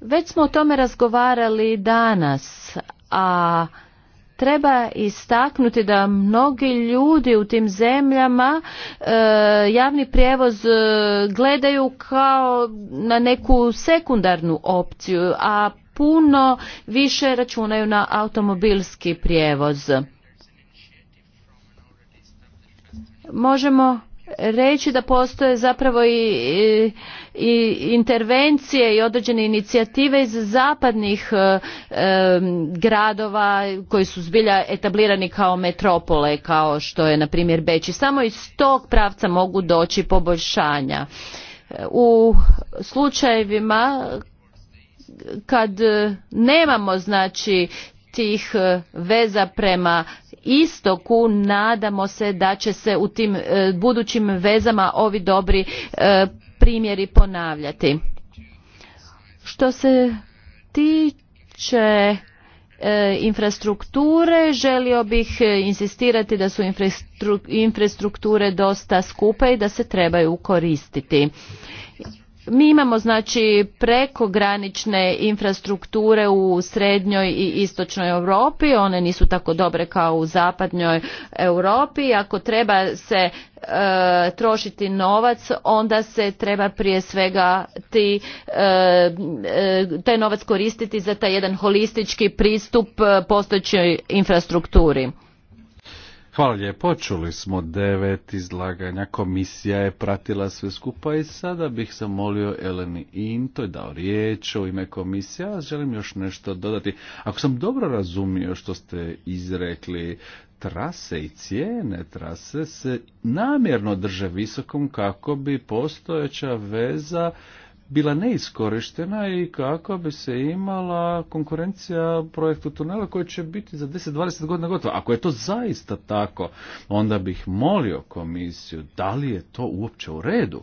Već smo o tome razgovarali danas, a treba istaknuti da mnogi ljudi u tim zemljama e, javni prijevoz e, gledaju kao na neku sekundarnu opciju, a puno više računaju na automobilski prijevoz možemo reći da postoje zapravo i, i, intervencije i određene inicijative iz zapadnih e, e, gradova koji su zbilja etablirani kao metropole kao što je na primjer Beč samo iz tog pravca mogu doći poboljšanja u slučajevima kad nemamo znači tih e, veza prema istoku nadamo se da će se u tim e, budućim vezama ovi dobri e, primjeri ponavljati što se tiče infrastrukture želio bih insistirati da su infrastrukture dosta skupe i da se trebaju koristiti mi imamo znači prekogranične infrastrukture u srednjoj i istočnoj Europi, one nisu tako dobre kao u zapadnjoj Europi. Ako treba se e, trošiti novac, onda se treba prije svega ti, e, e, taj novac koristiti za taj jedan holistički pristup postojećoj infrastrukturi. Hvala lijepo, čuli smo devet izlaganja, komisija je pratila sve skupa i sada bih zamolio Eleni je dao riječ u ime komisija, želim još nešto dodati. Ako sam dobro razumio što ste izrekli, trase i cijene trase se namjerno drže visokom kako bi postojeća veza bila neiskorištena i kako bi se imala konkurencija projektu tunela koji će biti za 10-20 godina gotovo. Ako je to zaista tako, onda bih molio komisiju da li je to uopće u redu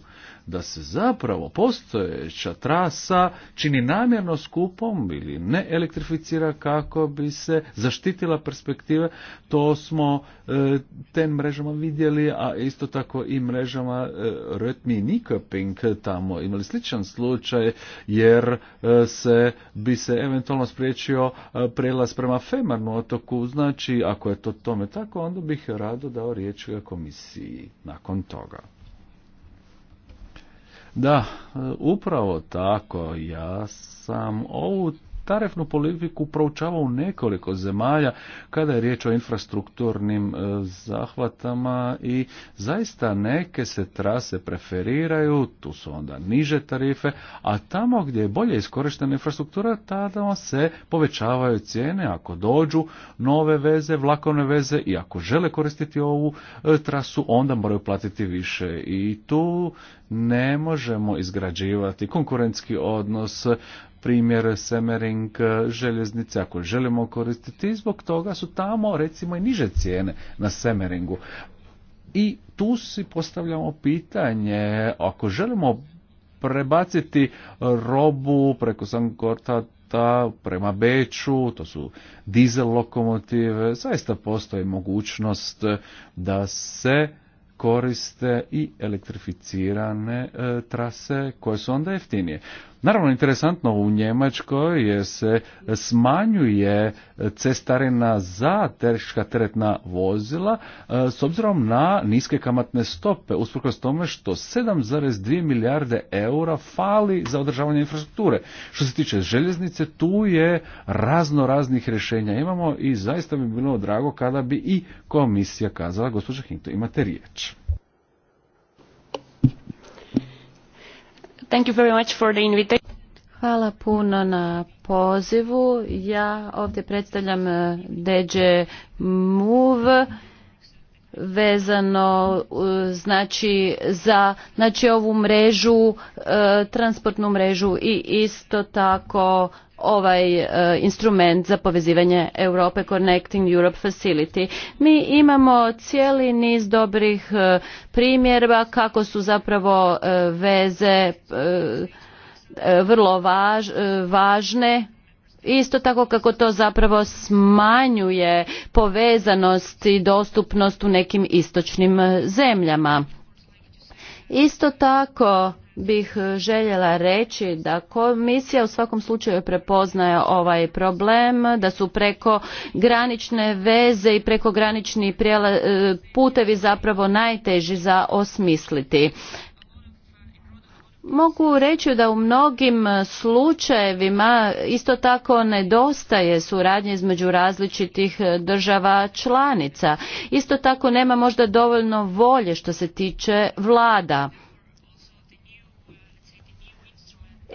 da se zapravo postojeća trasa čini namjerno skupom ili ne elektrificira kako bi se zaštitila perspektive. To smo e, ten mrežama vidjeli, a isto tako i mrežama e, i Nikoping tamo imali sličan slučaj jer e, se bi se eventualno spriječio e, prelaz prema Femarnu otoku. Znači, ako je to tome tako, onda bih rado dao riječ komisiji nakon toga. Da, e, upravo tako. Ja sam ovu tarifnu politiku proučavao u nekoliko zemalja kada je riječ o infrastrukturnim e, zahvatama i zaista neke se trase preferiraju, tu su onda niže tarife, a tamo gdje je bolje iskorištena infrastruktura, tada se povećavaju cijene ako dođu nove veze, vlakovne veze i ako žele koristiti ovu e, trasu, onda moraju platiti više i tu ne možemo izgrađivati konkurentski odnos primjer Semering eh, željeznice ako želimo koristiti zbog toga su tamo recimo i niže cijene na Semeringu i tu si postavljamo pitanje ako želimo prebaciti robu preko Sankortata prema Beču, to su dizel lokomotive, zaista postoji mogućnost da se koriste i elektrificirane eh, trase koje su onda jeftinije. Naravno, interesantno, u Njemačkoj je se smanjuje cestarina za teška teretna vozila e, s obzirom na niske kamatne stope, usprkos tome što 7,2 milijarde eura fali za održavanje infrastrukture. Što se tiče željeznice, tu je razno raznih rješenja. Imamo i zaista bi bilo drago kada bi i komisija kazala, gospođa Hinto, imate riječ. Hvala puno na pozivu. Ja ovdje predstavljam eh, DG Move vezano e, znači za znači ovu mrežu e, transportnu mrežu i isto tako ovaj e, instrument za povezivanje Europe Connecting Europe Facility mi imamo cijeli niz dobrih primjerba kako su zapravo veze vrlo važne isto tako kako to zapravo smanjuje povezanost i dostupnost u nekim istočnim e, zemljama. Isto tako bih željela reći da komisija u svakom slučaju prepoznaje ovaj problem, da su preko granične veze i preko granični e, putevi zapravo najteži za osmisliti. Mogu reći da u mnogim e, slučajevima isto tako nedostaje suradnje između različitih e, država članica. Isto tako nema možda dovoljno volje što se tiče vlada.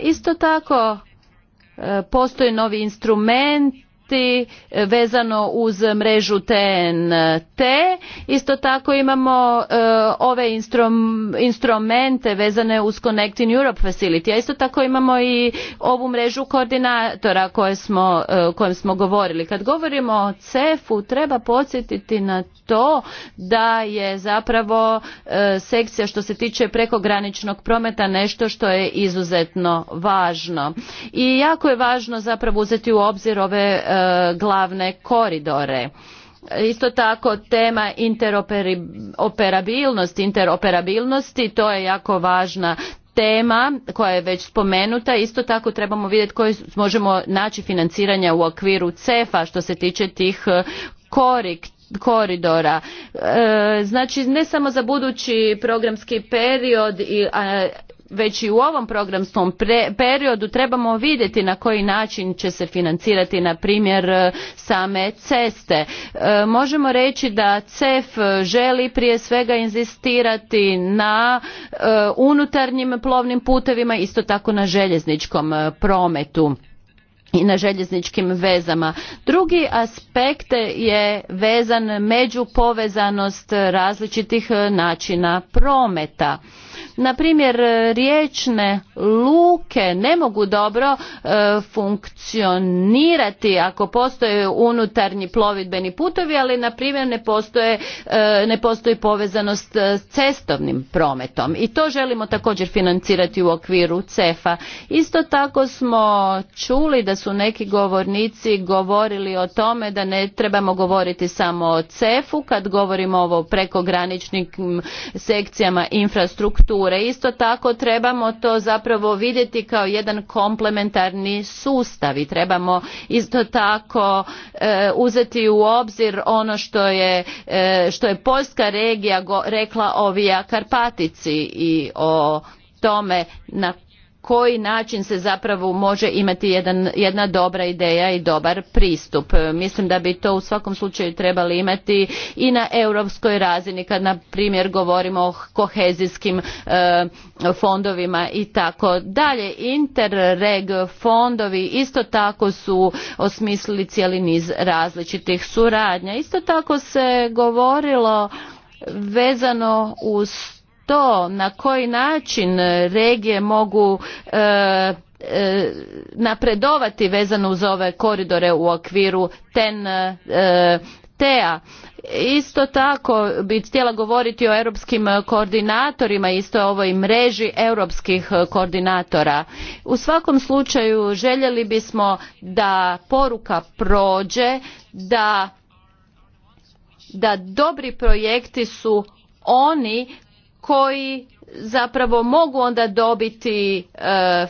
Isto tako e, postoji novi instrument vezano uz mrežu TNT. Isto tako imamo e, ove instrumente vezane uz Connecting Europe Facility, a isto tako imamo i ovu mrežu koordinatora koje e, kojem smo govorili. Kad govorimo o CEF-u treba podsjetiti na to da je zapravo e, sekcija što se tiče prekograničnog prometa nešto što je izuzetno važno. I jako je važno zapravo uzeti u obzir ove E, glavne koridore. Isto tako tema interoperabilnosti, interoperabilnosti, to je jako važna tema koja je već spomenuta isto tako trebamo vidjeti koje možemo naći financiranja u okviru cefa što se tiče tih e, koridora e, znači ne samo za budući programski period i već i u ovom programskom periodu trebamo vidjeti na koji način će se financirati na primjer e, same ceste. E, možemo reći da CEF želi prije svega inzistirati na e, unutarnjim plovnim putevima, isto tako na željezničkom prometu i na željezničkim vezama. Drugi aspekt je vezan među povezanost različitih načina prometa na primjer e, riječne luke ne mogu dobro e, funkcionirati ako postoje unutarnji plovidbeni putovi ali na primjer ne postoje e, ne postoji povezanost s cestovnim prometom i to želimo također financirati u okviru cefa isto tako smo čuli da su neki govornici govorili o tome da ne trebamo govoriti samo o cefu kad govorimo o prekograničnim sekcijama infrastrukture kulture. Isto tako trebamo to zapravo vidjeti kao jedan komplementarni sustav i trebamo isto tako e, uzeti u obzir ono što je, e, što je poljska regija go, rekla o Via Karpatici i o tome na koji način se zapravo može imati jedan, jedna dobra ideja i dobar pristup. E, mislim da bi to u svakom slučaju trebali imati i na europskoj razini kad na primjer govorimo o kohezijskim e, fondovima i tako dalje. Interreg fondovi isto tako su osmislili cijeli niz različitih suradnja. Isto tako se govorilo vezano uz to na koji način regije mogu e, e, napredovati vezano uz ove koridore u okviru ten e, tea isto tako bi htjela govoriti o europskim koordinatorima isto ovoj mreži europskih koordinatora u svakom slučaju željeli bismo da poruka prođe da da dobri projekti su oni koji zapravo mogu onda dobiti e,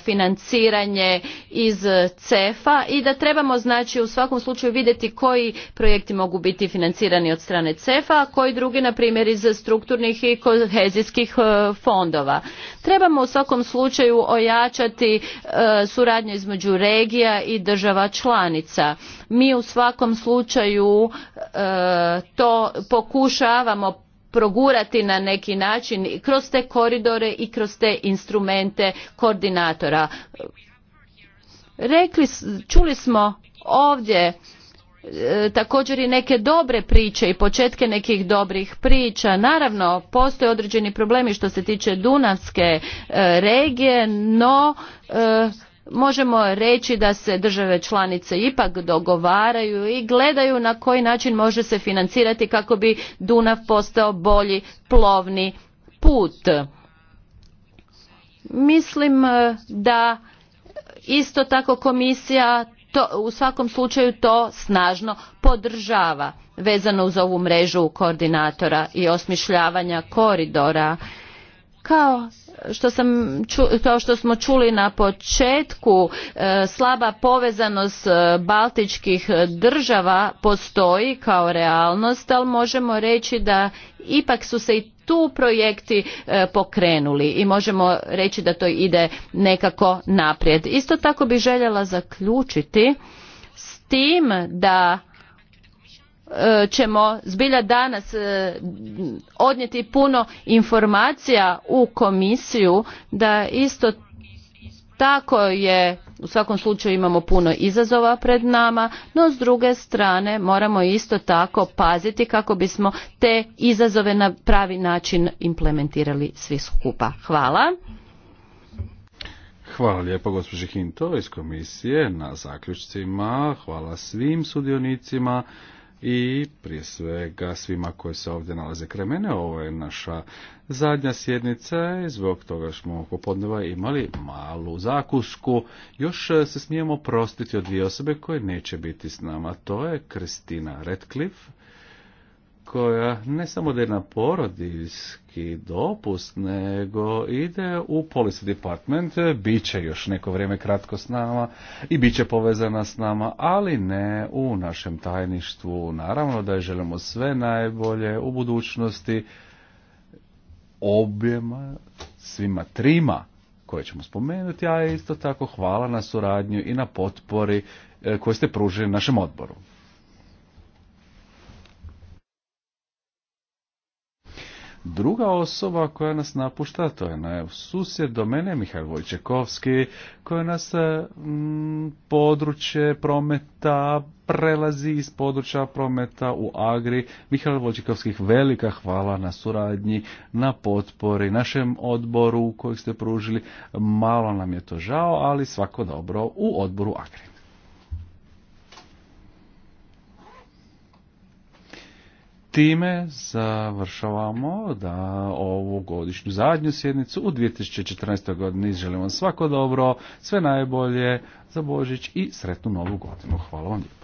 financiranje iz CEFA i da trebamo znači u svakom slučaju vidjeti koji projekti mogu biti financirani od strane CEFA, a koji drugi na primjer iz strukturnih i kohezijskih e, fondova. Trebamo u svakom slučaju ojačati e, suradnju između regija i država članica. Mi u svakom slučaju e, to pokušavamo progurati na neki način kroz te koridore i kroz te instrumente koordinatora. Rekli, čuli smo ovdje e, također i neke dobre priče i početke nekih dobrih priča. Naravno, postoje određeni problemi što se tiče Dunavske e, regije, no e, možemo reći da se države članice ipak dogovaraju i gledaju na koji način može se financirati kako bi Dunav postao bolji plovni put. Mislim e, da isto tako komisija to, u svakom slučaju to snažno podržava vezano uz ovu mrežu koordinatora i osmišljavanja koridora kao što sam kao što smo čuli na početku e, slaba povezanost e, baltičkih država postoji kao realnost ali možemo reći da ipak su se i tu projekti e, pokrenuli i možemo reći da to ide nekako naprijed isto tako bih željela zaključiti s tim da E, ćemo zbilja danas e, odnijeti puno informacija u komisiju da isto tako je u svakom slučaju imamo puno izazova pred nama no s druge strane moramo isto tako paziti kako bismo te izazove na pravi način implementirali svi skupa hvala Hvala lijepo gospođi Hinto iz komisije na zaključcima. Hvala svim sudionicima i prije svega svima koji se ovdje nalaze kraj mene. Ovo je naša zadnja sjednica i zbog toga smo oko podneva imali malu zakusku. Još se smijemo prostiti od dvije osobe koje neće biti s nama. To je Kristina Redcliffe koja ne samo da je na dopust, nego ide u policy department, bit će još neko vrijeme kratko s nama i bit će povezana s nama, ali ne u našem tajništvu. Naravno da je želimo sve najbolje u budućnosti objema, svima trima koje ćemo spomenuti, a isto tako hvala na suradnju i na potpori eh, koje ste pružili našem odboru. Druga osoba koja nas napušta, to je na susjed do mene, Mihajl Vojčekovski, koja nas e, područje prometa prelazi iz područja prometa u Agri. Mihajl Vojčekovski, velika hvala na suradnji, na potpori, našem odboru kojeg ste pružili. Malo nam je to žao, ali svako dobro u odboru Agri. Time završavamo da ovu godišnju zadnju sjednicu u 2014. godini želim vam svako dobro, sve najbolje za Božić i sretnu novu godinu. Hvala vam lijepo.